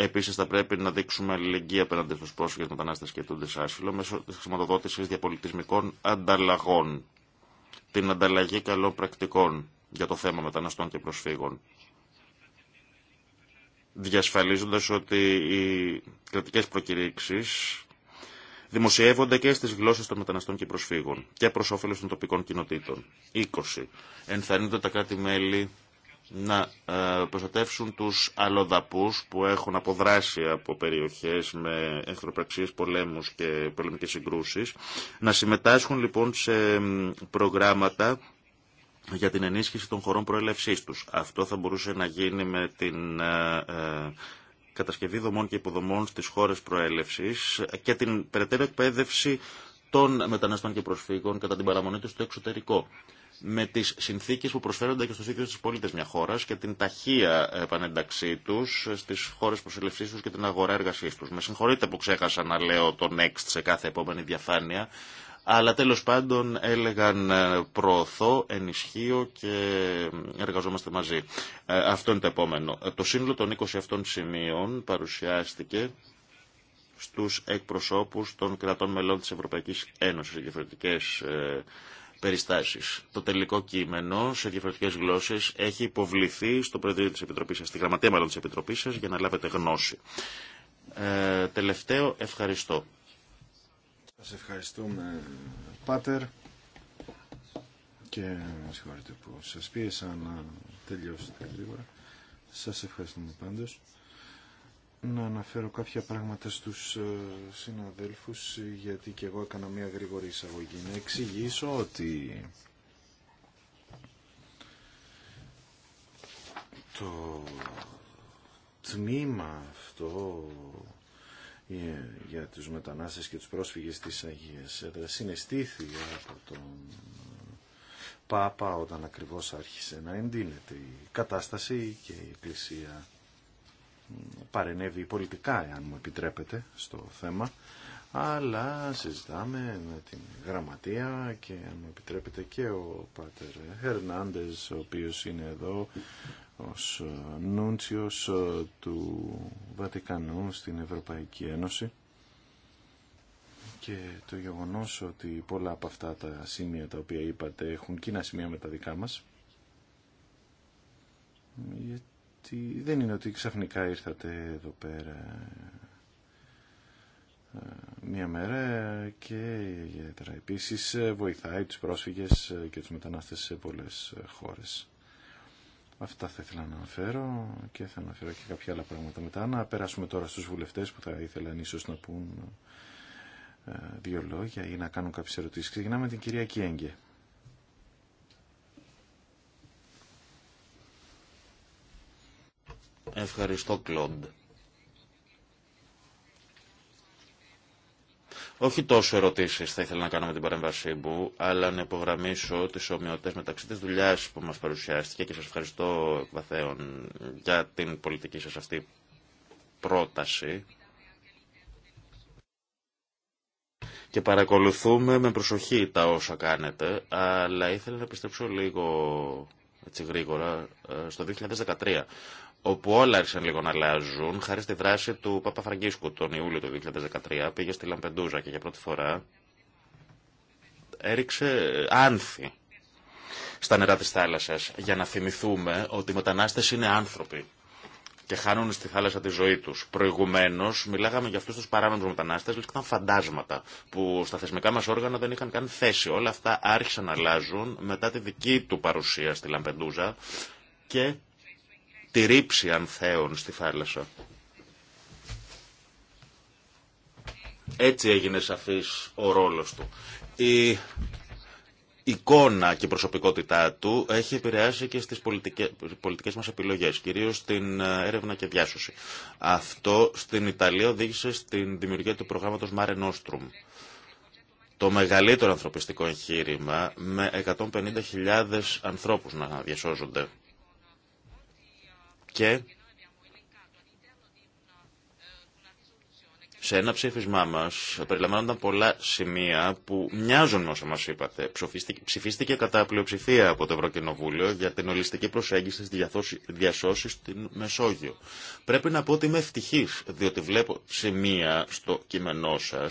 Επίση, θα πρέπει να δείξουμε αλληλεγγύη απέναντι στου πρόσφυγε μετανάστε και του άσυλο μέσω τη χρηματοδότηση διαπολιτισμικών ανταλλαγών. Την ανταλλαγή καλών πρακτικών για το θέμα μεταναστών και προσφύγων. Διασφαλίζοντα ότι οι κρατικέ προκηρύξεις δημοσιεύονται και στι γλώσσε των μεταναστών και προσφύγων και προ όφελο των τοπικών κοινοτήτων. 20. Ενθαρρύνονται τα κράτη-μέλη να ε, προστατεύσουν τους αλλοδαπούς που έχουν αποδράσει από περιοχές με εχθροπραξίες πολέμους και πολεμικές συγκρούσεις. Να συμμετάσχουν λοιπόν σε προγράμματα για την ενίσχυση των χωρών προέλευσής τους. Αυτό θα μπορούσε να γίνει με την ε, ε, κατασκευή δομών και υποδομών στις χώρες προέλευσης και την περαιτέρω εκπαίδευση των μεταναστών και προσφύγων κατά την παραμονή τους στο εξωτερικό με τι συνθήκε που προσφέρονται και στου ίδιου του πολίτε μια χώρα και την ταχεία επανένταξή του στι χώρε προσελευσή του και την αγορά εργασία του. Με συγχωρείτε που ξέχασα να λέω το next σε κάθε επόμενη διαφάνεια, αλλά τέλο πάντων έλεγαν ε, προωθώ, ενισχύω και εργαζόμαστε μαζί. Ε, αυτό είναι το επόμενο. Ε, το σύνολο των 20 αυτών σημείων παρουσιάστηκε στους εκπροσώπους των κρατών μελών της Ευρωπαϊκής Ένωσης, διαφορετικές περιστάσεις. Το τελικό κείμενο σε διαφορετικές γλώσσες έχει υποβληθεί στο Προεδρείο τη Επιτροπής σας, στη Γραμματεία μάλλον της Επιτροπής σας, για να λάβετε γνώση. Ε, τελευταίο, ευχαριστώ. Σας ευχαριστούμε, Πάτερ. Και συγχωρείτε που σας πίεσα να τελειώσετε γρήγορα. Σας ευχαριστούμε πάντως να αναφέρω κάποια πράγματα στους ε, συναδέλφους ε, γιατί και εγώ έκανα μια γρήγορη εισαγωγή. Να εξηγήσω ότι το τμήμα αυτό ε, για τους μετανάστες και τους πρόσφυγες της Αγίας Έδρας από τον Πάπα όταν ακριβώς άρχισε να εντείνεται η κατάσταση και η Εκκλησία παρενεύει πολιτικά, αν μου επιτρέπετε, στο θέμα, αλλά συζητάμε με την γραμματεία και αν μου επιτρέπετε και ο πάτερ Χερνάντες, ο οποίος είναι εδώ ως νούντσιος του Βατικανού στην Ευρωπαϊκή Ένωση και το γεγονός ότι πολλά από αυτά τα σημεία τα οποία είπατε έχουν κοινά σημεία με τα δικά μας δεν είναι ότι ξαφνικά ήρθατε εδώ πέρα ε, μία μέρα και ιδιαίτερα επίσης ε, βοηθάει τους πρόσφυγες ε, και τους μετανάστες σε πολλές χώρες. Αυτά θα ήθελα να αναφέρω και θα αναφέρω και κάποια άλλα πράγματα μετά. Να περάσουμε τώρα στους βουλευτές που θα ήθελαν ίσως να πούν δύο λόγια ή να κάνουν κάποιες ερωτήσεις. Ξεκινάμε την κυρία Κιέγγε. Ευχαριστώ, Κλοντ. Όχι τόσο ερωτήσει θα ήθελα να κάνω με την παρέμβασή μου, αλλά να υπογραμμίσω τι ομοιότητε μεταξύ τη δουλειά που μα παρουσιάστηκε και σα ευχαριστώ εκ βαθέων για την πολιτική σα αυτή πρόταση. Και παρακολουθούμε με προσοχή τα όσα κάνετε, αλλά ήθελα να επιστρέψω λίγο έτσι γρήγορα ε, στο 2013 όπου όλα άρχισαν λίγο να αλλάζουν, χάρη στη δράση του Παπα Φραγκίσκου τον Ιούλιο του 2013, πήγε στη Λαμπεντούζα και για πρώτη φορά έριξε άνθη στα νερά της θάλασσας για να θυμηθούμε ότι οι μετανάστες είναι άνθρωποι και χάνουν στη θάλασσα τη ζωή τους. Προηγουμένω μιλάγαμε για αυτού του παράνομους μετανάστε, λες και ήταν φαντάσματα που στα θεσμικά μας όργανα δεν είχαν καν θέση. Όλα αυτά άρχισαν να αλλάζουν μετά τη δική του παρουσία στη Λαμπεντούζα και τη ρήψη ανθέων στη θάλασσα. Έτσι έγινε σαφής ο ρόλος του. Η εικόνα και η προσωπικότητά του έχει επηρεάσει και στις πολιτικές, πολιτικές μας επιλογές, κυρίως στην ε, έρευνα και διάσωση. Αυτό στην Ιταλία οδήγησε στην δημιουργία του προγράμματος Mare Nostrum. Το μεγαλύτερο ανθρωπιστικό εγχείρημα με 150.000 ανθρώπους να διασώζονται και σε ένα ψήφισμά μα περιλαμβάνονταν πολλά σημεία που μοιάζουν με όσα μα είπατε. Ψηφίστηκε κατά πλειοψηφία από το Ευρωκοινοβούλιο για την ολιστική προσέγγιση τη διασώση στην Μεσόγειο. Πρέπει να πω ότι είμαι ευτυχή, διότι βλέπω σημεία στο κείμενό σα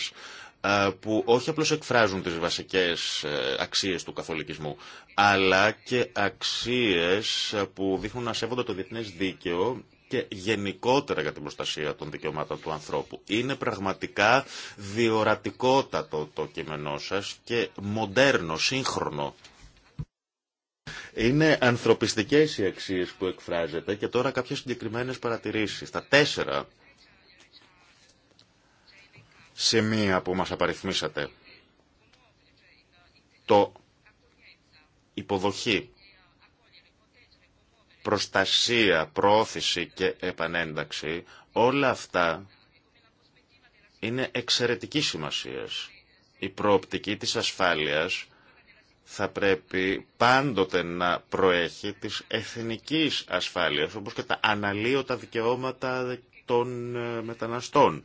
που όχι απλώς εκφράζουν τις βασικές ε, αξίες του καθολικισμού, αλλά και αξίες ε, που δείχνουν να σέβονται το διεθνές δίκαιο και γενικότερα για την προστασία των δικαιωμάτων του ανθρώπου. Είναι πραγματικά διορατικότατο το κείμενό σας και μοντέρνο, σύγχρονο. Είναι ανθρωπιστικές οι αξίες που εκφράζεται και τώρα κάποιες συγκεκριμένες παρατηρήσεις. Τα τέσσερα σημεία που μας απαριθμίσατε. Το υποδοχή, προστασία, προώθηση και επανένταξη, όλα αυτά είναι εξαιρετική σημασίας. Η προοπτική της ασφάλειας θα πρέπει πάντοτε να προέχει της εθνικής ασφάλειας, όπως και τα αναλύωτα δικαιώματα των ε, μεταναστών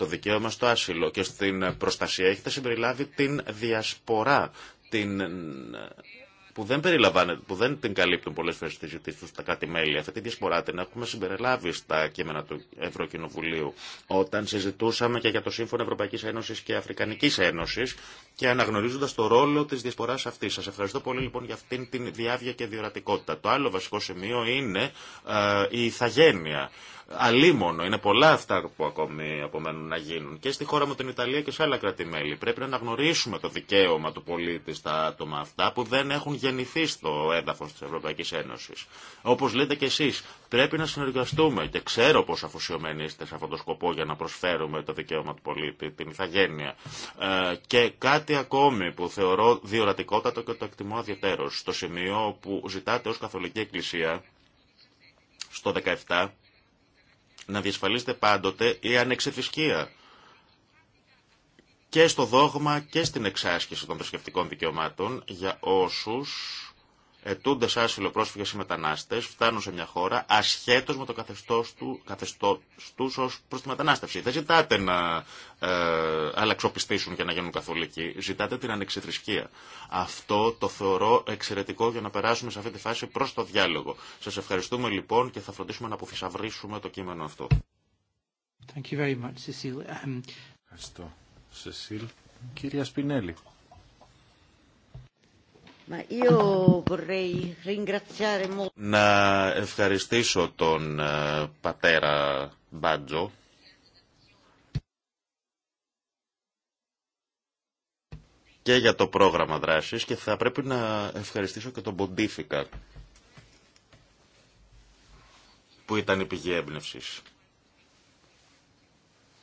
το δικαίωμα στο άσυλο και στην προστασία έχετε συμπεριλάβει την διασπορά την... Που, δεν που δεν την καλύπτουν πολλές φορές τις ζητήσεις τους στα κάτι μέλη. Αυτή τη διασπορά την έχουμε συμπεριλάβει στα κείμενα του Ευρωκοινοβουλίου όταν συζητούσαμε και για το Σύμφωνο Ευρωπαϊκής Ένωσης και Αφρικανικής Ένωσης και αναγνωρίζοντας το ρόλο της διασποράς αυτής. Σας ευχαριστώ πολύ λοιπόν για αυτήν την διάβια και διορατικότητα. Το άλλο βασικό σημείο είναι ε, η ηθαγένεια αλίμονο. Είναι πολλά αυτά που ακόμη απομένουν να γίνουν και στη χώρα μου την Ιταλία και σε αλλα κρατημέλη. Πρέπει να αναγνωρίσουμε το δικαίωμα του πολίτη στα άτομα αυτά που δεν έχουν γεννηθεί στο έδαφο τη Ευρωπαϊκή Ένωση. Όπω λέτε κι εσεί, πρέπει να συνεργαστούμε και ξέρω πόσο αφοσιωμένοι είστε σε αυτόν τον σκοπό για να προσφέρουμε το δικαίωμα του πολίτη, την ηθαγένεια. Ε, και κάτι ακόμη που θεωρώ διορατικότατο και το εκτιμώ αδιαιτέρω. Στο σημείο που ζητάτε ω Καθολική Εκκλησία, στο 17, να διασφαλίσετε πάντοτε η ανεξιθρησκεία και στο δόγμα και στην εξάσκηση των θρησκευτικών δικαιωμάτων για όσους ετούντε άσυλο πρόσφυγε ή μετανάστε φτάνουν σε μια χώρα ασχέτω με το καθεστώ του καθεστώ ω προ τη μετανάστευση. Δεν ζητάτε να ε, αλλαξοπιστήσουν και να γίνουν καθολικοί. Ζητάτε την ανεξιθρησκεία. Αυτό το θεωρώ εξαιρετικό για να περάσουμε σε αυτή τη φάση προ το διάλογο. Σα ευχαριστούμε λοιπόν και θα φροντίσουμε να αποφυσαυρίσουμε το κείμενο αυτό. Um, Ευχαριστώ, Σεσίλ. Κυρία Σπινέλη. Να ευχαριστήσω τον ε, πατέρα Μπάντζο και για το πρόγραμμα δράσης και θα πρέπει να ευχαριστήσω και τον Ποντίφικα που ήταν η πηγή έμπνευσης.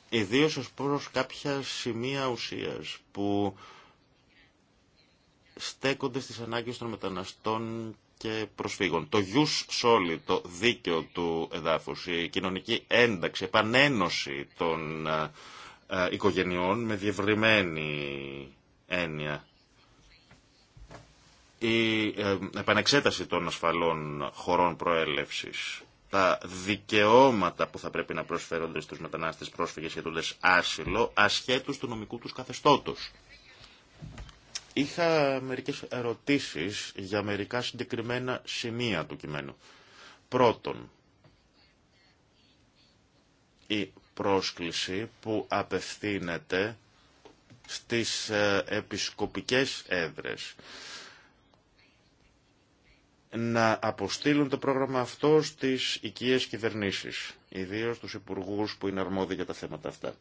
Ιδίως ως προς κάποια σημεία ουσίας που στέκονται στις ανάγκες των μεταναστών και προσφύγων. Το γιους σόλι, το δίκαιο του εδάφους, η κοινωνική ένταξη, επανένωση των ε, ε, οικογενειών με διευρυμένη έννοια. Η ε, επανεξέταση των ασφαλών χωρών προέλευσης, τα δικαιώματα που θα πρέπει να προσφέρονται στους μετανάστες πρόσφυγες και άσυλο, ασχέτως του νομικού τους καθεστώτος. Είχα μερικές ερωτήσεις για μερικά συγκεκριμένα σημεία του κειμένου. Πρώτον, η πρόσκληση που απευθύνεται στις ε, επισκοπικές έδρες να αποστείλουν το πρόγραμμα αυτό στις οικίες κυβερνήσεις, ιδίως τους υπουργούς που είναι αρμόδιοι για τα θέματα αυτά.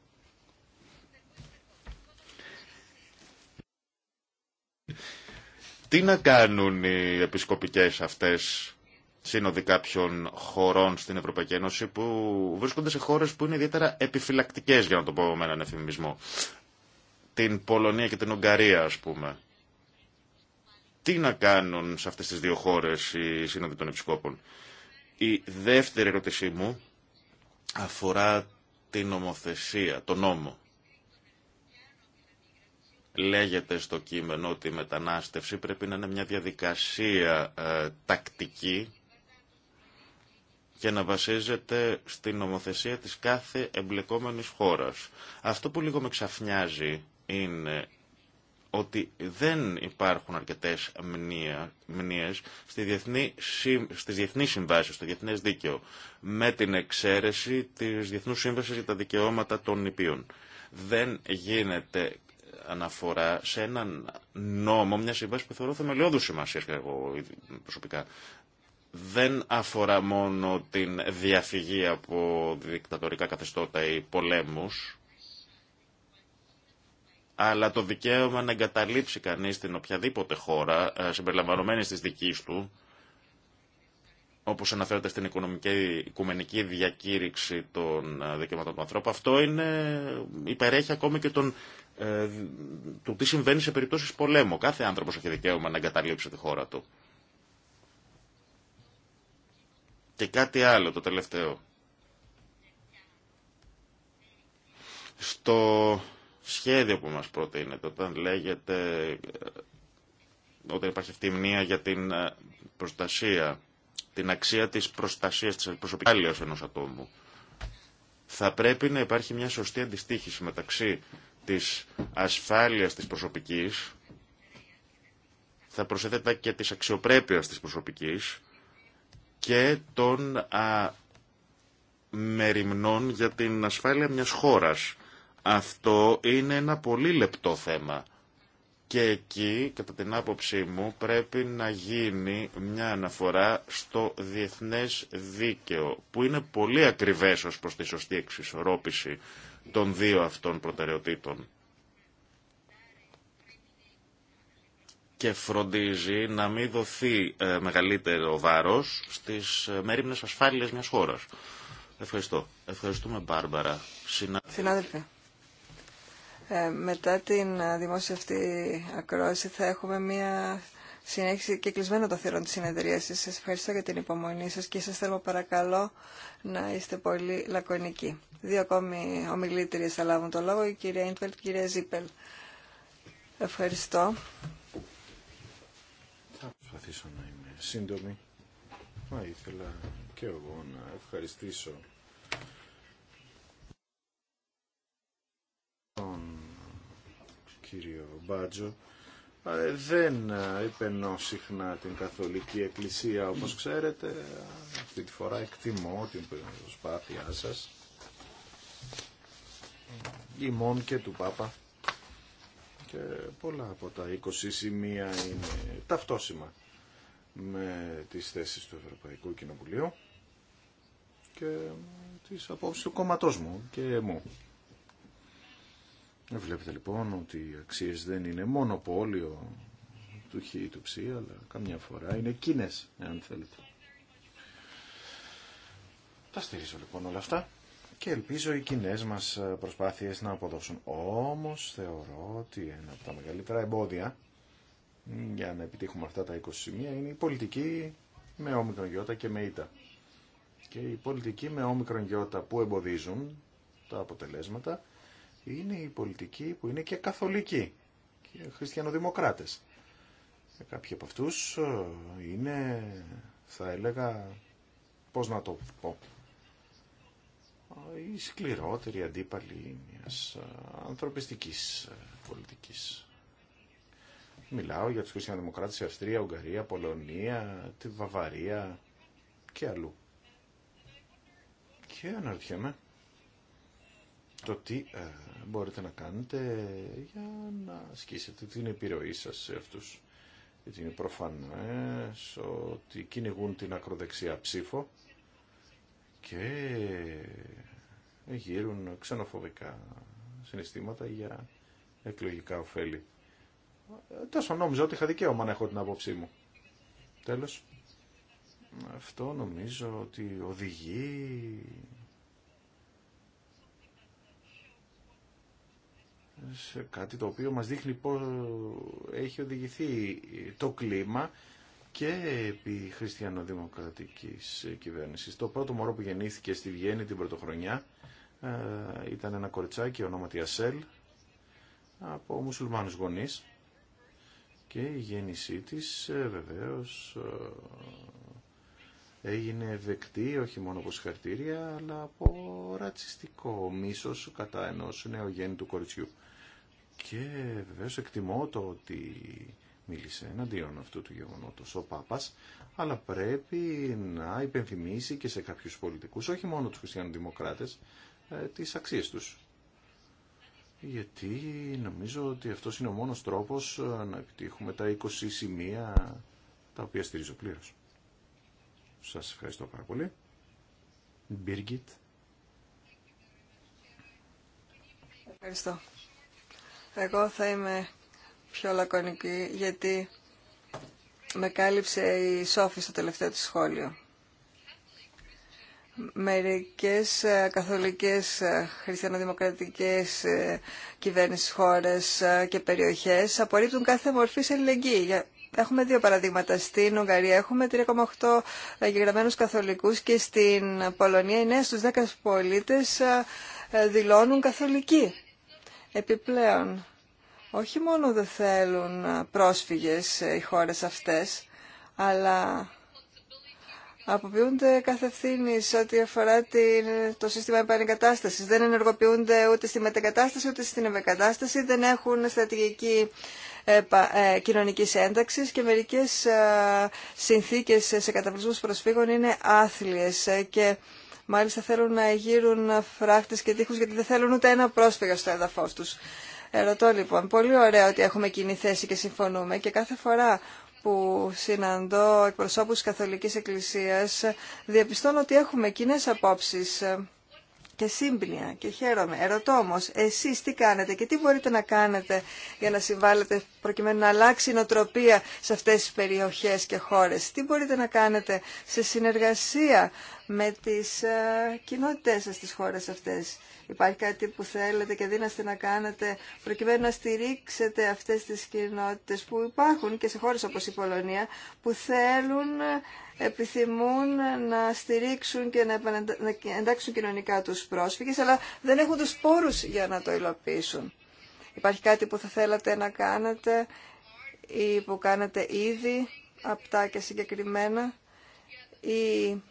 Τι να κάνουν οι επισκοπικές αυτές σύνοδοι κάποιων χωρών στην Ευρωπαϊκή Ένωση που βρίσκονται σε χώρες που είναι ιδιαίτερα επιφυλακτικές, για να το πω με έναν εφημισμό. Την Πολωνία και την Ουγγαρία, ας πούμε. Τι να κάνουν σε αυτές τις δύο χώρες οι σύνοδοι των επισκόπων. Η δεύτερη ερώτησή μου αφορά την νομοθεσία, τον νόμο. Λέγεται στο κείμενο ότι η μετανάστευση πρέπει να είναι μια διαδικασία ε, τακτική και να βασίζεται στην νομοθεσία της κάθε εμπλεκόμενης χώρας. Αυτό που λίγο με ξαφνιάζει είναι ότι δεν υπάρχουν αρκετές μνήες στη διεθνή, στις διεθνείς συμβάσεις, στο διεθνές δίκαιο, με την εξαίρεση της Διεθνούς Σύμβασης για τα Δικαιώματα των Νηπίων. Δεν γίνεται αναφορά σε έναν νόμο, μια συμβάση που θεωρώ θεμελιώδου σημασία και εγώ προσωπικά. Δεν αφορά μόνο την διαφυγή από δικτατορικά καθεστώτα ή πολέμους, αλλά το δικαίωμα να εγκαταλείψει κανείς την οποιαδήποτε χώρα, ε, συμπεριλαμβανομένη της δικής του, όπως αναφέρεται στην οικονομική, οικουμενική διακήρυξη των ε, δικαιωμάτων του ανθρώπου, αυτό είναι, υπερέχει ακόμη και τον ε, του τι συμβαίνει σε περιπτώσεις πολέμου. Κάθε άνθρωπος έχει δικαίωμα να εγκαταλείψει τη χώρα του. Και κάτι άλλο το τελευταίο. Στο σχέδιο που μας προτείνεται, όταν λέγεται, ε, όταν υπάρχει αυτή η μνήμα για την ε, προστασία, την αξία της προστασίας της προσωπικής ενός ατόμου, θα πρέπει να υπάρχει μια σωστή αντιστοίχηση μεταξύ της ασφάλειας της προσωπικής, θα προσέθετα και της αξιοπρέπειας της προσωπικής και των μεριμνών για την ασφάλεια μιας χώρας. Αυτό είναι ένα πολύ λεπτό θέμα. Και εκεί, κατά την άποψή μου, πρέπει να γίνει μια αναφορά στο διεθνές δίκαιο, που είναι πολύ ακριβές ως προς τη σωστή εξισορρόπηση των δύο αυτών προτεραιοτήτων. και φροντίζει να μην δοθεί ε, μεγαλύτερο βάρος στις ε, μέρημνες ασφάλειες μιας χώρας. Ευχαριστώ. Ευχαριστούμε Μπάρμπαρα. Συνα... Συνάδελφε, ε, μετά την ε, δημόσια αυτή ακρόαση θα έχουμε μια συνέχισε και κλεισμένο το θηρόν της συνεδρίασης. Σας ευχαριστώ για την υπομονή σας και σας θέλω παρακαλώ να είστε πολύ λακωνικοί. Δύο ακόμη ομιλήτριες θα λάβουν το λόγο, η κυρία Ιντβελτ και η κυρία Ζίπελ. Ευχαριστώ. Θα προσπαθήσω να είμαι σύντομη. Μα ήθελα και εγώ να ευχαριστήσω τον κύριο Μπάτζο ε, δεν ε, υπενώ συχνά την Καθολική Εκκλησία όπως ξέρετε. Αυτή τη φορά εκτιμώ την προσπάθειά σας. Ημών και του Πάπα. Και πολλά από τα 20 σημεία είναι ταυτόσημα με τις θέσεις του Ευρωπαϊκού Κοινοβουλίου και τις απόψεις του κόμματός μου και μου. Βλέπετε λοιπόν ότι οι αξίες δεν είναι μόνο πόλιο του χ ή του ψ, αλλά καμιά φορά είναι κοινέ, αν θέλετε. Τα στηρίζω λοιπόν όλα αυτά και ελπίζω οι κοινέ μας προσπάθειες να αποδώσουν. Όμως θεωρώ ότι ένα από τα μεγαλύτερα εμπόδια για να επιτύχουμε αυτά τα 20 σημεία είναι η πολιτική με όμικρον γιώτα και με ήττα. Και η πολιτική με όμικρον γιώτα που εμποδίζουν τα αποτελέσματα είναι η πολιτική που είναι και καθολική και χριστιανοδημοκράτες. Ε, κάποιοι από αυτούς ε, είναι, θα έλεγα, πώς να το πω, οι ε, σκληρότεροι αντίπαλοι μιας ανθρωπιστικής πολιτικής. Μιλάω για τους χριστιανοδημοκράτες Αυστρία, Ουγγαρία, Πολωνία, τη Βαβαρία και αλλού. Και αναρωτιέμαι το τι ε, μπορείτε να κάνετε για να ασκήσετε την επιρροή σας σε αυτούς. Γιατί είναι προφανές ότι κυνηγούν την ακροδεξιά ψήφο και γύρουν ξενοφοβικά συναισθήματα για εκλογικά ωφέλη. Ε, τόσο νόμιζα ότι είχα δικαίωμα να έχω την άποψή μου. Τέλος, αυτό νομίζω ότι οδηγεί σε κάτι το οποίο μας δείχνει πώς έχει οδηγηθεί το κλίμα και επί χριστιανοδημοκρατικής κυβέρνησης. Το πρώτο μωρό που γεννήθηκε στη Βιέννη την πρωτοχρονιά ε, ήταν ένα κοριτσάκι ονόματι Ασέλ από μουσουλμάνους γονείς και η γέννησή της ε, βεβαίως ε, έγινε δεκτή όχι μόνο από συγχαρητήρια αλλά από ρατσιστικό μίσος κατά ενός νεογέννητου κοριτσιού και βεβαίω εκτιμώ το ότι μίλησε εναντίον αυτού του γεγονότος ο Πάπας, αλλά πρέπει να υπενθυμίσει και σε κάποιους πολιτικούς, όχι μόνο τους χριστιανοδημοκράτες, ε, τις αξίες τους. Γιατί νομίζω ότι αυτό είναι ο μόνος τρόπος ε, να επιτύχουμε τα 20 σημεία τα οποία στηρίζω πλήρω. Σας ευχαριστώ πάρα πολύ. Birgit. Ευχαριστώ. Εγώ θα είμαι πιο λακωνική γιατί με κάλυψε η Σόφη στο τελευταίο της σχόλιο. Μερικές ε, καθολικές ε, χριστιανοδημοκρατικές ε, κυβέρνησης χώρες και περιοχές απορρίπτουν κάθε μορφή σε ελληνική. Έχουμε δύο παραδείγματα. Στην Ουγγαρία έχουμε 3,8 εγγεγραμμένους καθολικούς και στην Πολωνία οι νέες στους 10 πολίτες δηλώνουν καθολικοί. Επιπλέον, όχι μόνο δεν θέλουν πρόσφυγες οι χώρες αυτές, αλλά αποποιούνται κάθε ευθύνη ό,τι αφορά την, το σύστημα επανεγκατάστασης. Δεν ενεργοποιούνται ούτε στη μετεγκατάσταση ούτε στην ευεγκατάσταση. δεν έχουν στρατηγική ε, κοινωνικής ένταξης και μερικές ε, συνθήκες σε καταβλισμούς προσφύγων είναι άθλιες ε, και Μάλιστα θέλουν να γύρουν φράχτες και τείχους γιατί δεν θέλουν ούτε ένα πρόσφυγα στο έδαφος τους. Ερωτώ λοιπόν, πολύ ωραίο ότι έχουμε κοινή θέση και συμφωνούμε και κάθε φορά που συναντώ εκπροσώπους της Καθολικής Εκκλησίας διαπιστώνω ότι έχουμε κοινέ απόψεις ε, και σύμπνοια και χαίρομαι. Ερωτώ όμω, εσεί τι κάνετε και τι μπορείτε να κάνετε για να συμβάλλετε προκειμένου να αλλάξει η νοοτροπία σε αυτέ τι περιοχέ και χώρε. Τι μπορείτε να κάνετε σε συνεργασία με τι ε, κοινότητέ σα στι χώρε αυτέ. Υπάρχει κάτι που θέλετε και δύναστε να κάνετε προκειμένου να στηρίξετε αυτέ τι κοινότητε που υπάρχουν και σε χώρε όπω η Πολωνία που θέλουν ε, επιθυμούν να στηρίξουν και να εντάξουν κοινωνικά τους πρόσφυγες, αλλά δεν έχουν τους πόρους για να το υλοποιήσουν. Υπάρχει κάτι που θα θέλατε να κάνετε ή που κάνετε ήδη, απτά και συγκεκριμένα, ή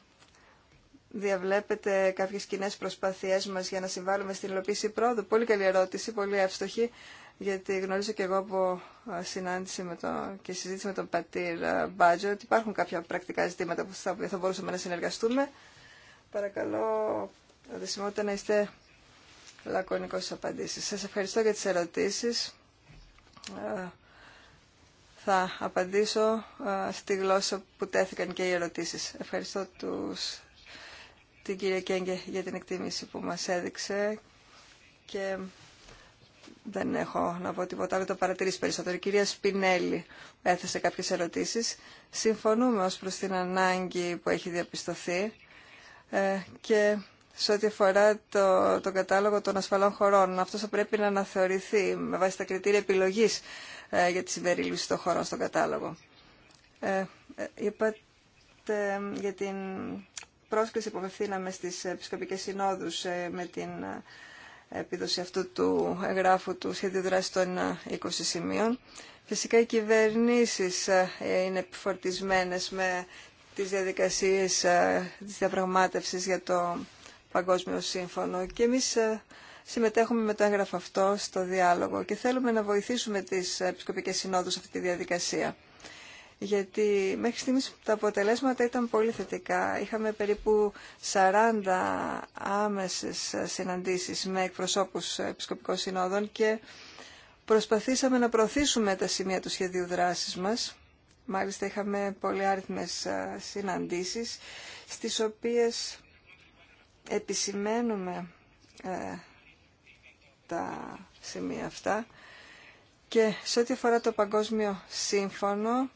διαβλέπετε κάποιες κοινέ προσπάθειές μας για να συμβάλλουμε στην υλοποίηση πρόοδου. Πολύ καλή ερώτηση, πολύ εύστοχη γιατί γνωρίζω και εγώ από ε, συνάντηση με τον, και συζήτηση με τον Πατήρ ε, Μπάτζο ότι υπάρχουν κάποια πρακτικά ζητήματα που θα, θα μπορούσαμε να συνεργαστούμε. Παρακαλώ, δεσιμότητα να είστε λακωνικός στις απαντήσεις. Σας ευχαριστώ για τις ερωτήσεις. Ε, θα απαντήσω στη γλώσσα που τέθηκαν και οι ερωτήσεις. Ευχαριστώ τους, την κυρία Κέγκε για την εκτίμηση που μας έδειξε και δεν έχω να πω τίποτα άλλο, το παρατηρήσει περισσότερο. Η κυρία Σπινέλη έθεσε κάποιε ερωτήσει. Συμφωνούμε ω προ την ανάγκη που έχει διαπιστωθεί ε, και σε ό,τι αφορά το, τον κατάλογο των ασφαλών χωρών. Αυτό θα πρέπει να αναθεωρηθεί με βάση τα κριτήρια επιλογής ε, για τη συμπερίληψη των χωρών στον κατάλογο. Ε, ε είπατε για την πρόσκληση που απευθύναμε στις επισκοπικές συνόδους με την επίδοση αυτού του εγγράφου του σχέδιου δράση των 20 ε, σημείων. Φυσικά οι κυβερνήσεις ε, είναι επιφορτισμένες με τις διαδικασίες ε, της διαπραγμάτευσης για το Παγκόσμιο Σύμφωνο και εμείς συμμετέχουμε με το έγγραφο αυτό στο διάλογο και θέλουμε να βοηθήσουμε τις επισκοπικές συνόδους αυτή τη διαδικασία γιατί μέχρι στιγμής τα αποτελέσματα ήταν πολύ θετικά. Είχαμε περίπου 40 άμεσες συναντήσεις με εκπροσώπους επισκοπικών συνόδων και προσπαθήσαμε να προωθήσουμε τα σημεία του σχεδίου δράσης μας. Μάλιστα είχαμε πολύ άριθμες ε, συναντήσεις στις οποίες επισημαίνουμε ε, τα σημεία αυτά και σε ό,τι αφορά το Παγκόσμιο Σύμφωνο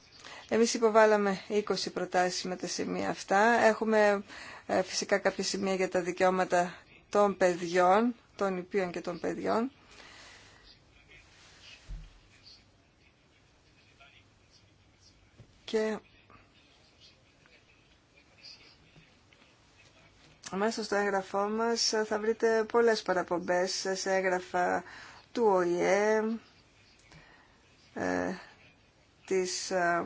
εμείς υποβάλαμε 20 προτάσεις με τα σημεία αυτά. Έχουμε ε, φυσικά κάποια σημεία για τα δικαιώματα των παιδιών, των υπείων και των παιδιών. Και μέσα στο έγγραφό μας θα βρείτε πολλές παραπομπές σε έγγραφα του ΟΗΕ, ε, της ε,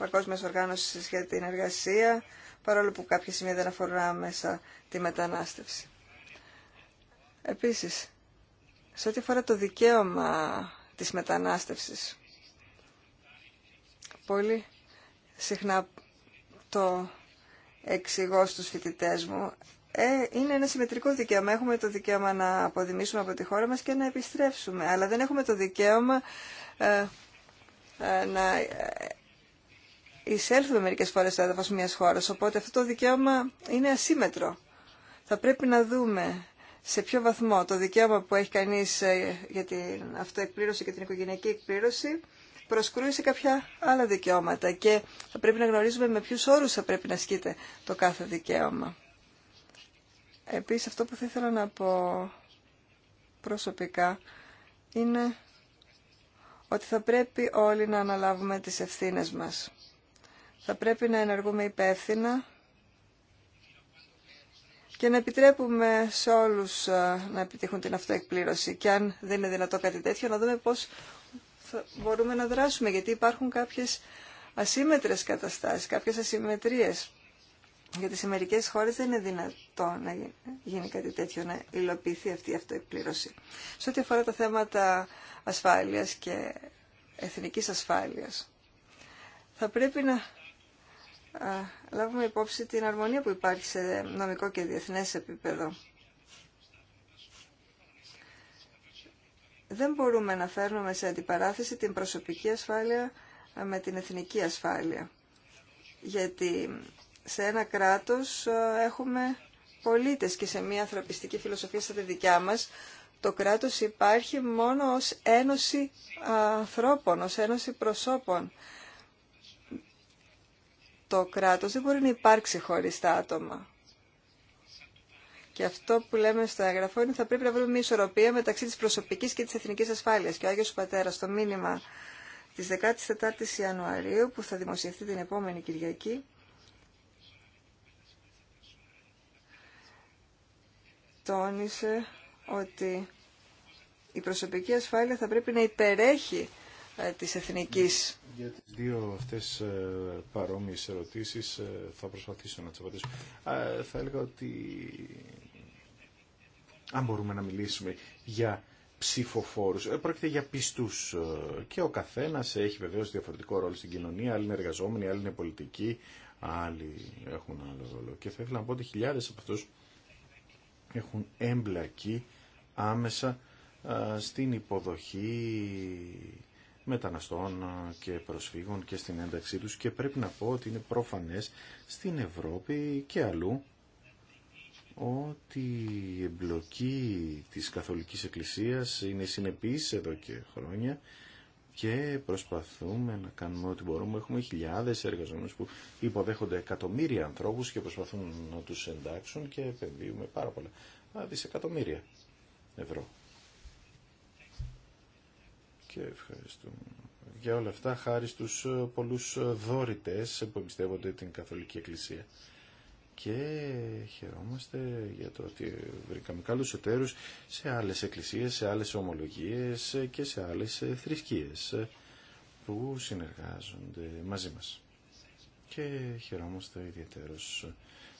Παγκόσμια Οργάνωση για την Εργασία, παρόλο που κάποια σημεία δεν αφορούν άμεσα τη μετανάστευση. Επίσης, σε ό,τι αφορά το δικαίωμα της μετανάστευσης, πολύ συχνά το εξηγώ στους φοιτητέ μου, ε, είναι ένα συμμετρικό δικαίωμα. Έχουμε το δικαίωμα να αποδημήσουμε από τη χώρα μας και να επιστρέψουμε, αλλά δεν έχουμε το δικαίωμα ε, ε, να εισέλθουμε μερικέ φορέ στο έδαφο μιας χώρας, οπότε αυτό το δικαίωμα είναι ασύμετρο. Θα πρέπει να δούμε σε ποιο βαθμό το δικαίωμα που έχει κανεί ε, για την αυτοεκπλήρωση και την οικογενειακή εκπλήρωση προσκρούει σε κάποια άλλα δικαιώματα και θα πρέπει να γνωρίζουμε με ποιου όρου θα πρέπει να ασκείται το κάθε δικαίωμα. Επίση αυτό που θα ήθελα να πω προσωπικά είναι ότι θα πρέπει όλοι να αναλάβουμε τις ευθύνες μας θα πρέπει να ενεργούμε υπεύθυνα και να επιτρέπουμε σε όλους να επιτύχουν την αυτοεκπλήρωση. Και αν δεν είναι δυνατό κάτι τέτοιο, να δούμε πώς μπορούμε να δράσουμε, γιατί υπάρχουν κάποιες ασύμετρες καταστάσεις, κάποιες ασυμμετρίες. Γιατί σε μερικέ χώρε δεν είναι δυνατό να γίνει κάτι τέτοιο, να υλοποιηθεί αυτή η αυτοεκπλήρωση. Σε ό,τι αφορά τα θέματα ασφάλεια και εθνικής ασφάλειας θα πρέπει να λάβουμε υπόψη την αρμονία που υπάρχει σε νομικό και διεθνές επίπεδο. Δεν μπορούμε να φέρνουμε σε αντιπαράθεση την προσωπική ασφάλεια με την εθνική ασφάλεια. Γιατί σε ένα κράτος έχουμε πολίτες και σε μια ανθρωπιστική φιλοσοφία στα δικιά μας το κράτος υπάρχει μόνο ως ένωση ανθρώπων, ως ένωση προσώπων το κράτος δεν μπορεί να υπάρξει χωρίς τα άτομα. Και αυτό που λέμε στο έγγραφο είναι ότι θα πρέπει να βρούμε μια ισορροπία μεταξύ της προσωπικής και της εθνικής ασφάλειας. Και ο Άγιος Πατέρας στο μήνυμα της 14ης Ιανουαρίου που θα δημοσιευτεί την επόμενη Κυριακή τόνισε ότι η προσωπική ασφάλεια θα πρέπει να υπερέχει ε, της εθνικής. Για τις δύο αυτές ε, παρόμοιες ερωτήσεις ε, θα προσπαθήσω να τις απαντήσω. Θα έλεγα ότι αν μπορούμε να μιλήσουμε για ψηφοφόρους. Πρόκειται για πιστούς και ο καθένας έχει βεβαίως διαφορετικό ρόλο στην κοινωνία, άλλοι είναι εργαζόμενοι, άλλοι είναι πολιτικοί, άλλοι έχουν άλλο ρόλο. Και θα ήθελα να πω ότι χιλιάδες από αυτούς έχουν εμπλακεί άμεσα στην υποδοχή μεταναστών ε, και προσφύγων και στην ένταξή τους και πρέπει να πω ότι είναι προφανές στην Ευρώπη και αλλού ότι η εμπλοκή της Καθολικής Εκκλησίας είναι συνεπής εδώ και χρόνια και προσπαθούμε να κάνουμε ό,τι μπορούμε. Έχουμε χιλιάδες εργαζομένους που υποδέχονται εκατομμύρια ανθρώπους και προσπαθούν να τους εντάξουν και επενδύουμε πάρα πολλά δισεκατομμύρια ευρώ και ευχαριστούμε για όλα αυτά χάρη στους ε, πολλούς ε, δόρητες ε, που εμπιστεύονται την Καθολική Εκκλησία. Και χαιρόμαστε για το ότι βρήκαμε καλούς εταίρους σε άλλες εκκλησίες, σε άλλες ομολογίες και σε άλλες θρησκείες που συνεργάζονται μαζί μας. Και χαιρόμαστε ιδιαίτερος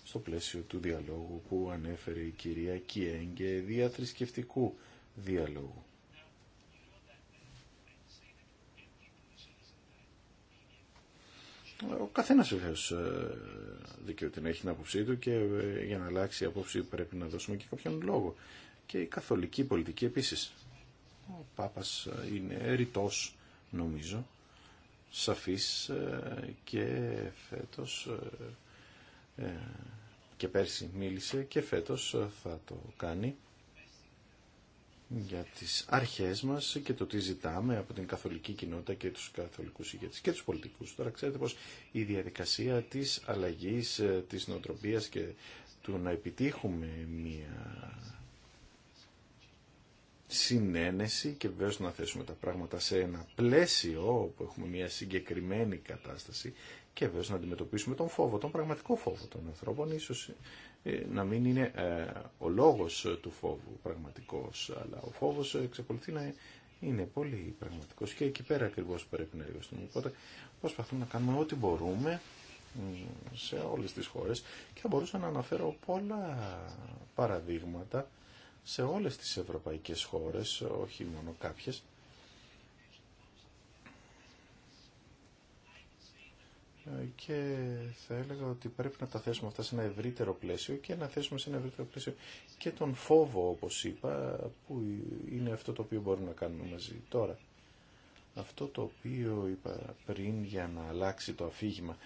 στο πλαίσιο του διαλόγου που ανέφερε η κυρία Κιέγγε, διαθρησκευτικού διαλόγου Ο καθένα βεβαίω ε, δικαιούται να έχει την άποψή του και ε, για να αλλάξει η άποψη πρέπει να δώσουμε και κάποιον λόγο. Και η καθολική πολιτική επίση Ο Πάπας ε, είναι ρητό, νομίζω, σαφής και φέτος και πέρσι μίλησε και φέτος θα το κάνει για τις αρχές μας και το τι ζητάμε από την καθολική κοινότητα και τους καθολικούς ηγέτες και τους πολιτικούς. Τώρα ξέρετε πως η διαδικασία της αλλαγής, ε, της νοοτροπίας και του να επιτύχουμε μια συνένεση και βεβαίως να θέσουμε τα πράγματα σε ένα πλαίσιο όπου έχουμε μια συγκεκριμένη κατάσταση και βέβαια να αντιμετωπίσουμε τον φόβο, τον πραγματικό φόβο των ανθρώπων. Ίσως ε, να μην είναι ε, ο λόγος ε, του φόβου πραγματικός, αλλά ο φόβος εξακολουθεί να είναι πολύ πραγματικός και εκεί πέρα ακριβώς πρέπει να εργαστούμε. Οπότε προσπαθούμε να κάνουμε ό,τι μπορούμε σε όλες τις χώρες και θα μπορούσα να αναφέρω πολλά παραδείγματα σε όλες τις ευρωπαϊκές χώρες, όχι μόνο κάποιες, Ε, και θα έλεγα ότι πρέπει να τα θέσουμε αυτά σε ένα ευρύτερο πλαίσιο και να θέσουμε σε ένα ευρύτερο πλαίσιο και τον φόβο, όπως είπα, που είναι αυτό το οποίο μπορούμε να κάνουμε μαζί τώρα. Αυτό το οποίο είπα πριν για να αλλάξει το αφήγημα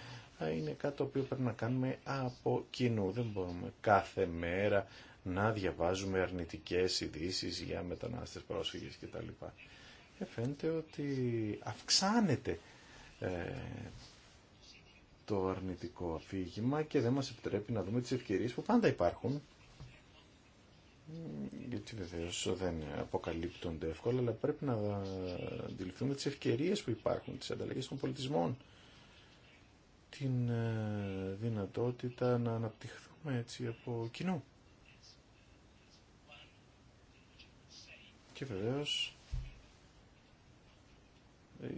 είναι κάτι το οποίο πρέπει να κάνουμε από κοινού. Δεν μπορούμε κάθε μέρα να διαβάζουμε αρνητικές ειδήσει για μετανάστες πρόσφυγες κτλ. φαίνεται ότι αυξάνεται ε, το αρνητικό αφήγημα και δεν μας επιτρέπει να δούμε τις ευκαιρίες που πάντα υπάρχουν γιατί βεβαίω δεν αποκαλύπτονται εύκολα, αλλά πρέπει να αντιληφθούμε τις ευκαιρίες που υπάρχουν, τις ανταλλαγές των πολιτισμών, την ε, δυνατότητα να αναπτυχθούμε έτσι από κοινού. Και βεβαίως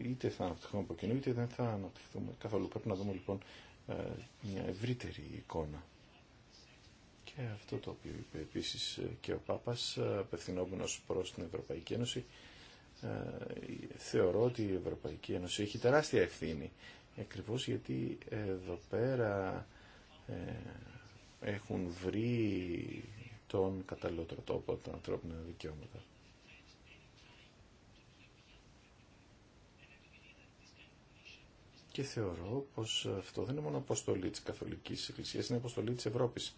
είτε θα αναπτυχθούμε από κοινού είτε δεν θα αναπτυχθούμε καθόλου. Πρέπει να δούμε λοιπόν ε, μια ευρύτερη εικόνα. Και αυτό το οποίο είπε επίσης ε, και ο Πάπας, ε, απευθυνόμενος προς την Ευρωπαϊκή Ένωση, θεωρώ ότι η Ευρωπαϊκή Ένωση έχει τεράστια ευθύνη. ακριβώ γιατί εδώ πέρα έχουν βρει τον καταλληλότερο τόπο από τα ανθρώπινα δικαιώματα. και θεωρώ πως αυτό δεν είναι μόνο αποστολή της Καθολικής Εκκλησίας, είναι αποστολή της Ευρώπης.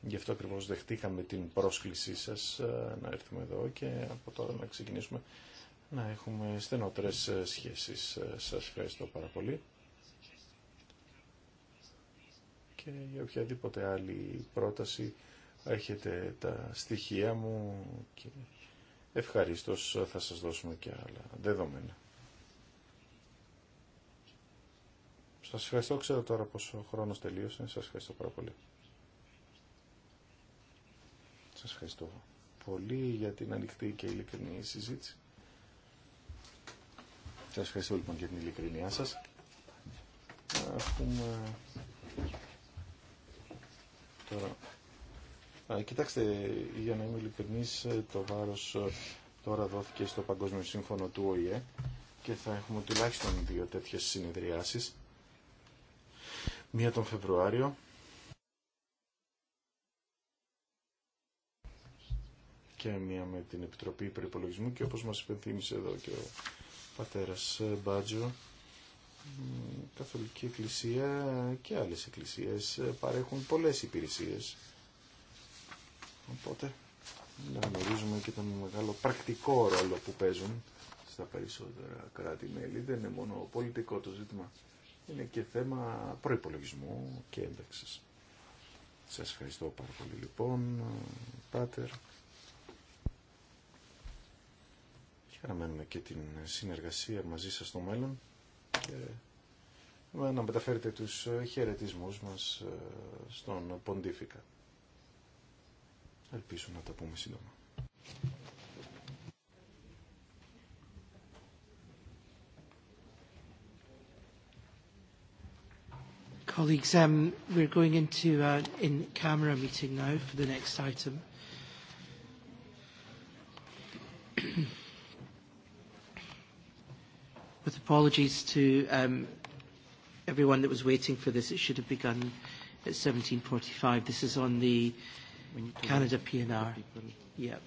Γι' αυτό ακριβώς δεχτήκαμε την πρόσκλησή σας ε, να έρθουμε εδώ και από τώρα να ξεκινήσουμε να έχουμε στενότερες ε, σχέσεις. Ε, σας ευχαριστώ πάρα πολύ. Και για οποιαδήποτε άλλη πρόταση έχετε τα στοιχεία μου και ευχαρίστως θα σας δώσουμε και άλλα δεδομένα. Σας ευχαριστώ. Ξέρω τώρα πως ο χρόνος τελείωσε. Σας ευχαριστώ πάρα πολύ. Σας ευχαριστώ πολύ για την ανοιχτή και ειλικρινή συζήτηση. Σας ευχαριστώ λοιπόν για την ειλικρινιά σας. Τώρα... κοιτάξτε, για να είμαι ειλικρινής, το βάρος ε, τώρα δόθηκε στο Παγκόσμιο Σύμφωνο του ΟΗΕ και θα έχουμε τουλάχιστον δύο τέτοιες συνεδριάσεις μία τον Φεβρουάριο και μία με την Επιτροπή Υπερυπολογισμού και όπως μας υπενθύμησε εδώ και ο πατέρας Μπάτζο Καθολική Εκκλησία και άλλες εκκλησίες παρέχουν πολλές υπηρεσίες οπότε να γνωρίζουμε και τον μεγάλο πρακτικό ρόλο που παίζουν στα περισσότερα κράτη-μέλη δεν είναι μόνο πολιτικό το ζήτημα είναι και θέμα προϋπολογισμού και ένταξης. Σας ευχαριστώ πάρα πολύ λοιπόν, Πάτερ. Και και την συνεργασία μαζί σας στο μέλλον και να μεταφέρετε τους χαιρετισμούς μας ε, στον Ποντίφικα. Ελπίζω να τα πούμε σύντομα. Colleagues, um, we're going into an in-camera meeting now for the next item. With apologies to um, everyone that was waiting for this, it should have begun at 17.45. This is on the Canada PNR. Yep.